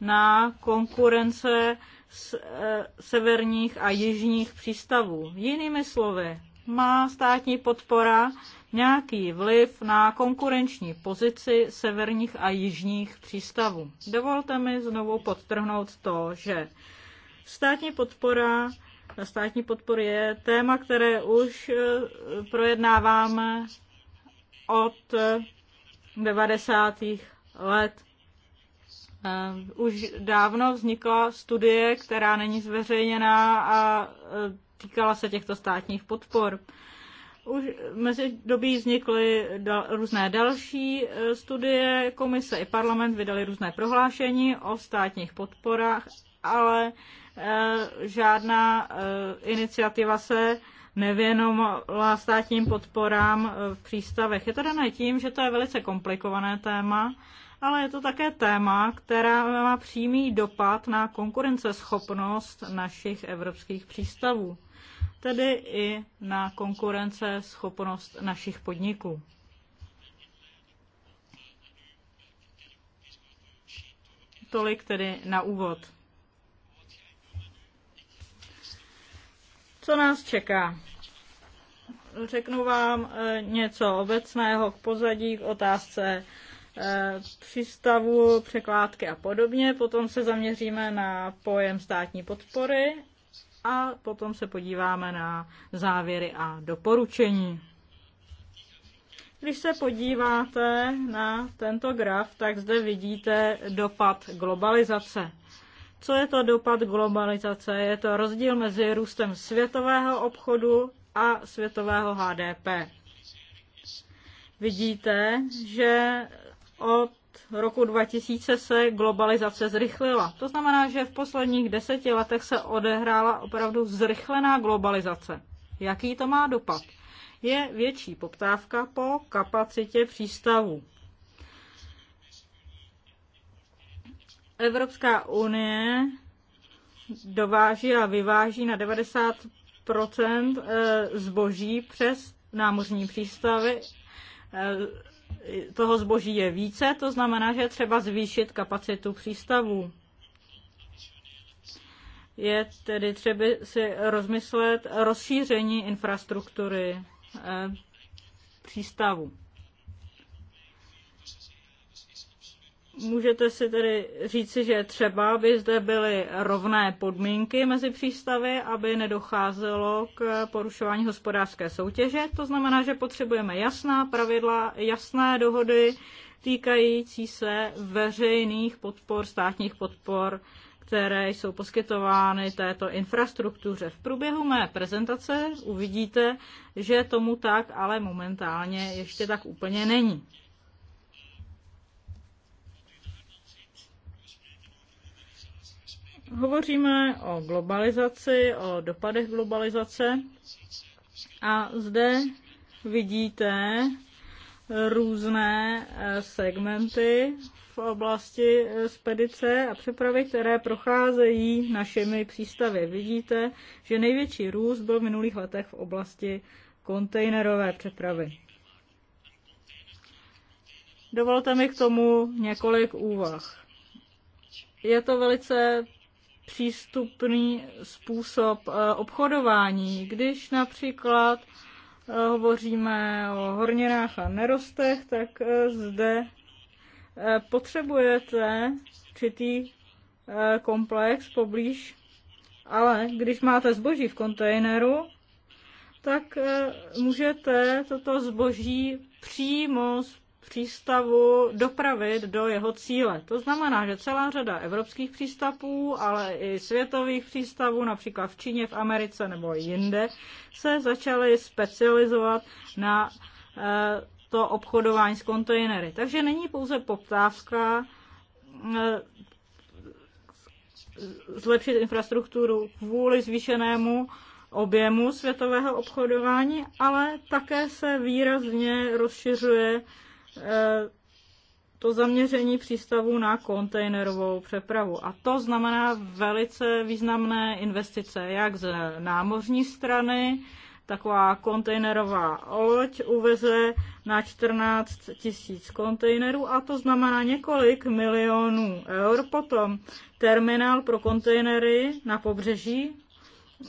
na konkurence z eh, severních a jižních přístavů. Jinými slovy, má státní podpora nějaký vliv na konkurenční pozici severních a jižních přístavů. Dovolte mi znovu podtrhnout to, že státní podpora státní podpory je téma, které už eh, projednáváme od 90. Eh, let. Eh, už dávno vznikla studie, která není zveřejněná a eh, týkala se těchto státních podpor. Už mezi dobí vznikly dal, různé další eh, studie, komise i parlament vydali různé prohlášení o státních podporách, ale žádná iniciativa se nevěnovala státním podporám v přístavech. Je to dané tím, že to je velice komplikované téma ale je to také téma, která má přímý dopad na konkurenceschopnost našich evropských přístavů, tedy i na konkurenceschopnost našich podniků. Tolik tedy na úvod. Co nás čeká? Řeknu vám eh, něco obecného k pozadí, k otázce přístavu, překládky a podobně. Potom se zaměříme na pojem státní podpory a potom se podíváme na závěry a doporučení. Když se podíváte na tento graf, tak zde vidíte dopad globalizace. Co je to dopad globalizace? Je to rozdíl mezi růstem světového obchodu a světového HDP. Vidíte, že od roku 2000 se globalizace zrychlila. To znamená, že v posledních deseti letech se odehrála opravdu zrychlená globalizace. Jaký to má dopad? Je větší poptávka po kapacitě přístavů. Evropská unie dováží a vyváží na 90 eh, zboží přes námořní přístavy eh, toho zboží je více, to znamená, že je třeba zvýšit kapacitu přístavů. Je tedy třeba si rozmyslet rozšíření infrastruktury eh, přístavu. Můžete si tedy říci, že třeba by zde byly rovné podmínky mezi přístavy, aby nedocházelo k porušování hospodářské soutěže. To znamená, že potřebujeme jasná pravidla, jasné dohody týkající se veřejných podpor, státních podpor, které jsou poskytovány této infrastruktuře. V průběhu mé prezentace uvidíte, že tomu tak ale momentálně ještě tak úplně není. Hovoříme o globalizaci, o dopadech globalizace a zde vidíte různé eh, segmenty v oblasti eh, spedice a přepravy, které procházejí našimi přístavy. Vidíte, že největší růst byl v minulých letech v oblasti kontejnerové přepravy. Dovolte mi k tomu několik úvah. Je to velice přístupný způsob eh, obchodování. Když například eh, hovoříme o horninách a nerostech, tak eh, zde potřebujete určitý komplex poblíž, ale když máte zboží v kontejneru, tak můžete toto zboží přímo z přístavu dopravit do jeho cíle. To znamená, že celá řada evropských přístavů, ale i světových přístavů, například v Číně, v Americe nebo jinde, se začaly specializovat na eh, to obchodování s kontejnery. Takže není pouze poptávka eh, zlepšit infrastrukturu kvůli zvýšenému objemu světového obchodování, ale také se výrazně rozšiřuje Eh, to zaměření přístavu na kontejnerovou přepravu. A to znamená velice významné investice, jak z námořní strany, taková kontejnerová loď uveze na 14 tisíc kontejnerů a to znamená několik milionů eur. Potom terminál pro kontejnery na pobřeží,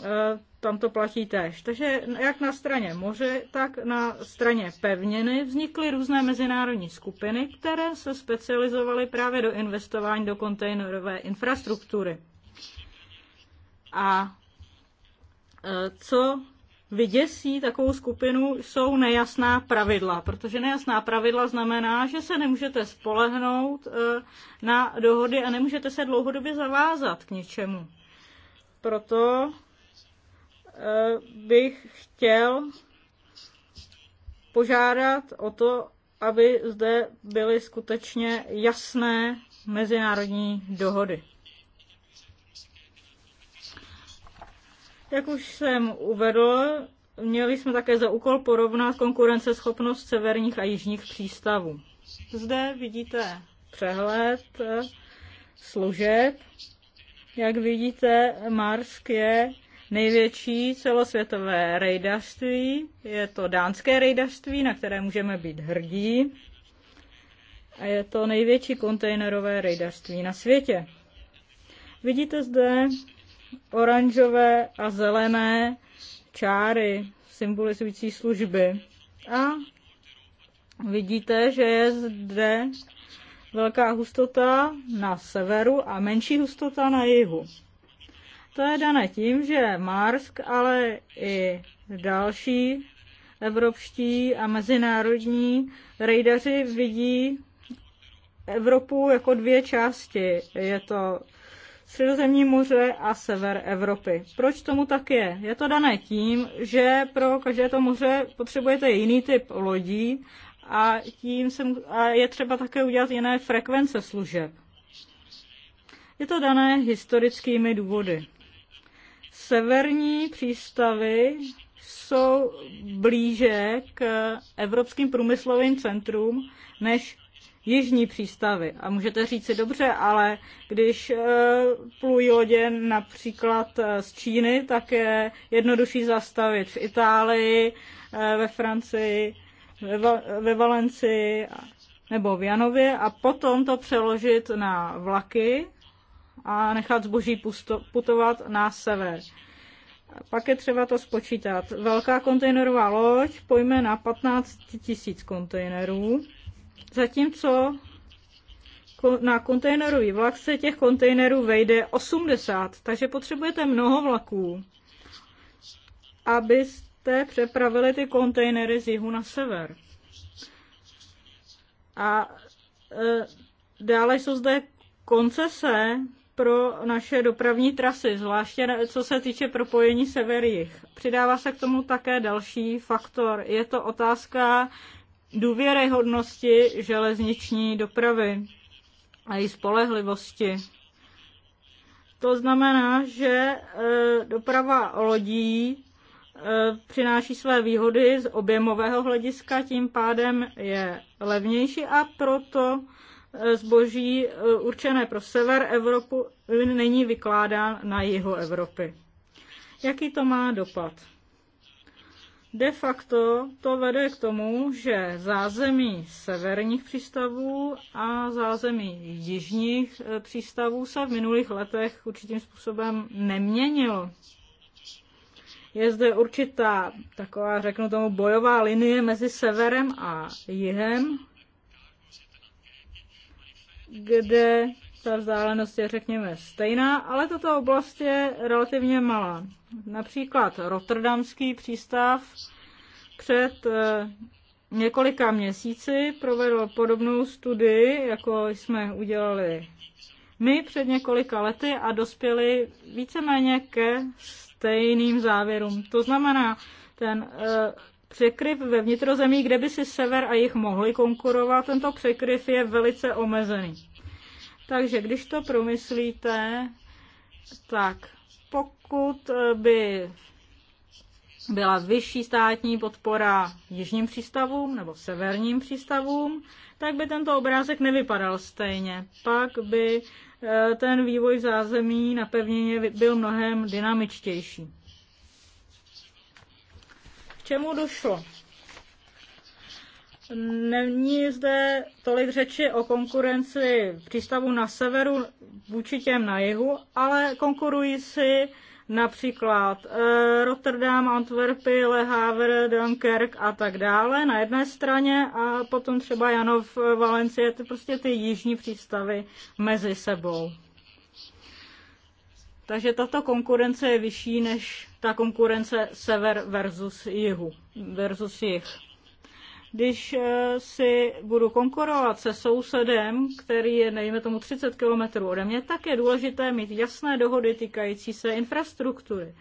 eh, tam to platí tež. Takže jak na straně moře, tak na straně pevniny vznikly různé mezinárodní skupiny, které se specializovaly právě do investování do kontejnerové infrastruktury. A e, co vyděsí takovou skupinu, jsou nejasná pravidla, protože nejasná pravidla znamená, že se nemůžete spolehnout e, na dohody a nemůžete se dlouhodobě zavázat k něčemu. Proto Eh, bych chtěl požádat o to, aby zde byly skutečně jasné mezinárodní dohody. Jak už jsem uvedl, měli jsme také za úkol porovnat konkurenceschopnost severních a jižních přístavů. Zde vidíte přehled eh, služeb. Jak vidíte, Marsk je největší celosvětové rejdařství. Je to dánské rejdařství, na které můžeme být hrdí. A je to největší kontejnerové rejdařství na světě. Vidíte zde oranžové a zelené čáry symbolizující služby. A vidíte, že je zde velká hustota na severu a menší hustota na jihu. To je dané tím, že Marsk, ale i další evropští a mezinárodní rejdaři vidí Evropu jako dvě části. Je to Středozemní moře a sever Evropy. Proč tomu tak je? Je to dané tím, že pro každé to moře potřebujete jiný typ lodí a tím se, a je třeba také udělat jiné frekvence služeb. Je to dané historickými důvody. Severní přístavy jsou blíže k evropským průmyslovým centrům než jižní přístavy. A můžete říct si dobře, ale když e, plují lodě například e, z Číny, tak je jednodušší zastavit v Itálii, e, ve Francii, ve Valencii nebo v Janově a potom to přeložit na vlaky a nechat zboží putovat na sever. Pak je třeba to spočítat. Velká kontejnerová loď pojme na 15 000 kontejnerů, zatímco na kontejnerový vlak se těch kontejnerů vejde 80, takže potřebujete mnoho vlaků, abyste přepravili ty kontejnery z jihu na sever. A e, dále jsou zde koncese pro naše dopravní trasy, zvláště co se týče propojení severích. Přidává se k tomu také další faktor. Je to otázka důvěryhodnosti železniční dopravy a její spolehlivosti. To znamená, že e, doprava lodí e, přináší své výhody z objemového hlediska, tím pádem je levnější a proto zboží eh, určené pro sever Evropu eh, není vykládán na jihu Evropy. Jaký to má dopad? De facto to vede k tomu, že zázemí severních přístavů a zázemí jižních eh, přístavů se v minulých letech určitým způsobem neměnilo. Je zde určitá taková, řeknu tomu, bojová linie mezi severem a jihem, kde ta vzdálenost je, řekněme, stejná, ale tato oblast je relativně malá. Například Rotterdamský přístav před eh, několika měsíci provedl podobnou studii, jako jsme udělali my před několika lety a dospěli víceméně ke stejným závěrům. To znamená, ten eh, překryv ve vnitrozemí, kde by si sever a jich mohli konkurovat, tento překryv je velice omezený. Takže když to promyslíte, tak pokud eh, by byla vyšší státní podpora jižním přístavům nebo severním přístavům, tak by tento obrázek nevypadal stejně. Pak by eh, ten vývoj zázemí na pevnině byl mnohem dynamičtější čemu došlo? Není zde tolik řeči o konkurenci přístavu na severu vůči těm na jihu, ale konkurují si například eh, Rotterdam, Antwerpy, Le Havre, Dunkirk a tak dále na jedné straně a potom třeba Janov, eh, Valencie, ty prostě ty jižní přístavy mezi sebou. Takže tato konkurence je vyšší než ta konkurence sever versus jihu, versus jih. Když eh, si budu konkurovat se sousedem, který je, nejme tomu, 30 km ode mě, tak je důležité mít jasné dohody týkající se infrastruktury.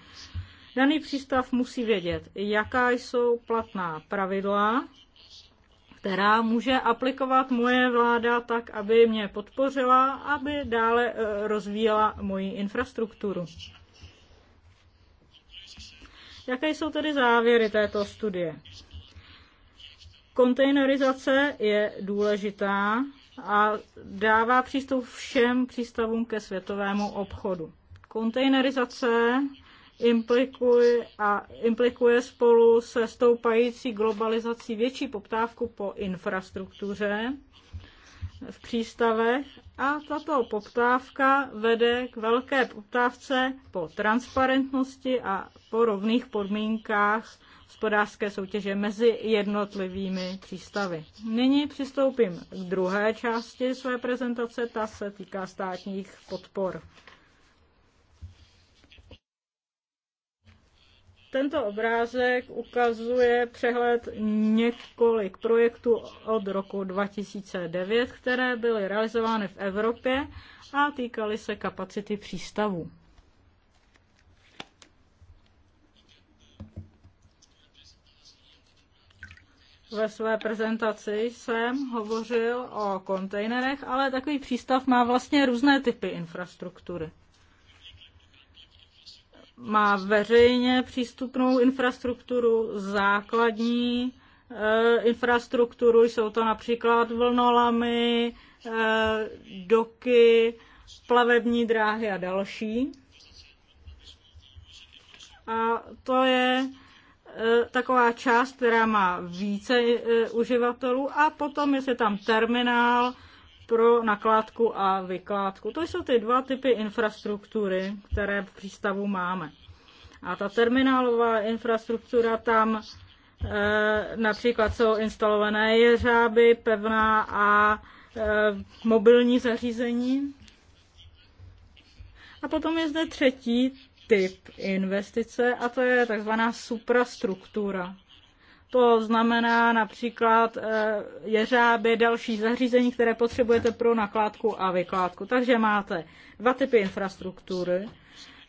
Daný přístav musí vědět, jaká jsou platná pravidla, která může aplikovat moje vláda tak, aby mě podpořila, aby dále eh, rozvíjela moji infrastrukturu. Jaké jsou tedy závěry této studie? Kontejnerizace je důležitá a dává přístup všem přístavům ke světovému obchodu. Kontejnerizace implikuje, a implikuje spolu se stoupající globalizací větší poptávku po infrastruktuře, v přístavech a tato poptávka vede k velké poptávce po transparentnosti a po rovných podmínkách hospodářské soutěže mezi jednotlivými přístavy. Nyní přistoupím k druhé části své prezentace, ta se týká státních podpor. Tento obrázek ukazuje přehled několik projektů od roku 2009, které byly realizovány v Evropě a týkaly se kapacity přístavů. Ve své prezentaci jsem hovořil o kontejnerech, ale takový přístav má vlastně různé typy infrastruktury má veřejně přístupnou infrastrukturu, základní e, infrastrukturu, jsou to například vlnolamy, e, doky, plavební dráhy a další. A to je eh, taková část, která má více uživatelů a potom je tam terminál, pro nakládku a vykládku. To jsou ty dva typy infrastruktury, které v přístavu máme. A ta terminálová infrastruktura tam e, například jsou instalované jeřáby, pevná a e, mobilní zařízení. A potom je zde třetí typ investice a to je takzvaná suprastruktura. To znamená například eh, jeřáby, další zařízení, které potřebujete pro nakládku a vykládku. Takže máte dva typy infrastruktury.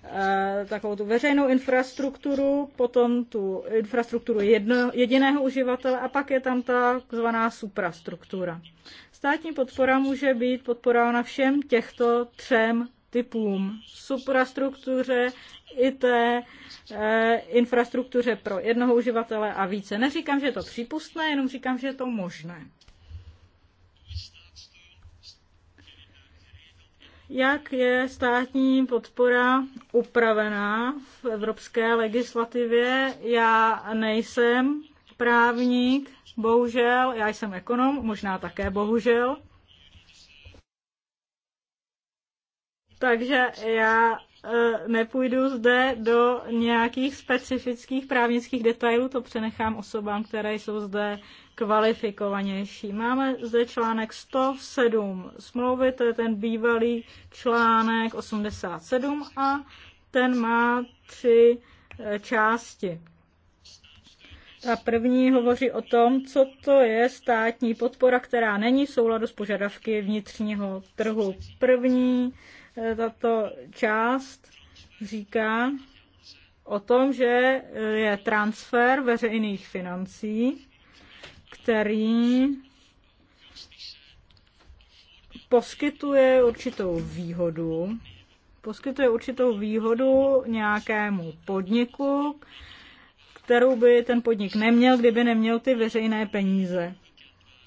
Eh, takovou tu veřejnou infrastrukturu, potom tu infrastrukturu jedno, jediného uživatele a pak je tam ta zvaná suprastruktura. Státní podpora může být podporována všem těchto třem typům. Suprastruktuře, té e, infrastruktuře pro jednoho uživatele a více. Neříkám, že je to přípustné, jenom říkám, že je to možné. Jak je státní podpora upravená v evropské legislativě? Já nejsem právník, bohužel, já jsem ekonom, možná také bohužel. Takže já e, nepůjdu zde do nějakých specifických právnických detailů, to přenechám osobám, které jsou zde kvalifikovanější. Máme zde článek 107 smlouvy, to je ten bývalý článek 87 a ten má tři e, části. Ta první hovoří o tom, co to je státní podpora, která není v souladu s požadavky vnitřního trhu. První tato část říká o tom, že je transfer veřejných financí, který poskytuje určitou výhodu, poskytuje určitou výhodu nějakému podniku, kterou by ten podnik neměl, kdyby neměl ty veřejné peníze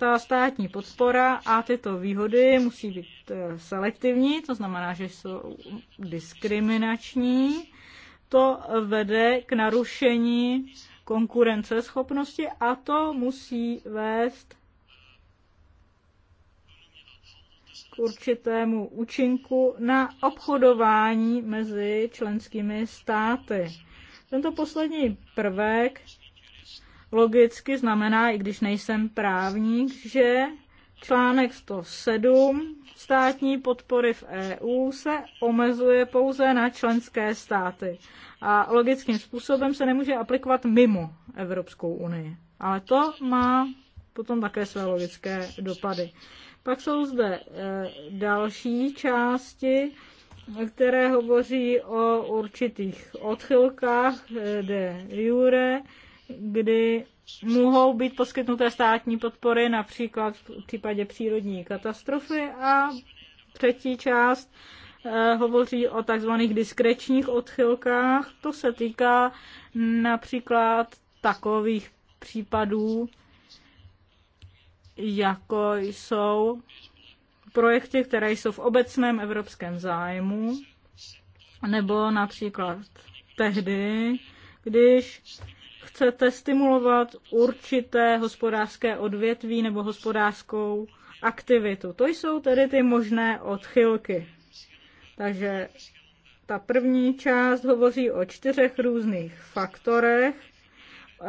ta státní podpora a tyto výhody musí být eh, selektivní, to znamená, že jsou diskriminační. To vede k narušení konkurenceschopnosti a to musí vést k určitému účinku na obchodování mezi členskými státy. Tento poslední prvek logicky znamená, i když nejsem právník, že článek 107 státní podpory v EU se omezuje pouze na členské státy a logickým způsobem se nemůže aplikovat mimo Evropskou unii. Ale to má potom také své logické dopady. Pak jsou zde e, další části, které hovoří o určitých odchylkách e, de jure, kdy mohou být poskytnuté státní podpory, například v případě přírodní katastrofy a třetí část eh, hovoří o takzvaných diskrečních odchylkách. To se týká například takových případů, jako jsou projekty, které jsou v obecném evropském zájmu, nebo například tehdy, když chcete stimulovat určité hospodářské odvětví nebo hospodářskou aktivitu. To jsou tedy ty možné odchylky. Takže ta první část hovoří o čtyřech různých faktorech,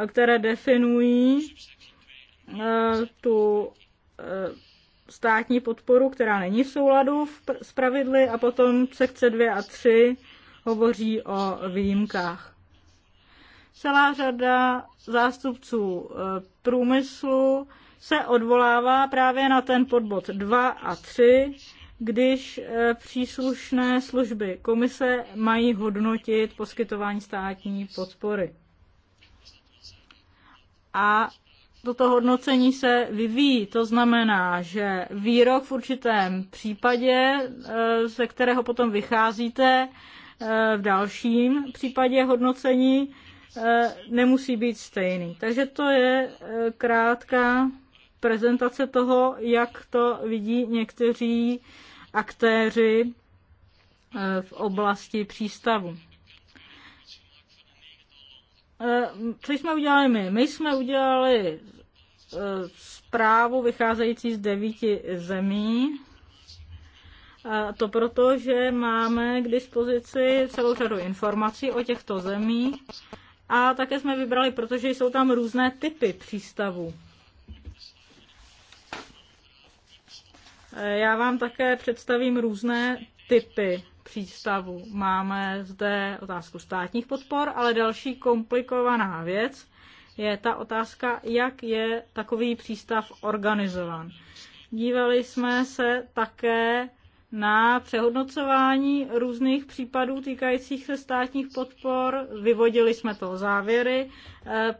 které definují eh, tu eh, státní podporu, která není v souladu s pravidly a potom sekce 2 a 3 hovoří o výjimkách. Celá řada zástupců e, průmyslu se odvolává právě na ten podbod 2 a 3, když e, příslušné služby komise mají hodnotit poskytování státní podpory. A toto hodnocení se vyvíjí. To znamená, že výrok v určitém případě, e, ze kterého potom vycházíte v dalším případě hodnocení, Eh, nemusí být stejný. Takže to je eh, krátká prezentace toho, jak to vidí někteří aktéři eh, v oblasti přístavu. Co jsme udělali my? My jsme udělali zprávu vycházející z devíti zemí. A to proto, že máme k dispozici celou řadu informací o těchto zemích a také jsme vybrali, protože jsou tam různé typy přístavů. Já vám také představím různé typy přístavů. Máme zde otázku státních podpor, ale další komplikovaná věc je ta otázka, jak je takový přístav organizován. Dívali jsme se také na přehodnocování různých případů týkajících se státních podpor. Vyvodili jsme to závěry, eh,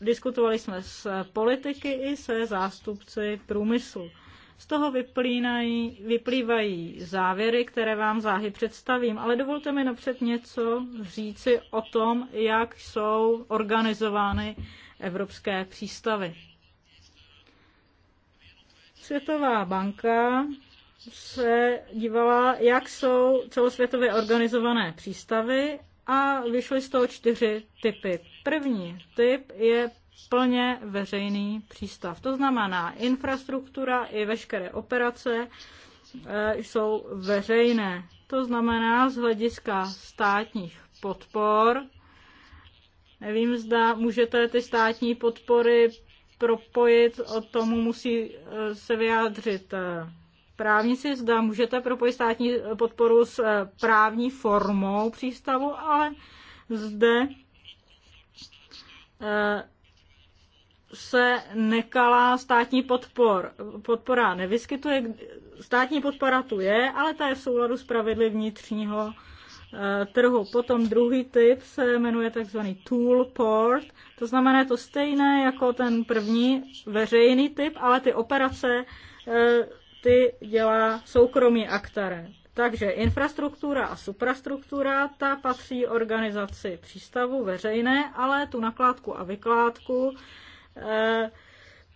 diskutovali jsme s politiky i se zástupci průmyslu. Z toho vyplínají, vyplývají závěry, které vám záhy představím, ale dovolte mi napřed něco říci o tom, jak jsou organizovány evropské přístavy. Světová banka se dívala, jak jsou celosvětově organizované přístavy a vyšly z toho čtyři typy. První typ je plně veřejný přístav. To znamená, infrastruktura i veškeré operace eh, jsou veřejné. To znamená, z hlediska státních podpor, nevím, zda můžete ty státní podpory propojit, o tomu musí eh, se vyjádřit eh, si zda můžete propojit státní podporu s eh, právní formou přístavu, ale zde eh, se nekalá státní podpor, podpora nevyskytuje. Státní podpora tu je, ale ta je v souladu s pravidly vnitřního eh, trhu. Potom druhý typ se jmenuje takzvaný tool port, to znamená to stejné jako ten první veřejný typ, ale ty operace ty dělá soukromý aktér. Takže infrastruktura a suprastruktura, ta patří organizaci přístavu veřejné, ale tu nakládku a vykládku eh,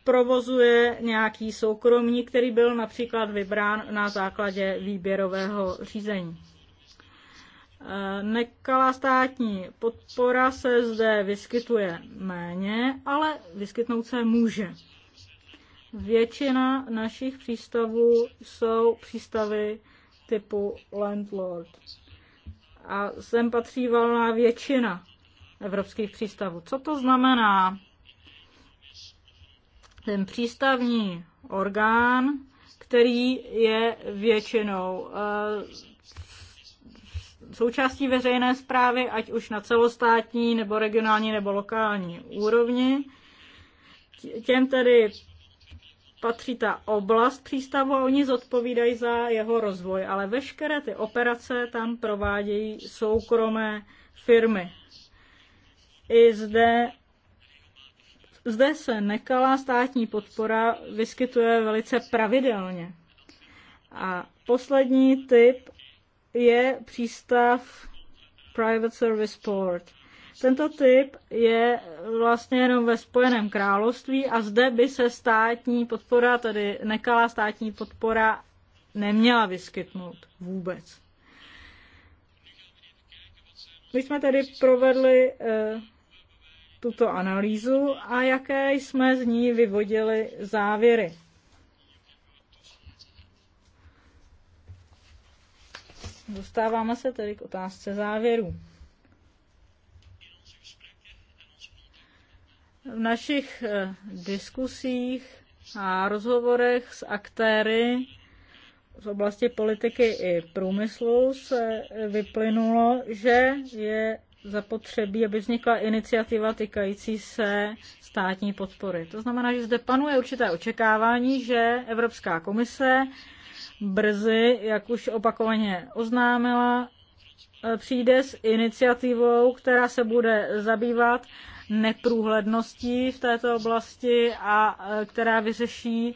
provozuje nějaký soukromí, který byl například vybrán na základě výběrového řízení. Eh, nekalá státní podpora se zde vyskytuje méně, ale vyskytnout se může. Většina našich přístavů jsou přístavy typu landlord. A sem patří valná většina evropských přístavů. Co to znamená? Ten přístavní orgán, který je většinou eh, součástí veřejné zprávy, ať už na celostátní, nebo regionální, nebo lokální úrovni. Těm tedy patří ta oblast přístavu a oni zodpovídají za jeho rozvoj, ale veškeré ty operace tam provádějí soukromé firmy. I zde, zde se nekalá státní podpora vyskytuje velice pravidelně. A poslední typ je přístav Private Service Port – tento typ je vlastně jenom ve Spojeném království a zde by se státní podpora, tedy nekalá státní podpora, neměla vyskytnout vůbec. My jsme tedy provedli eh, tuto analýzu a jaké jsme z ní vyvodili závěry. Dostáváme se tedy k otázce závěrů. V našich eh, diskusích a rozhovorech s aktéry z oblasti politiky i průmyslu se vyplynulo, že je zapotřebí, aby vznikla iniciativa týkající se státní podpory. To znamená, že zde panuje určité očekávání, že Evropská komise brzy, jak už opakovaně oznámila, eh, přijde s iniciativou, která se bude zabývat neprůhledností v této oblasti a e, která vyřeší e,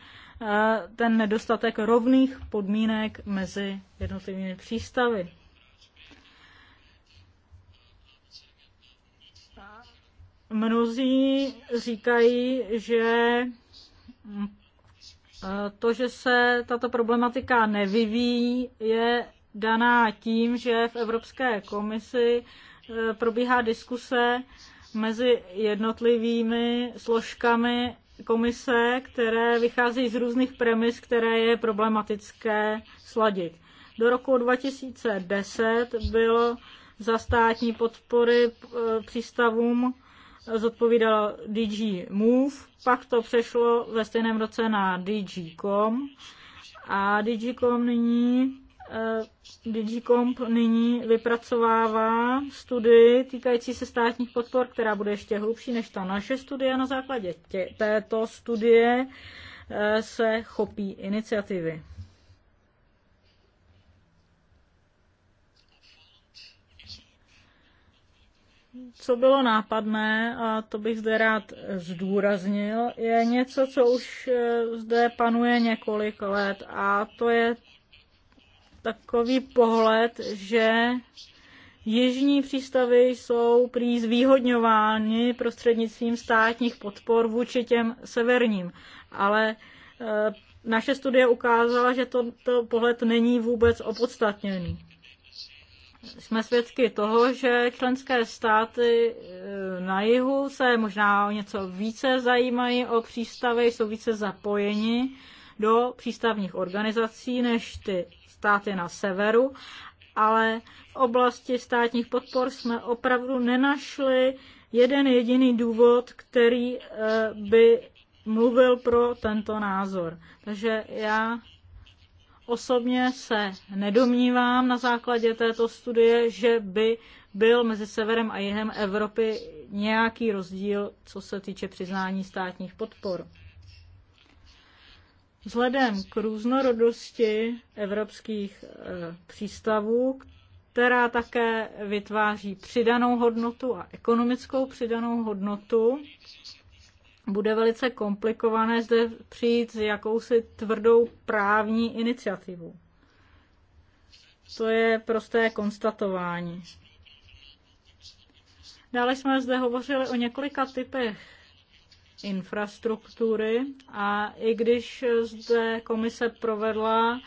ten nedostatek rovných podmínek mezi jednotlivými přístavy. Mnozí říkají, že mm, e, to, že se tato problematika nevyvíjí, je daná tím, že v Evropské komisi probíhá diskuse mezi jednotlivými složkami komise, které vychází z různých premis, které je problematické sladit. Do roku 2010 bylo za státní podpory e, přístavům zodpovídal DG Move, pak to přešlo ve stejném roce na DG.com a DG.com nyní Eh, DigiComp nyní vypracovává studii týkající se státních podpor, která bude ještě hlubší než ta naše studie. Na základě tě, této studie eh, se chopí iniciativy. Co bylo nápadné, a to bych zde rád zdůraznil, je něco, co už eh, zde panuje několik let, a to je takový pohled, že jižní přístavy jsou prý zvýhodňovány prostřednictvím státních podpor vůči těm severním. Ale e, naše studie ukázala, že tento pohled není vůbec opodstatněný. Jsme svědky toho, že členské státy e, na jihu se možná o něco více zajímají o přístavy, jsou více zapojeni do přístavních organizací než ty státy na severu, ale v oblasti státních podpor jsme opravdu nenašli jeden jediný důvod, který eh, by mluvil pro tento názor. Takže já osobně se nedomnívám na základě této studie, že by byl mezi severem a jihem Evropy nějaký rozdíl, co se týče přiznání státních podpor. Vzhledem k různorodosti evropských e, přístavů, která také vytváří přidanou hodnotu a ekonomickou přidanou hodnotu, bude velice komplikované zde přijít s jakousi tvrdou právní iniciativu. To je prosté konstatování. Dále jsme zde hovořili o několika typech infrastruktury a i když zde komise provedla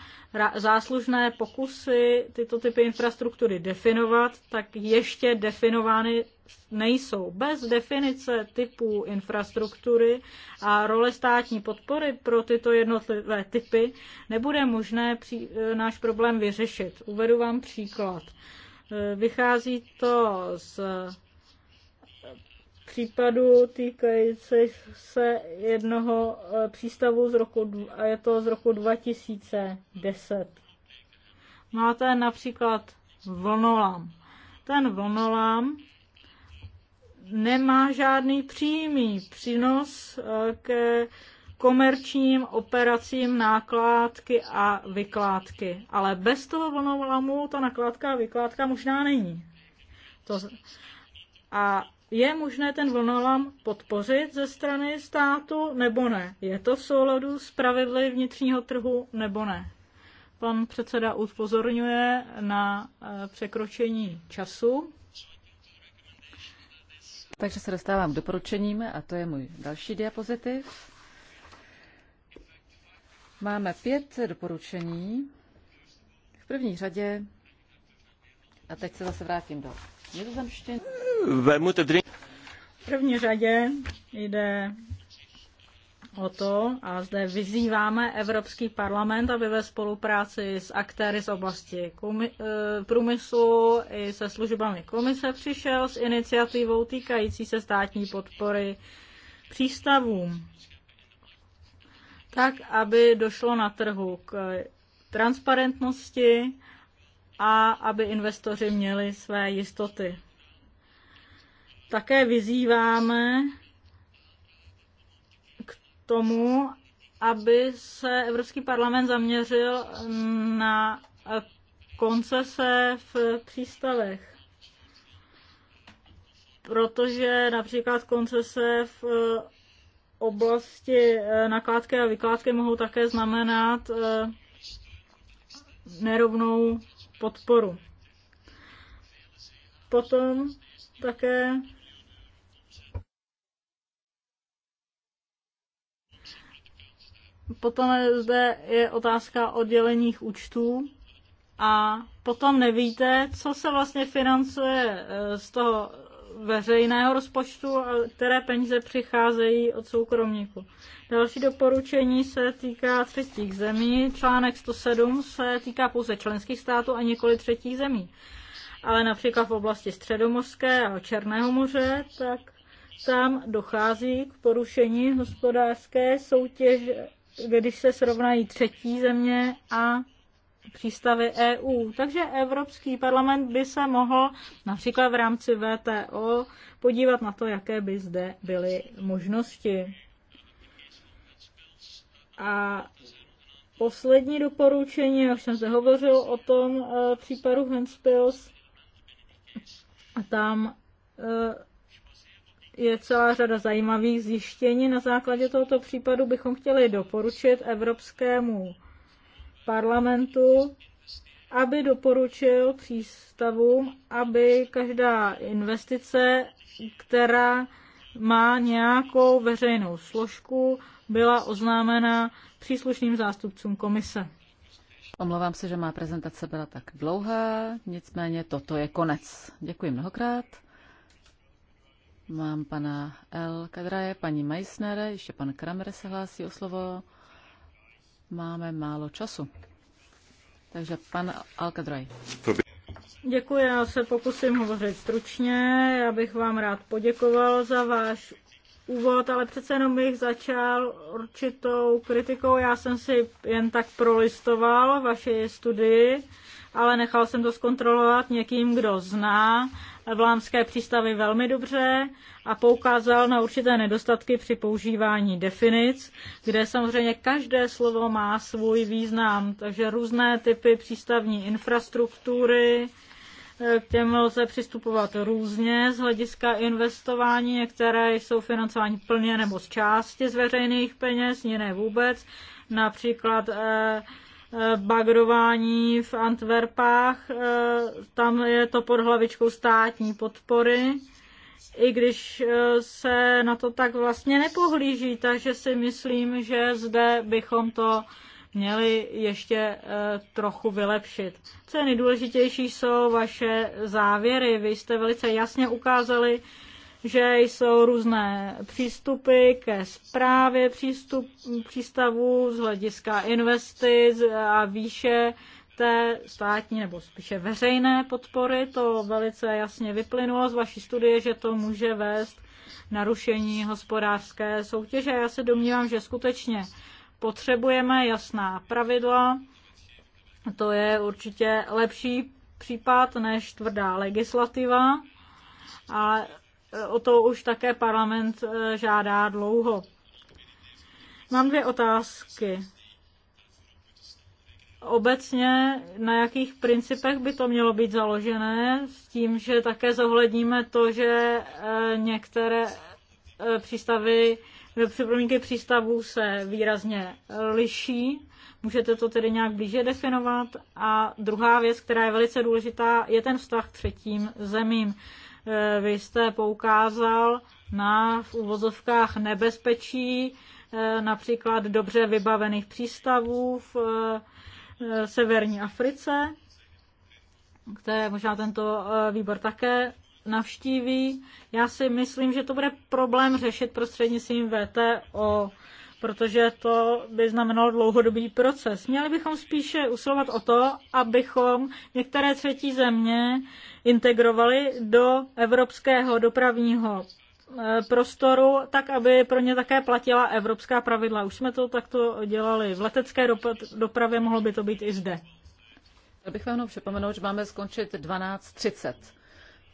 záslužné pokusy tyto typy infrastruktury definovat, tak ještě definovány nejsou. Bez definice typů infrastruktury a role státní podpory pro tyto jednotlivé typy nebude možné náš problém vyřešit. Uvedu vám příklad. Vychází to z případu týkající se jednoho e, přístavu z roku, a je to z roku 2010. Máte no například vlnolám. Ten vlnolám nemá žádný přímý přínos e, ke komerčním operacím nákládky a vykládky. Ale bez toho vlnolamu ta nakládka a vykládka možná není. To, a je možné ten vlnolam podpořit ze strany státu nebo ne? Je to v souladu s pravidly vnitřního trhu nebo ne? Pan předseda upozorňuje na eh, překročení času. Takže se dostávám k doporučením a to je můj další diapozitiv. Máme pět doporučení. V první řadě, a teď se zase vrátím do nizozemštiny. V první řadě jde o to, a zde vyzýváme Evropský parlament, aby ve spolupráci s aktéry z oblasti eh, průmyslu i se službami komise přišel s iniciativou týkající se státní podpory přístavům, tak aby došlo na trhu k transparentnosti a aby investoři měli své jistoty. Také vyzýváme k tomu, aby se Evropský parlament zaměřil na koncese v přístavech. Protože například koncese v oblasti eh, nakládky a vykládky mohou také znamenat eh, nerovnou podporu. Potom také Potom zde je otázka oddělených účtů a potom nevíte, co se vlastně financuje e, z toho veřejného rozpočtu a které peníze přicházejí od soukromníků. Další doporučení se týká třetích zemí. Článek 107 se týká pouze členských států a nikoli třetích zemí. Ale například v oblasti Středomořské a Černého moře, tak tam dochází k porušení hospodářské soutěže když se srovnají třetí země a přístavy EU. Takže Evropský parlament by se mohl například v rámci VTO podívat na to, jaké by zde byly možnosti. A poslední doporučení, já už jsem se hovořil o tom e, případu Henspils, a tam e, je celá řada zajímavých zjištění. Na základě tohoto případu bychom chtěli doporučit Evropskému parlamentu, aby doporučil přístavům, aby každá investice, která má nějakou veřejnou složku, byla oznámena příslušným zástupcům komise. Omlouvám se, že má prezentace byla tak dlouhá, nicméně toto je konec. Děkuji mnohokrát. Mám pana L. Kadraje, paní Meissner, ještě pan Kramer se hlásí o slovo. Máme málo času. Takže pan Al Děkuji, já se pokusím hovořit stručně. Já bych vám rád poděkoval za váš úvod, ale přece jenom bych začal určitou kritikou. Já jsem si jen tak prolistoval vaše studii ale nechal jsem to zkontrolovat někým, kdo zná vlámské přístavy velmi dobře a poukázal na určité nedostatky při používání definic, kde samozřejmě každé slovo má svůj význam, takže různé typy přístavní infrastruktury, eh, k těm lze přistupovat různě z hlediska investování. Některé jsou financování plně nebo z části z veřejných peněz, jiné vůbec. Například eh, bagrování v Antwerpách. Eh, tam je to pod hlavičkou státní podpory, i když eh, se na to tak vlastně nepohlíží, takže si myslím, že zde bychom to měli ještě eh, trochu vylepšit. Co je nejdůležitější, jsou vaše závěry. Vy jste velice jasně ukázali, že jsou různé přístupy ke zprávě přístup, přístavů z hlediska investic a výše té státní nebo spíše veřejné podpory. To velice jasně vyplynulo z vaší studie, že to může vést narušení hospodářské soutěže. Já se domnívám, že skutečně potřebujeme jasná pravidla. To je určitě lepší případ než tvrdá legislativa, a o to už také parlament e, žádá dlouho. Mám dvě otázky. Obecně na jakých principech by to mělo být založené, s tím, že také zohledníme to, že e, některé e, přístavy, připomínky přístavů se výrazně liší. Můžete to tedy nějak blíže definovat? A druhá věc, která je velice důležitá, je ten vztah k třetím zemím. Eh, vy jste poukázal na v uvozovkách nebezpečí eh, například dobře vybavených přístavů v eh, severní Africe, které možná tento výbor také navštíví. Já si myslím, že to bude problém řešit prostřednictvím VTO protože to by znamenalo dlouhodobý proces. Měli bychom spíše usilovat o to, abychom některé třetí země integrovali do evropského dopravního eh, prostoru, tak aby pro ně také platila evropská pravidla. Už jsme to takto dělali v letecké dopravě, mohlo by to být i zde. Já bych vám jenom připomenout, že máme skončit 12.30.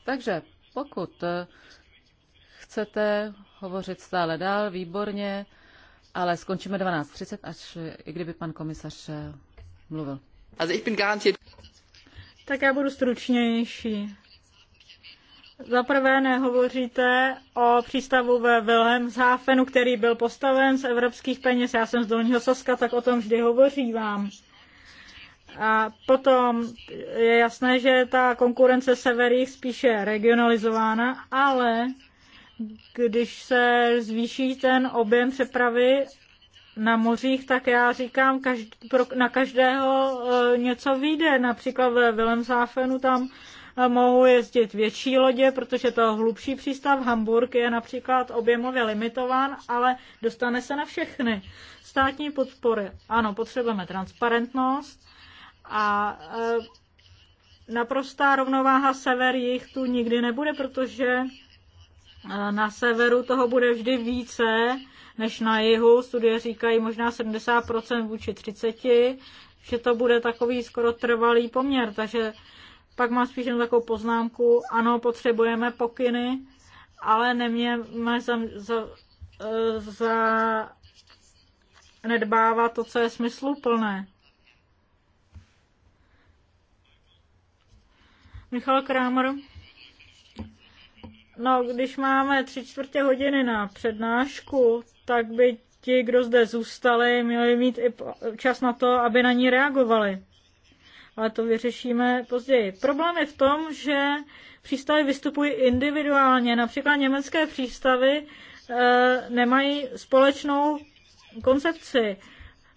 Takže pokud eh, chcete hovořit stále dál, výborně, ale skončíme 12.30, až i kdyby pan komisař eh, mluvil. Also ich bin garantiert... Tak já budu stručnější. Za prvé nehovoříte o přístavu ve Wilhelmshafenu, který byl postaven z evropských peněz. Já jsem z Dolního Saska, tak o tom vždy hovoří vám. A potom je jasné, že ta konkurence severých spíše regionalizována, ale když se zvýší ten objem přepravy na mořích, tak já říkám, každý, pro, na každého eh, něco vyjde. Například ve Wilhelmshafenu tam eh, mohou jezdit větší lodě, protože to hlubší přístav Hamburg je například objemově limitován, ale dostane se na všechny. Státní podpory. Ano, potřebujeme transparentnost a eh, naprostá rovnováha sever jich tu nikdy nebude, protože na severu toho bude vždy více než na jihu. Studie říkají možná 70% vůči 30, že to bude takový skoro trvalý poměr, takže pak mám spíš jenom takovou poznámku, ano, potřebujeme pokyny, ale neměme za, za, eh, za nedbávat to, co je smysluplné. Michal Kramer. No, když máme tři čtvrtě hodiny na přednášku, tak by ti, kdo zde zůstali, měli mít i čas na to, aby na ní reagovali. Ale to vyřešíme později. Problém je v tom, že přístavy vystupují individuálně. Například německé přístavy e, nemají společnou koncepci.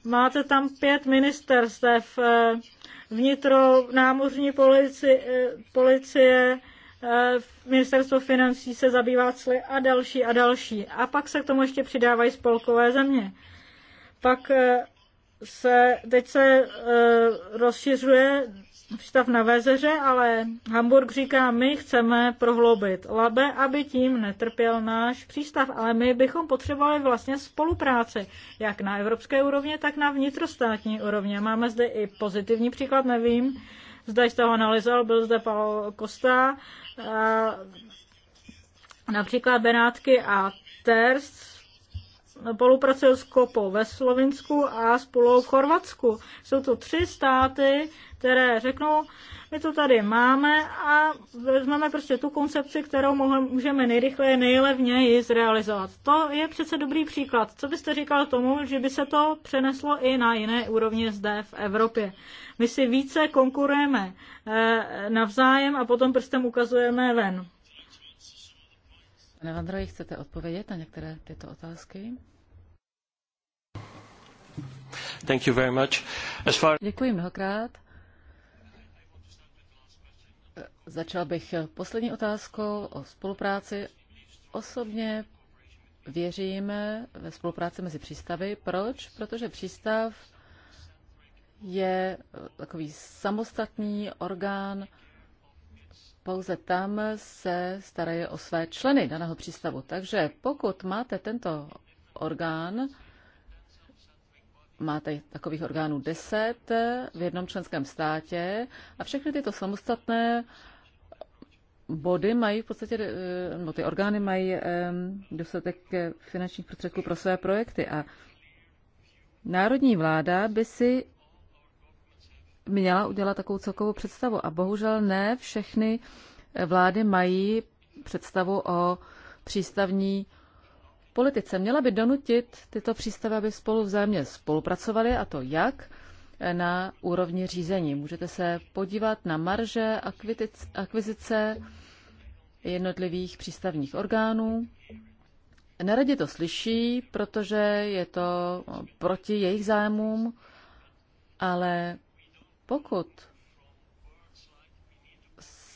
Máte tam pět ministerstev, e, vnitro, námořní polici, e, policie, Eh, Ministerstvo financí se zabývá cly a další a další. A pak se k tomu ještě přidávají spolkové země. Pak eh, se, teď se eh, rozšiřuje přístav na Vezeře, ale Hamburg říká, my chceme prohloubit Labe, aby tím netrpěl náš přístav, ale my bychom potřebovali vlastně spolupráci, jak na evropské úrovni, tak na vnitrostátní úrovni. Máme zde i pozitivní příklad, nevím, Zda jste ho analyzoval, byl zde Paolo Costa, například Benátky a Terst spolupracují s Kopou ve Slovinsku a spolu v Chorvatsku. Jsou to tři státy, které řeknou, my to tady máme a vezmeme prostě tu koncepci, kterou můžeme nejrychleji, nejlevněji zrealizovat. To je přece dobrý příklad. Co byste říkal tomu, že by se to přeneslo i na jiné úrovně zde v Evropě? My si více konkurujeme eh, navzájem a potom prstem ukazujeme ven. Pane Vandroji, chcete odpovědět na některé tyto otázky? Thank you very much. As far... Děkuji mnohokrát. Začal bych poslední otázkou o spolupráci. Osobně věříme ve spolupráci mezi přístavy. Proč? Protože přístav je takový samostatný orgán, pouze tam se starají o své členy daného přístavu. Takže pokud máte tento orgán, máte takových orgánů deset v jednom členském státě a všechny tyto samostatné body mají v podstatě, eh, no ty orgány mají eh, dostatek eh, finančních prostředků pro své projekty a národní vláda by si měla udělat takovou celkovou představu a bohužel ne všechny vlády mají představu o přístavní politice. Měla by donutit tyto přístavy, aby spolu vzájemně spolupracovaly a to jak na úrovni řízení. Můžete se podívat na marže, akvizice, jednotlivých přístavních orgánů. Neradě to slyší, protože je to proti jejich zájmům, ale pokud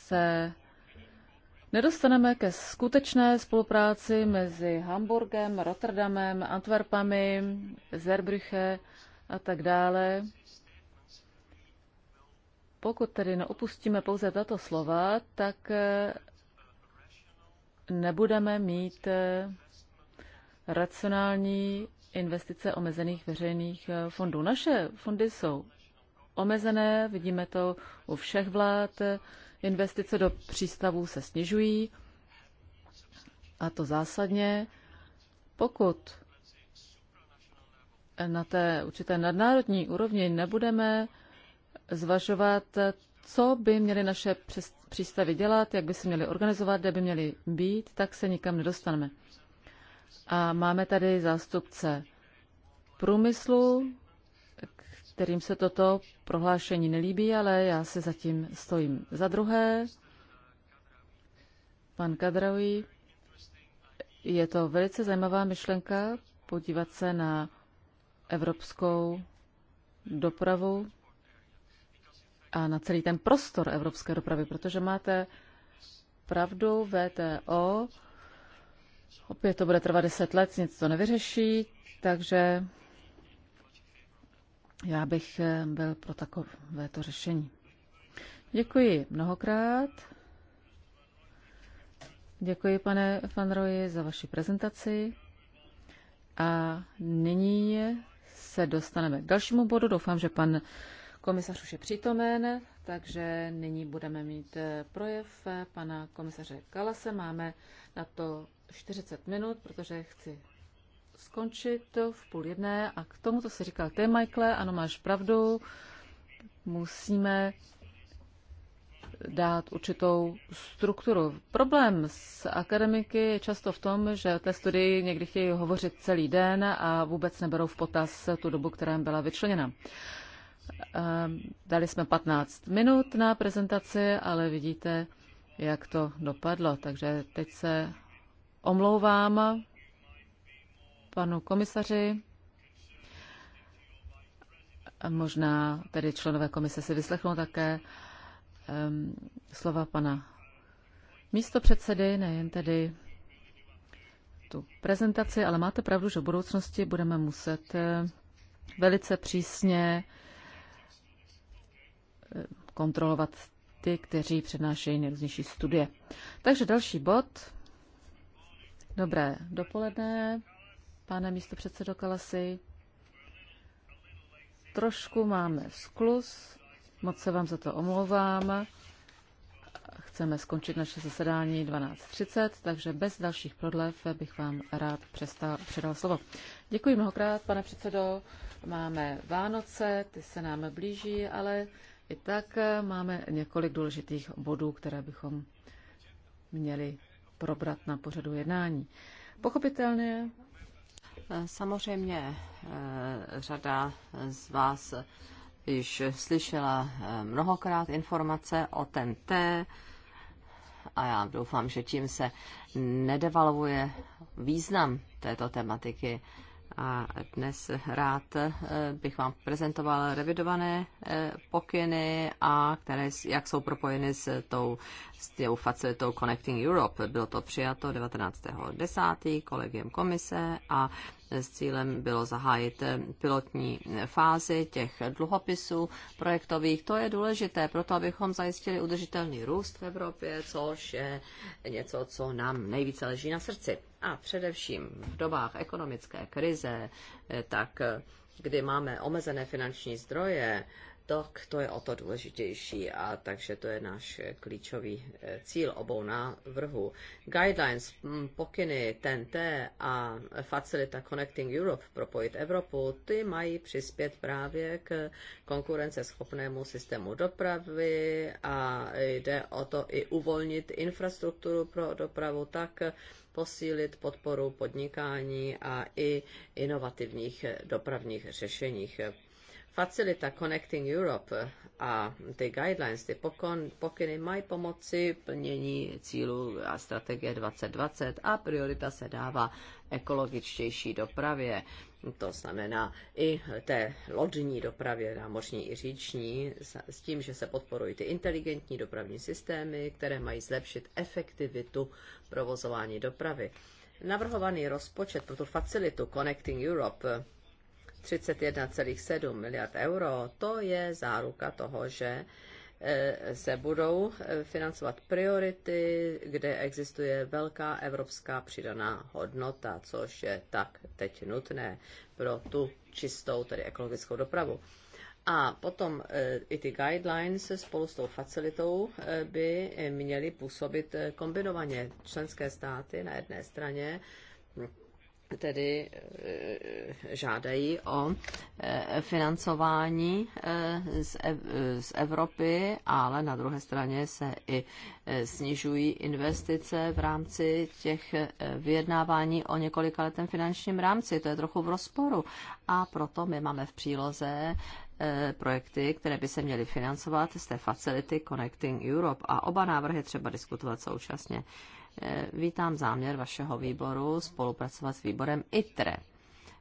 se nedostaneme ke skutečné spolupráci mezi Hamburgem, Rotterdamem, Antwerpami, Zerbrüche a tak dále, pokud tedy neopustíme pouze tato slova, tak nebudeme mít eh, racionální investice omezených veřejných eh, fondů. Naše fondy jsou omezené, vidíme to u všech vlád, investice do přístavů se snižují a to zásadně. Pokud na té určité nadnárodní úrovni nebudeme zvažovat, co by měly naše přístavy dělat, jak by se měly organizovat, kde by měly být, tak se nikam nedostaneme. A máme tady zástupce průmyslu, kterým se toto prohlášení nelíbí, ale já se zatím stojím. Za druhé, pan Kadraoui, je to velice zajímavá myšlenka podívat se na evropskou dopravu a na celý ten prostor evropské dopravy, protože máte pravdu, VTO, opět to bude trvat 10 let, nic to nevyřeší, takže já bych eh, byl pro takové to řešení. Děkuji mnohokrát. Děkuji, pane Fanroji, za vaši prezentaci. A nyní se dostaneme k dalšímu bodu. Doufám, že pan Komisař už je přítomen, takže nyní budeme mít eh, projev eh, pana komisaře Kalase. Máme na to 40 minut, protože chci skončit v půl jedné a k tomu, to jsi říkal ty, Michael, ano, máš pravdu, musíme dát určitou strukturu. Problém s akademiky je často v tom, že té studii někdy chtějí hovořit celý den a vůbec neberou v potaz tu dobu, která byla vyčleněna. Ehm, dali jsme 15 minut na prezentaci, ale vidíte, jak to dopadlo. Takže teď se omlouvám panu komisaři. Možná tedy členové komise si vyslechnou také um, slova pana místo předsedy, nejen tedy tu prezentaci, ale máte pravdu, že v budoucnosti budeme muset eh, velice přísně kontrolovat ty, kteří přednášejí nejrůznější studie. Takže další bod. Dobré dopoledne, pane místo předsedo Kalasy. Trošku máme sklus, moc se vám za to omlouvám. Chceme skončit naše zasedání 12.30, takže bez dalších prodlev bych vám rád přestal, předal slovo. Děkuji mnohokrát, pane předsedo. Máme Vánoce, ty se nám blíží, ale i tak eh, máme několik důležitých bodů, které bychom měli probrat na pořadu jednání. Pochopitelně. Eh, samozřejmě eh, řada z vás již slyšela mnohokrát informace o ten T a já doufám, že tím se nedevalvuje význam této tematiky. A dnes rád eh, bych vám prezentoval revidované eh, pokyny, a které, jak jsou propojeny s tou, s tou facilitou Connecting Europe. Bylo to přijato 19.10. kolegiem komise a s cílem bylo zahájit eh, pilotní fázi těch dluhopisů projektových. To je důležité proto, abychom zajistili udržitelný růst v Evropě, což je něco, co nám nejvíce leží na srdci. A především v dobách ekonomické krize, eh, tak eh, kdy máme omezené finanční zdroje, tak to je o to důležitější a takže to je náš eh, klíčový cíl obou návrhů. Guidelines, hm, pokyny TNT a facilita Connecting Europe, propojit Evropu, ty mají přispět právě k konkurenceschopnému systému dopravy a jde o to i uvolnit infrastrukturu pro dopravu tak, posílit podporu podnikání a i inovativních dopravních řešeních. Facilita Connecting Europe a ty guidelines, ty pokon, pokyny mají pomoci plnění cílů a strategie 2020 a priorita se dává ekologičtější dopravě to znamená i té lodní dopravě, námořní i říční, s tím, že se podporují ty inteligentní dopravní systémy, které mají zlepšit efektivitu provozování dopravy. Navrhovaný rozpočet pro tu facilitu Connecting Europe 31,7 eh, miliard euro, to je záruka toho, že Eh, se budou eh, financovat priority, kde existuje velká evropská přidaná hodnota, což je tak teď nutné pro tu čistou, tedy ekologickou dopravu. A potom eh, i ty guidelines spolu s tou facilitou by měly působit kombinovaně. Členské státy na jedné straně hm, tedy eh, žádají o eh, financování eh, z Evropy, ale na druhé straně se i snižují investice v rámci těch vyjednávání o letem finančním rámci. To je trochu v rozporu. A proto my máme v příloze projekty, které by se měly financovat z té facility Connecting Europe. A oba návrhy třeba diskutovat současně. Eh, vítám záměr vašeho výboru spolupracovat s výborem ITRE.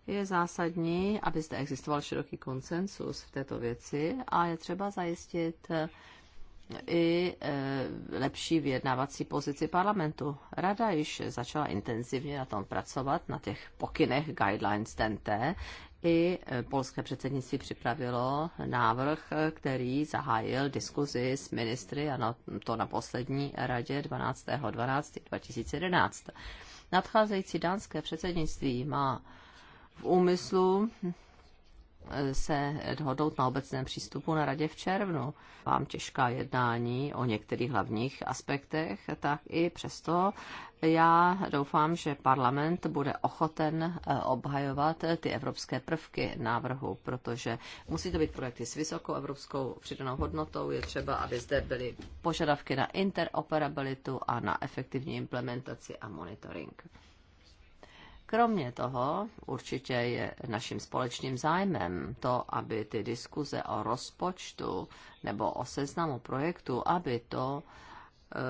Je zásadní, aby zde existoval široký konsensus v této věci a je třeba zajistit eh, i eh, lepší vyjednávací pozici parlamentu. Rada již začala intenzivně na tom pracovat, na těch pokynech guidelines TNT. I eh, polské předsednictví připravilo návrh, který zahájil diskuzi s ministry, ano, to na poslední radě 12.12.2011. 12. Nadcházející dánské předsednictví má v úmyslu se dohodnout na obecném přístupu na radě v červnu. Mám těžká jednání o některých hlavních aspektech, tak i přesto já doufám, že parlament bude ochoten eh, obhajovat ty evropské prvky návrhu, protože musí to být projekty s vysokou evropskou přidanou hodnotou. Je třeba, aby zde byly požadavky na interoperabilitu a na efektivní implementaci a monitoring. Kromě toho určitě je naším společným zájmem to, aby ty diskuze o rozpočtu nebo o seznamu projektu, aby to e,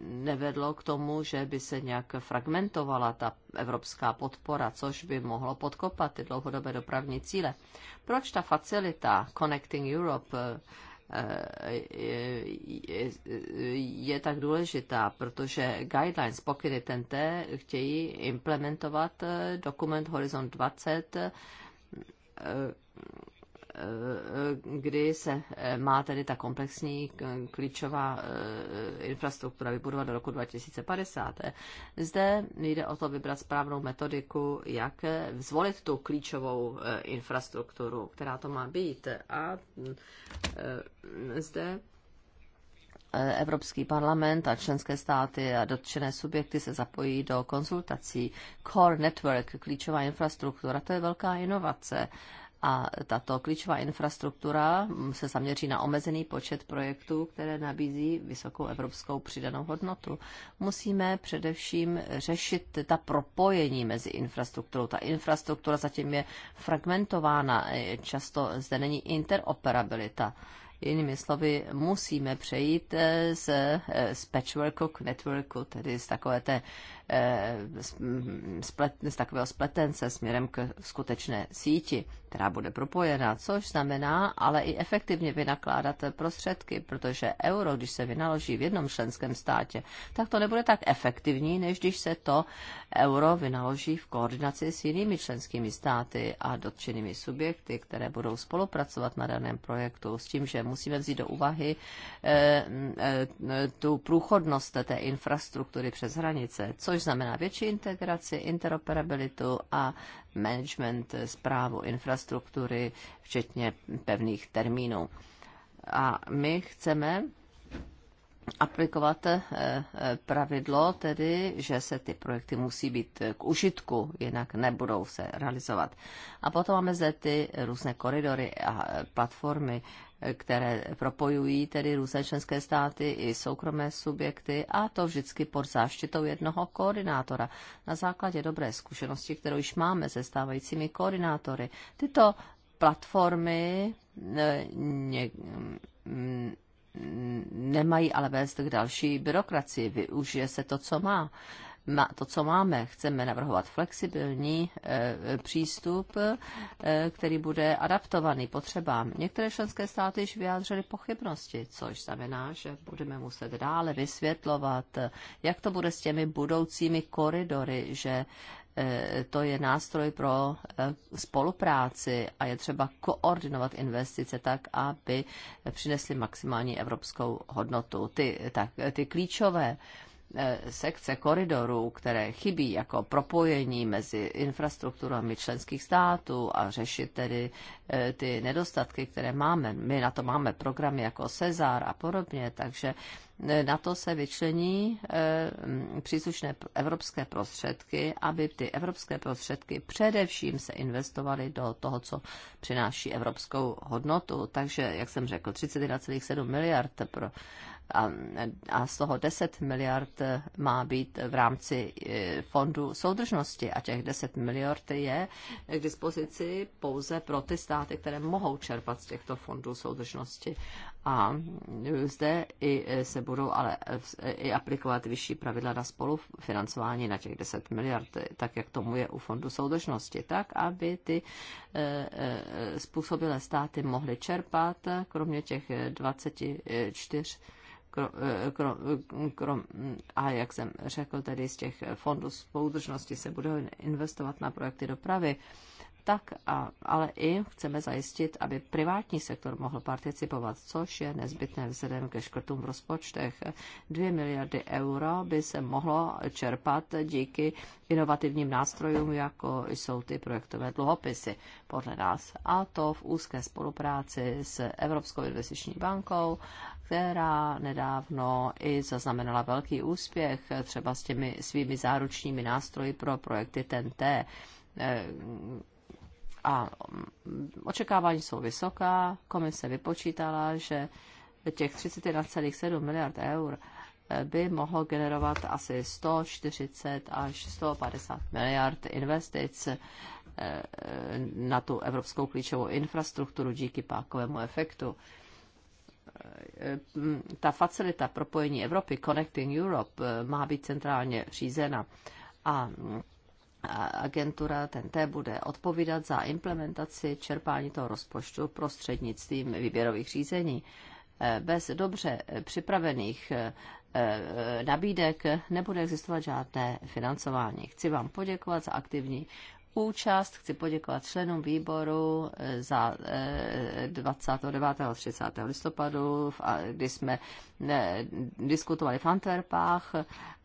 nevedlo k tomu, že by se nějak fragmentovala ta evropská podpora, což by mohlo podkopat ty dlouhodobé dopravní cíle. Proč ta facilita Connecting Europe je tak důležitá, protože guidelines, pokyny TNT chtějí implementovat dokument Horizon 20 kdy se eh, má tedy ta komplexní eh, klíčová eh, infrastruktura vybudovat do roku 2050. Zde jde o to vybrat správnou metodiku, jak zvolit tu klíčovou infrastrukturu, která to má být. A zde Evropský parlament a členské státy a dotčené subjekty se zapojí do konzultací. Core Network, klíčová infrastruktura, to je velká inovace a tato klíčová infrastruktura se zaměří na omezený počet projektů, které nabízí vysokou evropskou přidanou hodnotu. Musíme především řešit ta propojení mezi infrastrukturou. Ta infrastruktura zatím je fragmentována, často zde není interoperabilita. Jinými slovy, musíme přejít eh, z, eh, z patchworku k networku, tedy z takové té Eh, splet, z takového spletence směrem k skutečné síti, která bude propojena, což znamená ale i efektivně vynakládat prostředky, protože euro, když se vynaloží v jednom členském státě, tak to nebude tak efektivní, než když se to euro vynaloží v koordinaci s jinými členskými státy a dotčenými subjekty, které budou spolupracovat na daném projektu s tím, že musíme vzít do úvahy eh, eh, tu průchodnost té infrastruktury přes hranice, což což znamená větší integraci, interoperabilitu a management zprávu infrastruktury, včetně pevných termínů. A my chceme aplikovat eh, eh, pravidlo, tedy, že se ty projekty musí být k užitku, jinak nebudou se realizovat. A potom máme zde ty různé koridory a eh, platformy, které propojují tedy různé členské státy i soukromé subjekty a to vždycky pod záštitou jednoho koordinátora. Na základě dobré zkušenosti, kterou již máme se stávajícími koordinátory, tyto platformy eh, ne, mm, nemají ale vést k další byrokracii. Využije se to, co má to, co máme. Chceme navrhovat flexibilní eh, přístup, eh, který bude adaptovaný potřebám. Některé členské státy již vyjádřily pochybnosti, což znamená, že budeme muset dále vysvětlovat, jak to bude s těmi budoucími koridory, že eh, to je nástroj pro spolupráci a je třeba koordinovat investice tak, aby přinesly maximální evropskou hodnotu. Ty, tak, ty klíčové Eh, sekce koridorů, které chybí jako propojení mezi infrastrukturami členských států a řešit tedy eh, ty nedostatky, které máme. My na to máme programy jako Cezar a podobně, takže eh, na to se vyčlení příslušné evropské prostředky, aby ty evropské prostředky především se investovaly do toho, co přináší evropskou hodnotu. Takže, jak jsem řekl, 31,7 miliard pro a, a z toho 10 miliard má být v rámci e, fondu soudržnosti a těch 10 miliard je k dispozici pouze pro ty státy, které mohou čerpat z těchto fondů soudržnosti. A zde i e, se budou ale e, i aplikovat vyšší pravidla na spolufinancování na těch 10 miliard, tak jak tomu je u Fondu soudržnosti, tak aby ty způsobilé státy mohly čerpat, kromě těch 24 Eh, krom, a jak jsem řekl, tedy z těch fondů spoudržnosti se bude investovat na projekty dopravy tak a, ale i chceme zajistit, aby privátní sektor mohl participovat, což je nezbytné vzhledem ke škrtům v rozpočtech. 2 miliardy euro by se mohlo čerpat díky inovativním nástrojům, jako jsou ty projektové dluhopisy podle nás. A to v úzké spolupráci s Evropskou investiční bankou, která nedávno i zaznamenala velký úspěch třeba s těmi svými záručními nástroji pro projekty TNT a mm, očekávání jsou vysoká. Komise vypočítala, že těch 31,7 miliard eur eh, by mohlo generovat asi 140 až 150 miliard investic eh, na tu evropskou klíčovou infrastrukturu díky pákovému efektu. Eh, mm, ta facilita propojení Evropy, Connecting Europe, má být centrálně řízena a mm, agentura ten T bude odpovídat za implementaci čerpání toho rozpočtu prostřednictvím výběrových řízení. E, bez dobře připravených e, e, nabídek nebude existovat žádné financování. Chci vám poděkovat za aktivní účast. Chci poděkovat členům výboru za 29. a 30. listopadu, kdy jsme diskutovali v Antwerpách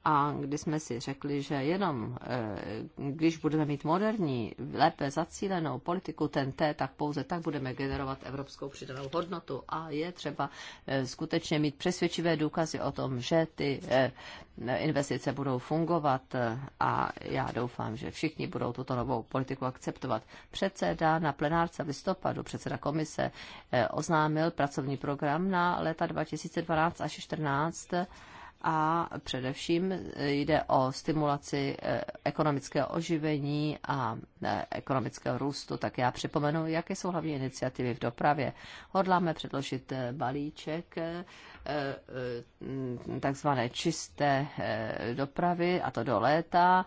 a kdy jsme si řekli, že jenom eh, když budeme mít moderní, lépe zacílenou politiku TNT, tak pouze tak budeme generovat evropskou přidanou hodnotu a je třeba eh, skutečně mít přesvědčivé důkazy o tom, že ty eh, investice budou fungovat a já doufám, že všichni budou tuto novou politiku akceptovat. Předseda na plenárce v listopadu, předseda komise, oznámil pracovní program na leta 2012 až 2014 a především jde o stimulaci eh, ekonomického oživení a eh, ekonomického růstu. Tak já připomenu, jaké jsou hlavní iniciativy v dopravě. Hodláme předložit eh, balíček takzvané čisté dopravy, a to do léta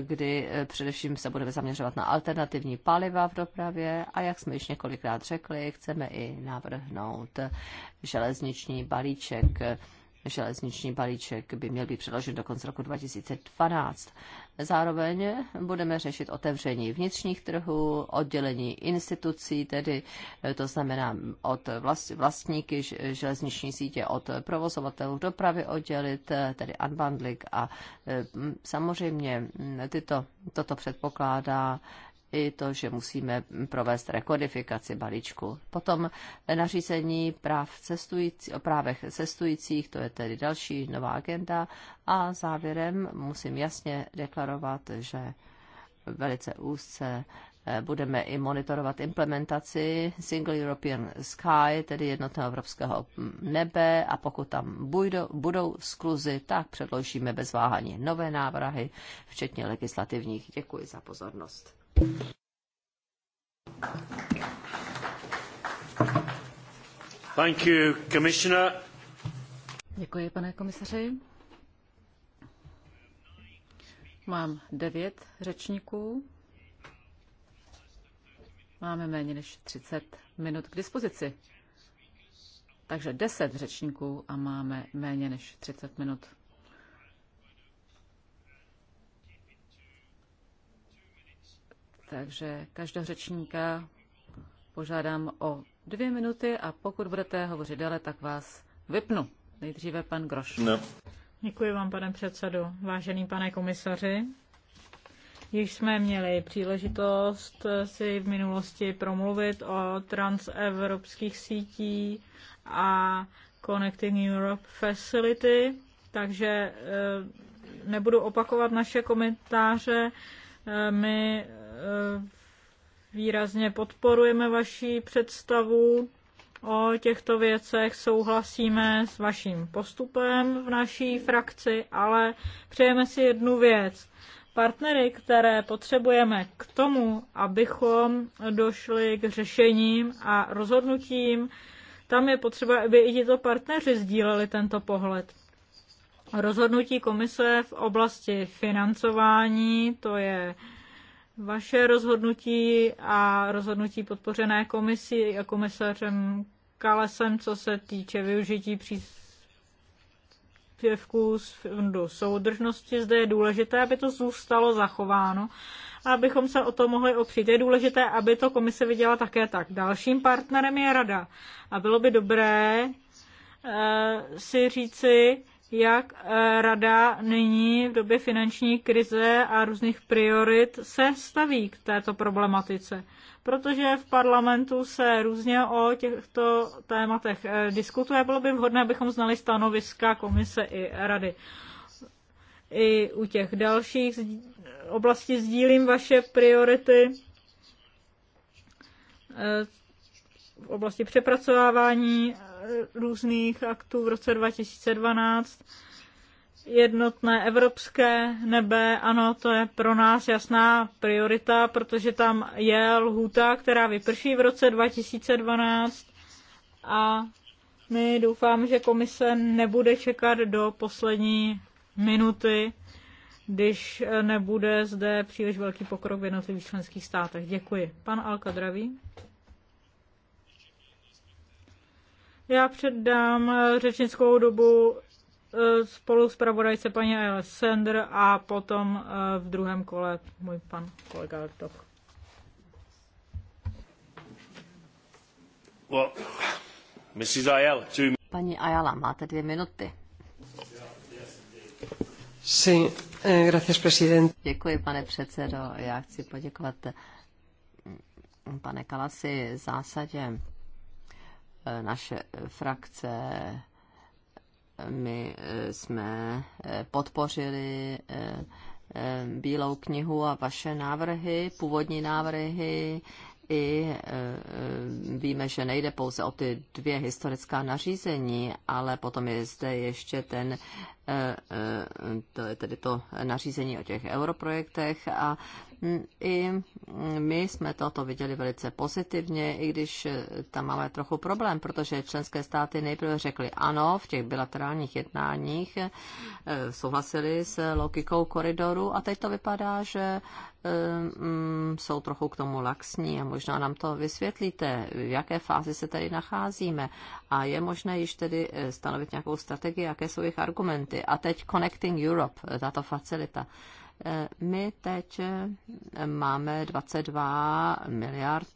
kdy především se budeme zaměřovat na alternativní paliva v dopravě a jak jsme již několikrát řekli, chceme i navrhnout železniční balíček železniční balíček by měl být předložen do konce roku 2012. Zároveň budeme řešit otevření vnitřních trhů, oddělení institucí, tedy eh, to znamená od vlastníky železniční sítě, od provozovatelů dopravy oddělit, eh, tedy unbundling a eh, samozřejmě mm, tyto, toto předpokládá i to, že musíme provést rekodifikaci balíčku. Potom nařízení práv cestující, o právech cestujících, to je tedy další nová agenda. A závěrem musím jasně deklarovat, že velice úzce eh, budeme i monitorovat implementaci Single European Sky, tedy jednotného evropského nebe a pokud tam budou, budou skluzy, tak předložíme bez váhání nové návrhy, včetně legislativních. Děkuji za pozornost. Děkuji, pane komisaři. Mám devět řečníků. Máme méně než 30 minut k dispozici. Takže 10 řečníků a máme méně než 30 minut Takže každého řečníka požádám o dvě minuty a pokud budete hovořit dále, tak vás vypnu. Nejdříve pan Groš. No. Děkuji vám, pane předsedo. Vážený pane komisaři, již jsme měli příležitost si v minulosti promluvit o transevropských sítí a Connecting Europe Facility, takže eh, nebudu opakovat naše komentáře. Eh, my Eh, výrazně podporujeme vaši představu o těchto věcech, souhlasíme s vaším postupem v naší frakci, ale přejeme si jednu věc. Partnery, které potřebujeme k tomu, abychom došli k řešením a rozhodnutím, tam je potřeba, aby i tito partneři sdíleli tento pohled. Rozhodnutí komise v oblasti financování, to je vaše rozhodnutí a rozhodnutí podpořené komisí a komisařem Kalesem, co se týče využití příspěvků z fondu soudržnosti. Zde je důležité, aby to zůstalo zachováno a abychom se o to mohli opřít. Je důležité, aby to komise viděla také tak. Dalším partnerem je rada. A bylo by dobré e, si říci, jak eh, rada nyní v době finanční krize a různých priorit se staví k této problematice. Protože v parlamentu se různě o těchto tématech eh, diskutuje, bylo by vhodné, abychom znali stanoviska komise i rady. I u těch dalších oblastí sdílím vaše priority eh, v oblasti přepracovávání různých aktů v roce 2012. Jednotné evropské nebe, ano, to je pro nás jasná priorita, protože tam je lhůta, která vyprší v roce 2012 a my doufám, že komise nebude čekat do poslední minuty, když nebude zde příliš velký pokrok v jednotlivých členských státech. Děkuji. Pan Alka Dravý. Já předám eh, řečnickou dobu eh, spolu s pravodajce paní Alessandr a potom eh, v druhém kole můj pan kolega Artok. Well, Mrs. Ayala, Paní Ayala, máte dvě minuty. Sí, gracias, president. Děkuji, pane předsedo. Já chci poděkovat mm, pane Kalasi zásadě Eh, naše frakce, eh, my eh, jsme podpořili Bílou knihu a vaše návrhy, původní návrhy i eh, eh, víme, že nejde pouze o ty dvě historická nařízení, ale potom je zde ještě ten, eh, to je tedy to nařízení o těch europrojektech a hm, i hm, my jsme toto viděli velice pozitivně, i když tam máme trochu problém, protože členské státy nejprve řekly ano v těch bilaterálních jednáních, souhlasili s logikou koridoru a teď to vypadá, že Ehm, mm, jsou trochu k tomu laxní a možná nám to vysvětlíte, v jaké fázi se tady nacházíme a je možné již tedy eh, stanovit nějakou strategii, jaké jsou jejich argumenty. A teď Connecting Europe, eh, tato facilita. Eh, my teď máme 22 miliard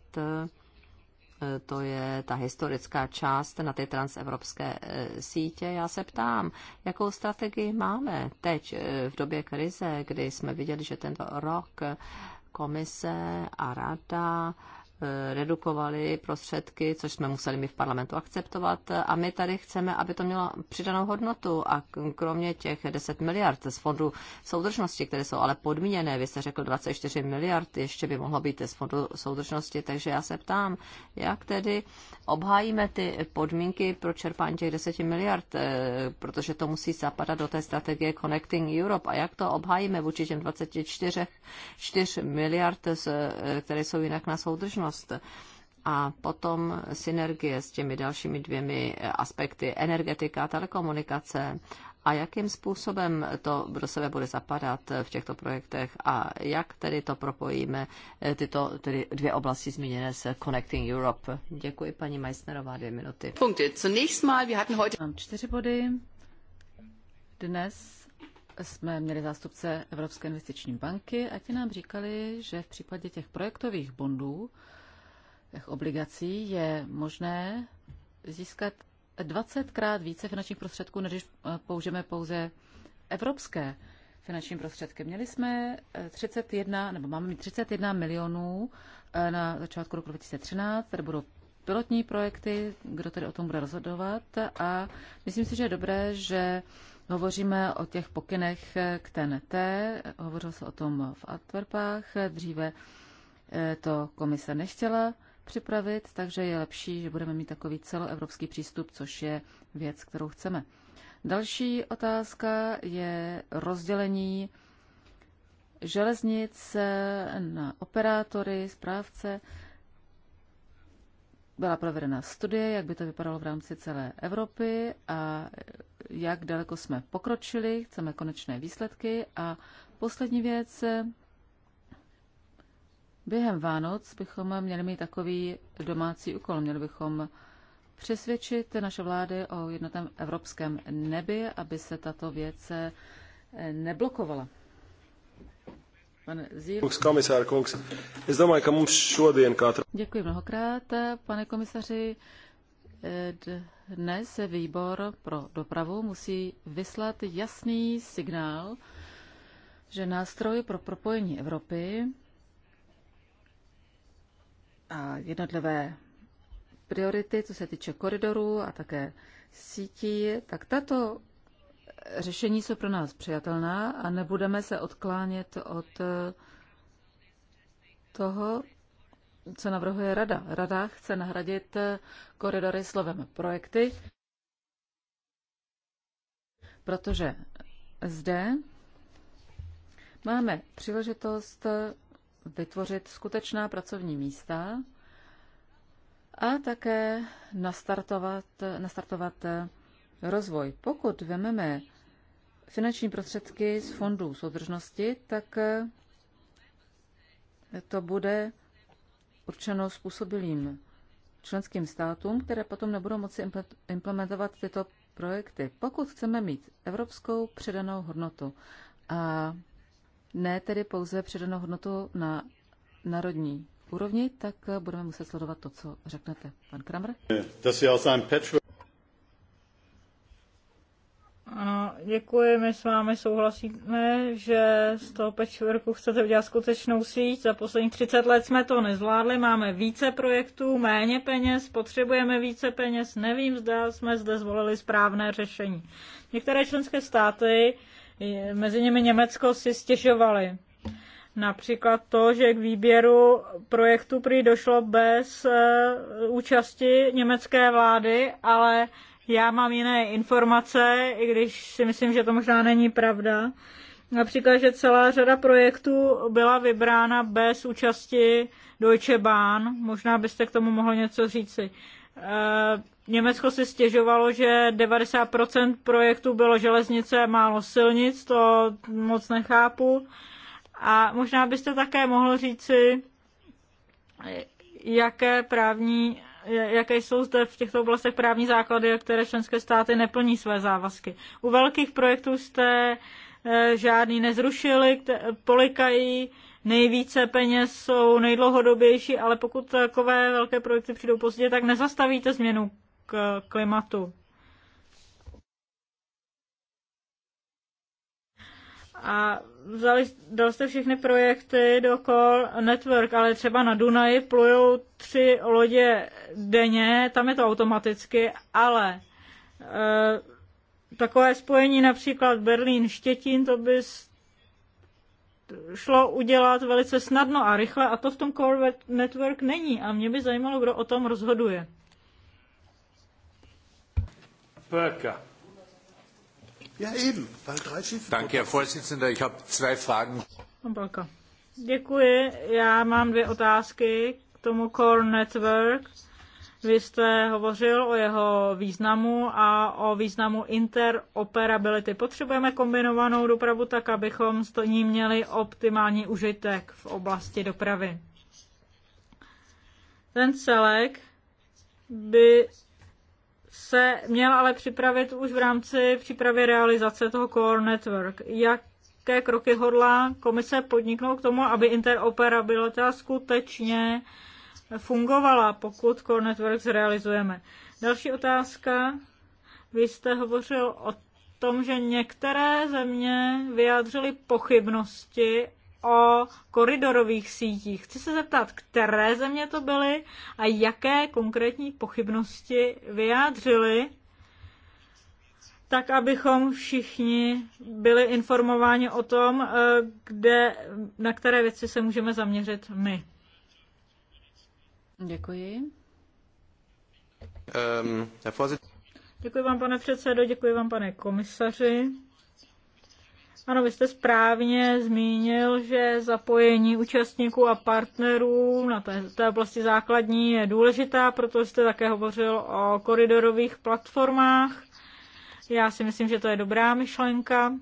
to je ta historická část na té transevropské eh, sítě. Já se ptám, jakou strategii máme teď eh, v době krize, kdy jsme viděli, že tento rok komise a rada Eh, redukovali prostředky, což jsme museli my v parlamentu akceptovat. A my tady chceme, aby to mělo přidanou hodnotu. A kromě těch 10 miliard z fondu soudržnosti, které jsou ale podmíněné, vy jste řekl 24 miliard, ještě by mohlo být z fondu soudržnosti, takže já se ptám, jak tedy obhájíme ty podmínky pro čerpání těch 10 miliard, eh, protože to musí zapadat do té strategie Connecting Europe. A jak to obhájíme vůči těm 24 4 miliard, eh, které jsou jinak na soudržnost? bezpečnost a potom synergie s těmi dalšími dvěmi aspekty, energetika, telekomunikace a jakým způsobem to do sebe bude zapadat v těchto projektech a jak tedy to propojíme, eh, tyto tedy dvě oblasti zmíněné s Connecting Europe. Děkuji paní Meissnerová, dvě minuty. Punkty. Zunächst mal, wir hatten heute... Mám čtyři body. Dnes jsme měli zástupce Evropské investiční banky a ti nám říkali, že v případě těch projektových bondů těch obligací je možné získat 20 krát více finančních prostředků, než když eh, použijeme pouze evropské finanční prostředky. Měli jsme 31, eh, nebo máme 31 milionů eh, na začátku roku 2013, tady budou pilotní projekty, kdo tedy o tom bude rozhodovat a myslím si, že je dobré, že hovoříme o těch pokynech k TNT, hovořilo se o tom v Antwerpách, dříve to komise nechtěla připravit, takže je lepší, že budeme mít takový celoevropský přístup, což je věc, kterou chceme. Další otázka je rozdělení železnic na operátory, správce. Byla provedena studie, jak by to vypadalo v rámci celé Evropy a jak daleko jsme pokročili, chceme konečné výsledky. A poslední věc, Během Vánoc bychom měli mít takový domácí úkol. Měli bychom přesvědčit naše vlády o jednotném evropském nebi, aby se tato věc eh, neblokovala. Pane Děkuji mnohokrát, pane komisaři. Eh, dnes výbor pro dopravu musí vyslat jasný signál, že nástroj pro propojení Evropy jednotlivé priority, co se týče koridorů a také sítí, tak tato řešení jsou pro nás přijatelná a nebudeme se odklánět od toho, co navrhuje Rada. Rada chce nahradit koridory slovem projekty, protože zde máme příležitost vytvořit skutečná pracovní místa a také nastartovat, nastartovat rozvoj. Pokud vememe finanční prostředky z fondů soudržnosti, tak to bude určeno způsobilým členským státům, které potom nebudou moci implementovat tyto projekty. Pokud chceme mít evropskou předanou hodnotu a ne tedy pouze přidanou hodnotu na národní úrovni, tak budeme muset sledovat to, co řeknete. Pan Kramer? Ano, děkuji, my s vámi souhlasíme, že z toho patchworku chcete udělat skutečnou síť. Za posledních 30 let jsme to nezvládli, máme více projektů, méně peněz, potřebujeme více peněz, nevím, zda jsme zde zvolili správné řešení. Některé členské státy Mezi nimi Německo si stěžovali. Například to, že k výběru projektu prý došlo bez eh, účasti německé vlády, ale já mám jiné informace, i když si myslím, že to možná není pravda. Například, že celá řada projektů byla vybrána bez účasti Deutsche Bahn. Možná byste k tomu mohli něco říci. Eh, Německo si stěžovalo, že 90% projektu bylo železnice a málo silnic, to moc nechápu. A možná byste také mohl říci, jaké právní jaké jsou zde v těchto oblastech právní základy, které členské státy neplní své závazky. U velkých projektů jste eh, žádný nezrušili, polikají, nejvíce peněz jsou nejdlouhodobější, ale pokud takové velké projekty přijdou pozdě, tak nezastavíte změnu k klimatu. a vzali, dal jste všechny projekty do Call Network, ale třeba na Dunaji plujou tři lodě denně, tam je to automaticky, ale e, takové spojení například Berlín-Štětín, to by šlo udělat velice snadno a rychle a to v tom Core Network není a mě by zajímalo, kdo o tom rozhoduje. Pöker. Ja, eben, weil drei Schiffe. Danke, Herr Vorsitzender. Ich habe zwei Fragen. Děkuji. Já mám dvě otázky k tomu Core Network. Vy jste hovořil o jeho významu a o významu interoperability. Potřebujeme kombinovanou dopravu tak, abychom s ní měli optimální užitek v oblasti dopravy. Ten celek by se měl ale připravit už v rámci přípravy realizace toho core network. Jaké kroky hodlá komise podniknout k tomu, aby interoperabilita skutečně fungovala, pokud Core Network zrealizujeme. Další otázka. Vy jste hovořil o tom, že některé země vyjádřily pochybnosti o koridorových sítích. Chci se zeptat, které země to byly a jaké konkrétní pochybnosti vyjádřily, tak abychom všichni byli informováni o tom, eh, kde, na které věci se můžeme zaměřit my. Děkuji. Ehm, děkuji vám, pane předsedo, děkuji vám, pane komisaři. Ano, vy jste správně zmínil, že zapojení účastníků a partnerů na té, té oblasti základní je důležitá, protože jste také hovořil o koridorových platformách. Já si myslím, že to je dobrá myšlenka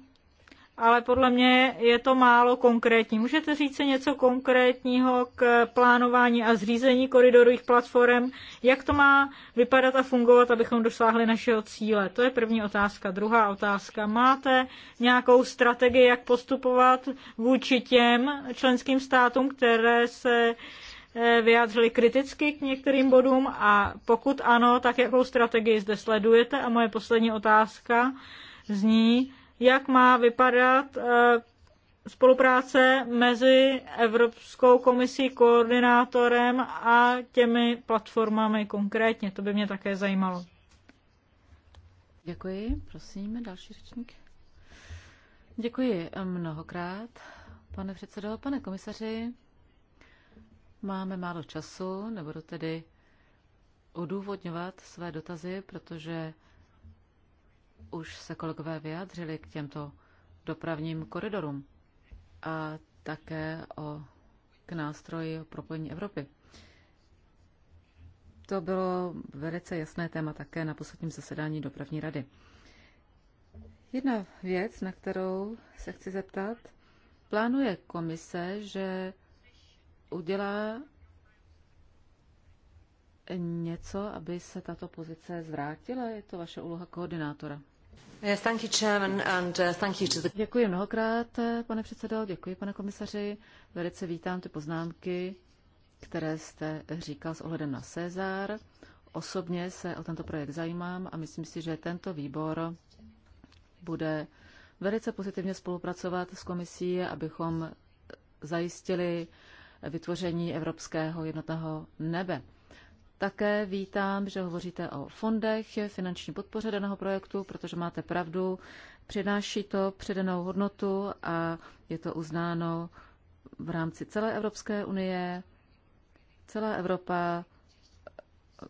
ale podle mě je to málo konkrétní. Můžete říct si něco konkrétního k plánování a zřízení koridorových platform? Jak to má vypadat a fungovat, abychom dosáhli našeho cíle? To je první otázka. Druhá otázka. Máte nějakou strategii, jak postupovat vůči těm členským státům, které se eh, vyjádřili kriticky k některým bodům a pokud ano, tak jakou strategii zde sledujete? A moje poslední otázka zní, jak má vypadat eh, spolupráce mezi Evropskou komisí, koordinátorem a těmi platformami konkrétně. To by mě také zajímalo. Děkuji. Prosím, další řečník. Děkuji mnohokrát, pane předsedo, pane komisaři. Máme málo času, nebudu tedy odůvodňovat své dotazy, protože už se kolegové vyjádřili k těmto dopravním koridorům a také o, k nástroji o propojení Evropy. To bylo velice jasné téma také na posledním zasedání dopravní rady. Jedna věc, na kterou se chci zeptat, plánuje komise, že udělá něco, aby se tato pozice zvrátila? Je to vaše úloha koordinátora? Děkuji mnohokrát, eh, pane předsedo, děkuji, pane komisaři. Velice vítám ty poznámky, které jste říkal s ohledem na Cezar. Osobně se o tento projekt zajímám a myslím si, že tento výbor bude velice pozitivně spolupracovat s komisí, abychom zajistili vytvoření evropského jednotného nebe. Také vítám, že hovoříte o fondech, finanční podpoře daného projektu, protože máte pravdu, přináší to předanou hodnotu a je to uznáno v rámci celé Evropské unie. Celá Evropa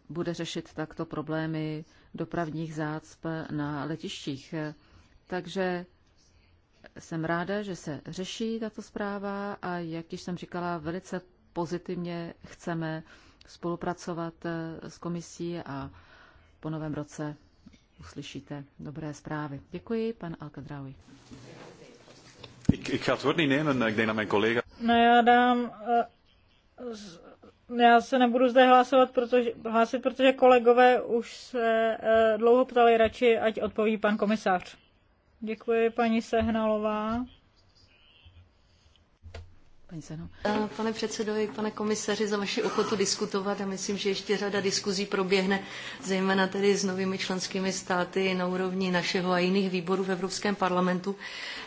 bude řešit takto problémy dopravních zácp na letištích. Takže jsem ráda, že se řeší tato zpráva a, jak již jsem říkala, velice pozitivně chceme spolupracovat eh, s komisí a po novém roce uslyšíte dobré zprávy. Děkuji, pan Alkadraui. No já dám, eh, já se nebudu zde hlasovat, protože, hlásit, protože kolegové už se eh, dlouho ptali radši, ať odpoví pan komisář. Děkuji, paní Sehnalová. Paní Seno. Pane předsedovi, pane komisaři, za vaši ochotu diskutovat a myslím, že ještě řada diskuzí proběhne, zejména tedy s novými členskými státy na úrovni našeho a jiných výborů v Evropském parlamentu.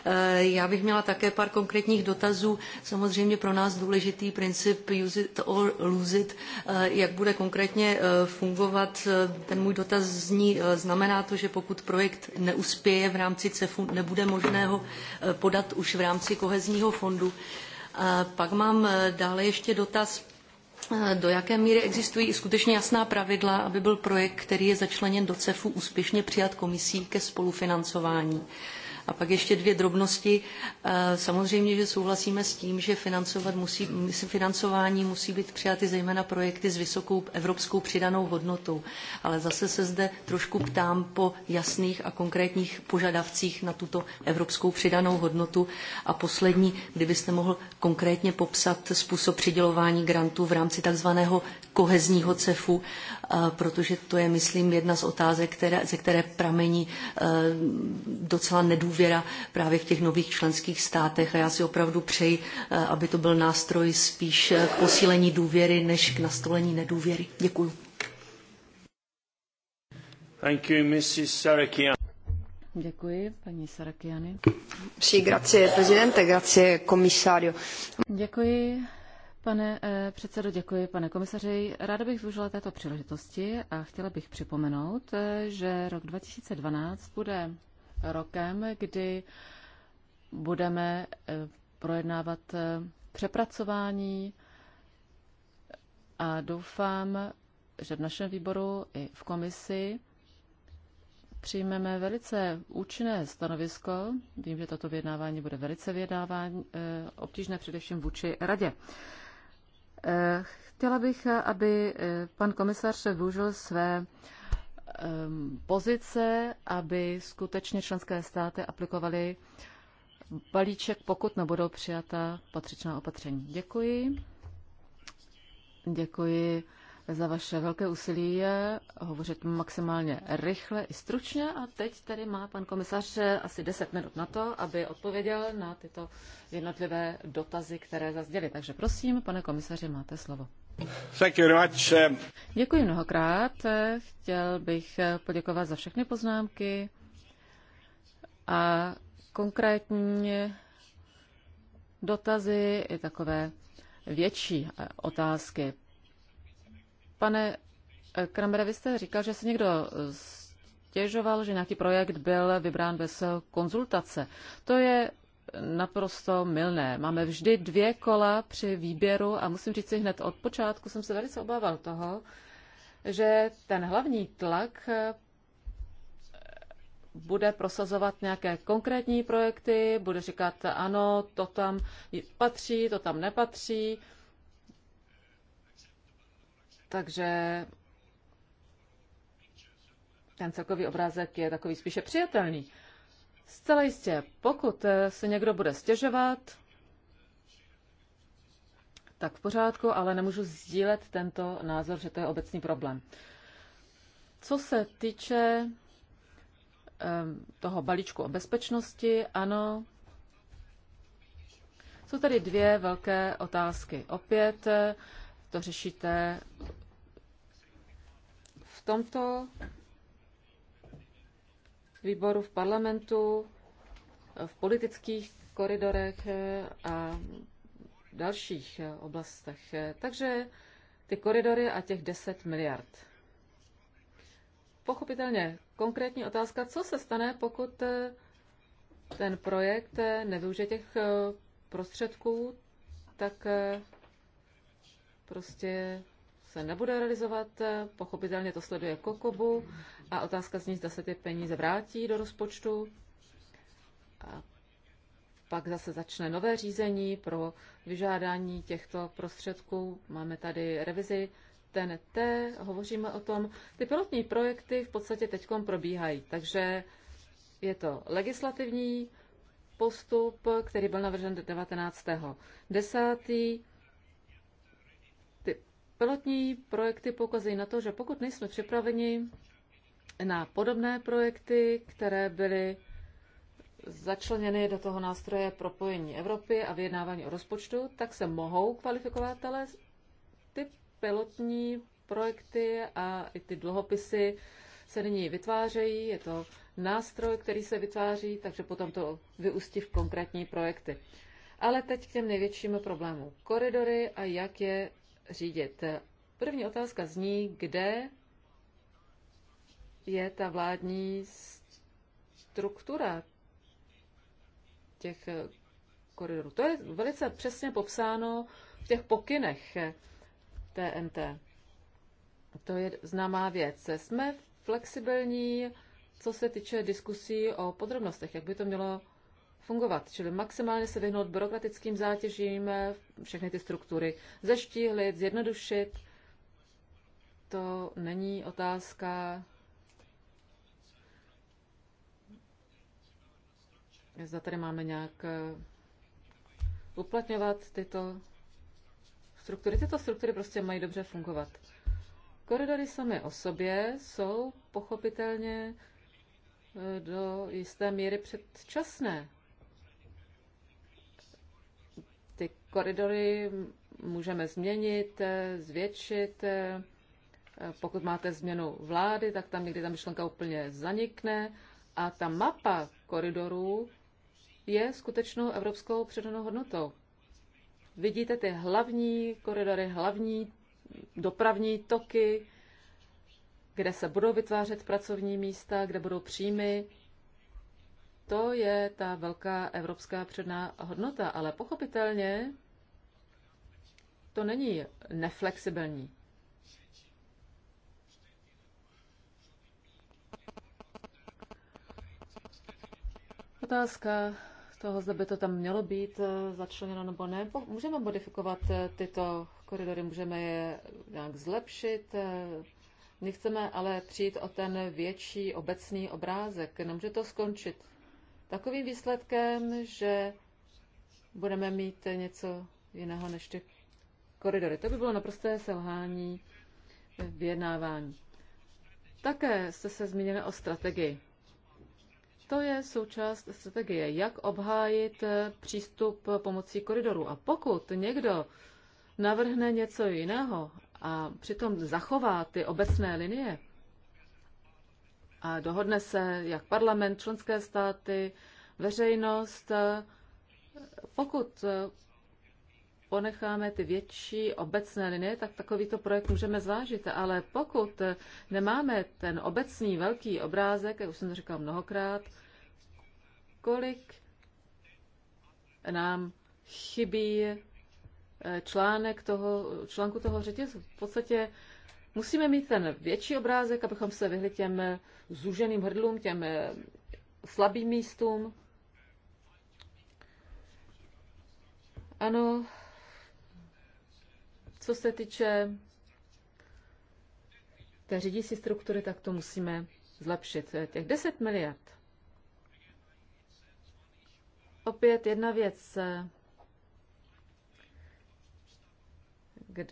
Eh, já bych měla také pár konkrétních dotazů. Samozřejmě pro nás důležitý princip use it or lose it, eh, jak bude konkrétně eh, fungovat. Ten můj dotaz zní, znamená to, že pokud projekt neuspěje v rámci CEFu, nebude možné ho podat už v rámci kohezního fondu. Pak mám eh, dále ještě dotaz, eh, do jaké míry existují skutečně jasná pravidla, aby byl projekt, který je začleněn do CEFu, úspěšně přijat komisí ke spolufinancování. A pak ještě dvě drobnosti. Eh, samozřejmě, že souhlasíme s tím, že financovat musí, financování musí být přijaty zejména projekty s vysokou evropskou přidanou hodnotou. Ale zase se zde trošku ptám po jasných a konkrétních požadavcích na tuto evropskou přidanou hodnotu. A poslední, kdybyste mohl konkrétně popsat způsob přidělování grantů v rámci takzvaného kohezního CEFu, protože to je, myslím, jedna z otázek, které, ze které pramení e, docela nedůvěra právě v těch nových členských státech a já si opravdu přeji, e, aby to byl nástroj spíš e, k posílení důvěry, než k nastolení nedůvěry. Děkuji. Thank you, Mrs. Sarakian. Děkuji, paní Sarakiany. Sí, grazie, presidente, grazie, commissario. Děkuji, Pane eh, předsedo, děkuji. Pane komisaři, ráda bych využila této příležitosti a chtěla bych připomenout, eh, že rok 2012 bude rokem, kdy budeme eh, projednávat přepracování a doufám, že v našem výboru i v komisi přijmeme velice účinné stanovisko. Vím, že toto vyjednávání bude velice vyjednávání, obtížné především vůči radě. Chtěla bych, aby eh, pan komisař využil své ehm, pozice, aby skutečně členské státy aplikovaly balíček, pokud nebudou přijata patřičná opatření. Děkuji. Děkuji za vaše velké úsilí je hovořit maximálně rychle i stručně. A teď tady má pan komisař asi 10 minut na to, aby odpověděl na tyto jednotlivé dotazy, které zazděly. Takže prosím, pane komisaři, máte slovo. Thank you very much. Eh. Děkuji mnohokrát. Chtěl bych poděkovat za všechny poznámky a konkrétně dotazy i takové větší otázky. Pane eh, Krambere, vy jste říkal, že se někdo eh, stěžoval, že nějaký projekt byl vybrán bez eh, konzultace. To je naprosto milné. Máme vždy dvě kola při výběru a musím říct si hned od počátku jsem se velice obával toho, že ten hlavní tlak bude prosazovat nějaké konkrétní projekty, bude říkat ano, to tam patří, to tam nepatří. Takže ten celkový obrázek je takový spíše přijatelný. Zcela jistě, pokud se někdo bude stěžovat, tak v pořádku, ale nemůžu sdílet tento názor, že to je obecný problém. Co se týče ehm, toho balíčku o bezpečnosti, ano, jsou tady dvě velké otázky. Opět to řešíte v tomto výboru v parlamentu, v politických koridorech a dalších oblastech. Takže ty koridory a těch 10 miliard. Pochopitelně konkrétní otázka, co se stane, pokud ten projekt nevyužije těch prostředků, tak prostě se nebude realizovat. Pochopitelně to sleduje Kokobu a otázka zní, zda se ty peníze vrátí do rozpočtu. A pak zase začne nové řízení pro vyžádání těchto prostředků. Máme tady revizi TNT, hovoříme o tom. Ty pilotní projekty v podstatě teď probíhají, takže je to legislativní postup, který byl navržen 19. 10 Pilotní projekty poukazují na to, že pokud nejsme připraveni na podobné projekty, které byly začleněny do toho nástroje propojení Evropy a vyjednávání o rozpočtu, tak se mohou kvalifikovat, ale ty pilotní projekty a i ty dluhopisy se nyní vytvářejí, je to nástroj, který se vytváří, takže potom to vyústí v konkrétní projekty. Ale teď k těm největším problémům. Koridory a jak je řídit. První otázka zní, kde je ta vládní struktura těch koridorů. To je velice přesně popsáno v těch pokynech TNT. To je známá věc. Jsme flexibilní, co se týče diskusí o podrobnostech, jak by to mělo fungovat, čili maximálně se vyhnout byrokratickým zátěžím, eh, všechny ty struktury zeštíhlit, zjednodušit. To není otázka Zda tady máme nějak eh, uplatňovat tyto struktury. Tyto struktury prostě mají dobře fungovat. Koridory samé o sobě jsou pochopitelně eh, do jisté míry předčasné. koridory můžeme změnit, eh, zvětšit. Eh, Pokud máte změnu vlády, tak tam někdy ta myšlenka úplně zanikne. A ta mapa koridorů je skutečnou evropskou předanou hodnotou. Vidíte ty hlavní koridory, hlavní dopravní toky, kde se budou vytvářet pracovní místa, kde budou příjmy. To je ta velká evropská předná hodnota, ale pochopitelně to není neflexibilní. Otázka toho, zda by to tam mělo být eh, začleněno nebo ne. Můžeme modifikovat eh, tyto koridory, můžeme je nějak zlepšit. Eh, nechceme ale přijít o ten větší obecný obrázek. Nemůže to skončit takovým výsledkem, že budeme mít něco jiného než těch koridory. To by bylo naprosté selhání vyjednávání. Také jste se zmínili o strategii. To je součást strategie, jak obhájit přístup pomocí koridoru. A pokud někdo navrhne něco jiného a přitom zachová ty obecné linie a dohodne se jak parlament, členské státy, veřejnost, pokud ponecháme ty větší obecné linie, tak takovýto projekt můžeme zvážit. Ale pokud nemáme ten obecný velký obrázek, jak už jsem to říkal mnohokrát, kolik nám chybí eh, článek toho, článku toho řetězu. V podstatě musíme mít ten větší obrázek, abychom se vyhli těm zuženým hrdlům, těm eh, slabým místům. Ano, co se týče té řídící struktury, tak to musíme zlepšit. Těch 10 miliard. Opět jedna věc, kde,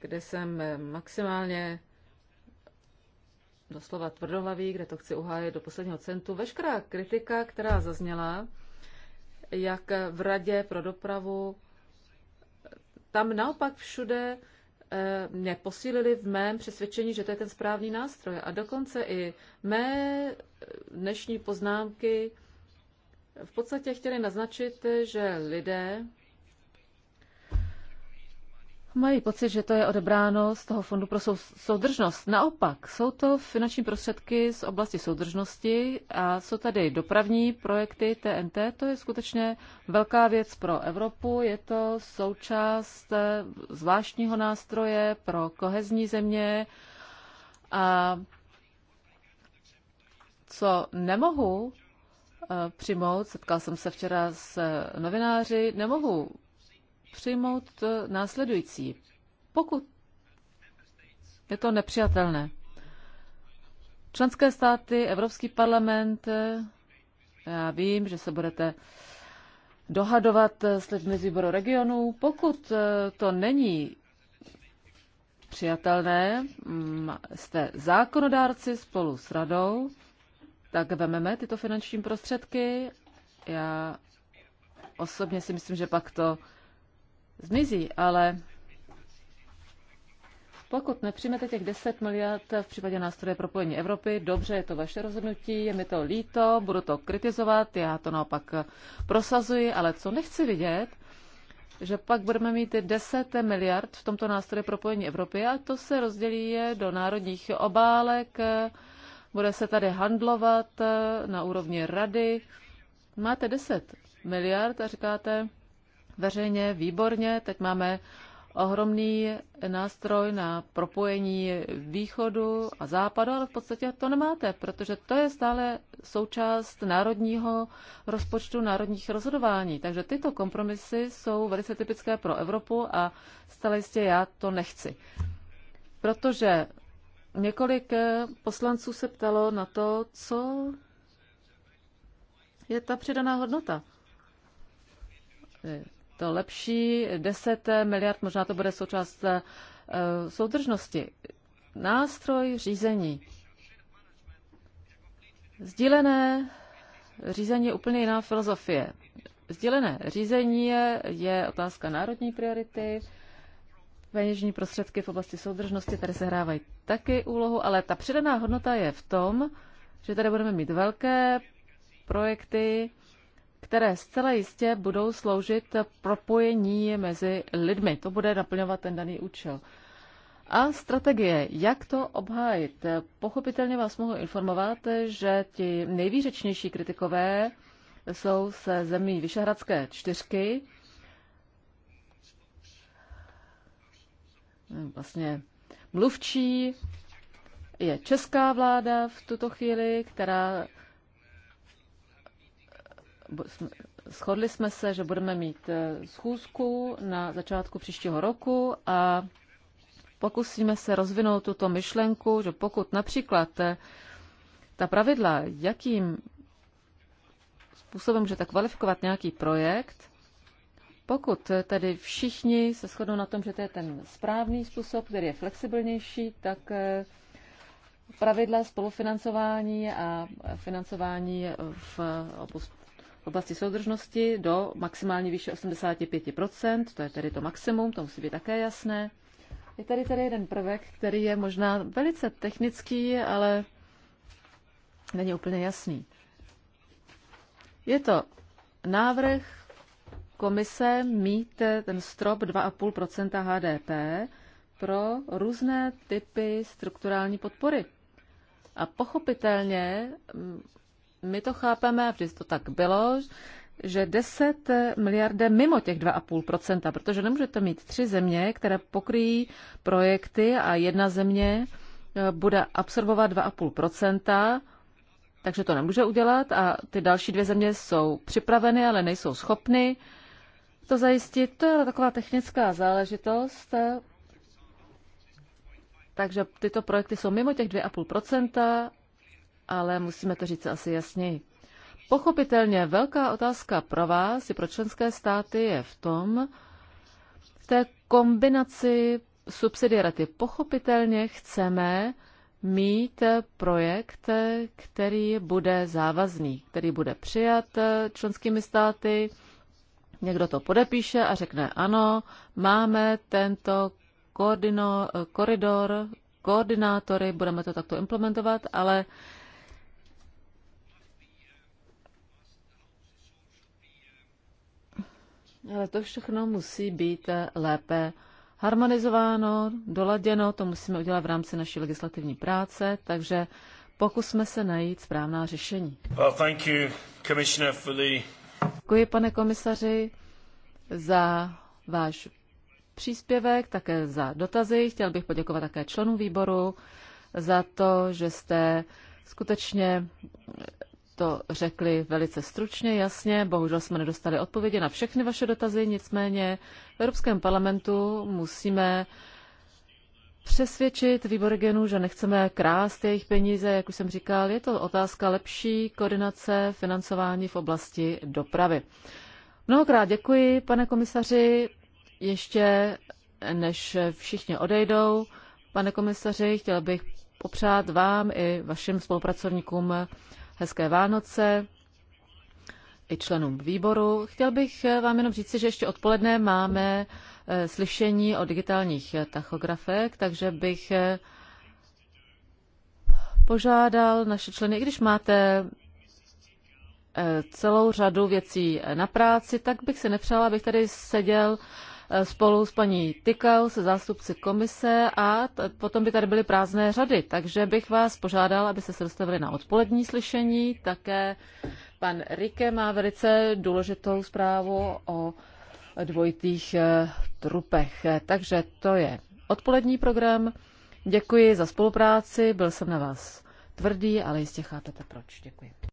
kde jsem maximálně doslova tvrdohlavý, kde to chci uhájit do posledního centu. Veškerá kritika, která zazněla, jak v Radě pro dopravu, tam naopak všude eh, mě posílili v mém přesvědčení, že to je ten správný nástroj. A dokonce i mé eh, dnešní poznámky v podstatě chtěli naznačit, že lidé mají pocit, že to je odebráno z toho fondu pro sou, soudržnost. Naopak, jsou to finanční prostředky z oblasti soudržnosti a jsou tady dopravní projekty TNT. To je skutečně velká věc pro Evropu. Je to součást eh, zvláštního nástroje pro kohezní země. A co nemohu eh, přijmout, setkal jsem se včera s novináři, nemohu přijmout e, následující. Pokud je to nepřijatelné, členské státy, Evropský parlament, e, já vím, že se budete dohadovat e, s lidmi z výboru regionů. Pokud to není přijatelné, mm, jste zákonodárci spolu s radou, tak vememe tyto finanční prostředky. Já osobně si myslím, že pak to zmizí, ale pokud nepřijmete těch 10 miliard v případě nástroje propojení Evropy, dobře, je to vaše rozhodnutí, je mi to líto, budu to kritizovat, já to naopak prosazuji, ale co nechci vidět, že pak budeme mít 10 miliard v tomto nástroji propojení Evropy a to se rozdělí do národních obálek, bude se tady handlovat na úrovni rady. Máte 10 miliard a říkáte, veřejně, výborně. Teď máme ohromný nástroj na propojení východu a západu, ale v podstatě to nemáte, protože to je stále součást národního rozpočtu, národních rozhodování. Takže tyto kompromisy jsou velice typické pro Evropu a stále jistě já to nechci. Protože několik poslanců se ptalo na to, co je ta přidaná hodnota to lepší. 10 miliard, možná to bude součást eh, soudržnosti. Nástroj řízení. Sdílené řízení je úplně jiná filozofie. Sdílené řízení je, je otázka národní priority, peněžní prostředky v oblasti soudržnosti tady se hrávají taky úlohu, ale ta přidaná hodnota je v tom, že tady budeme mít velké projekty, které zcela jistě budou sloužit propojení mezi lidmi. To bude naplňovat ten daný účel. A strategie, jak to obhájit? Pochopitelně vás mohu informovat, že ti nejvýřečnější kritikové jsou se zemí Vyšehradské čtyřky. Vlastně mluvčí je česká vláda v tuto chvíli, která shodli jsme se, že budeme mít eh, schůzku na začátku příštího roku a pokusíme se rozvinout tuto myšlenku, že pokud například eh, ta pravidla, jakým způsobem můžete kvalifikovat nějaký projekt, pokud eh, tedy všichni se shodnou na tom, že to je ten správný způsob, který je flexibilnější, tak pravidla spolufinancování a financování v v oblasti soudržnosti do maximální výše 85%, to je tedy to maximum, to musí být také jasné. Je tady tady jeden prvek, který je možná velice technický, ale není úplně jasný. Je to návrh komise mít ten strop 2,5 HDP pro různé typy strukturální podpory. A pochopitelně my to chápeme, a vždy to tak bylo, že 10 miliard jde mimo těch 2,5%, protože nemůžete mít tři země, které pokryjí projekty a jedna země eh, bude absorbovat 2,5%, takže to nemůže udělat a ty další dvě země jsou připraveny, ale nejsou schopny to zajistit. To je taková technická záležitost. Eh, takže tyto projekty jsou mimo těch 2,5%, ale musíme to říct asi jasněji. Pochopitelně velká otázka pro vás i pro členské státy je v tom, v té kombinaci subsidiarity. Pochopitelně chceme mít projekt, který bude závazný, který bude přijat členskými státy. Někdo to podepíše a řekne ano, máme tento koordino, koridor, koordinátory, budeme to takto implementovat, ale ale to všechno musí být eh, lépe harmonizováno, doladěno, to musíme udělat v rámci naší legislativní práce, takže pokusme se najít správná řešení. Well, thank you, Commissioner, for the... Děkuji, pane komisaři, za váš příspěvek, také za dotazy. Chtěl bych poděkovat také členům výboru za to, že jste skutečně to řekli velice stručně, jasně. Bohužel jsme nedostali odpovědi na všechny vaše dotazy, nicméně v Evropském parlamentu musíme přesvědčit výbor genů, že nechceme krást jejich peníze, jak už jsem říkal, je to otázka lepší koordinace financování v oblasti dopravy. Mnohokrát děkuji, pane komisaři, ještě než všichni odejdou. Pane komisaři, chtěl bych popřát vám i vašim spolupracovníkům hezké Vánoce i členům výboru. Chtěl bych eh, vám jenom říci, že ještě odpoledne máme eh, slyšení o digitálních eh, tachografech, takže bych požádal naše členy, i když máte celou řadu věcí na práci, tak bych si nepřála, abych tady seděl Eh, spolu s paní Tykal, se zástupci komise a potom by tady byly prázdné řady. Takže bych vás požádal, abyste se dostavili na odpolední slyšení. Také pan Rike má velice důležitou zprávu o dvojitých eh, trupech. Takže to je odpolední program. Děkuji za spolupráci, byl jsem na vás tvrdý, ale jistě chápete proč. Děkuji.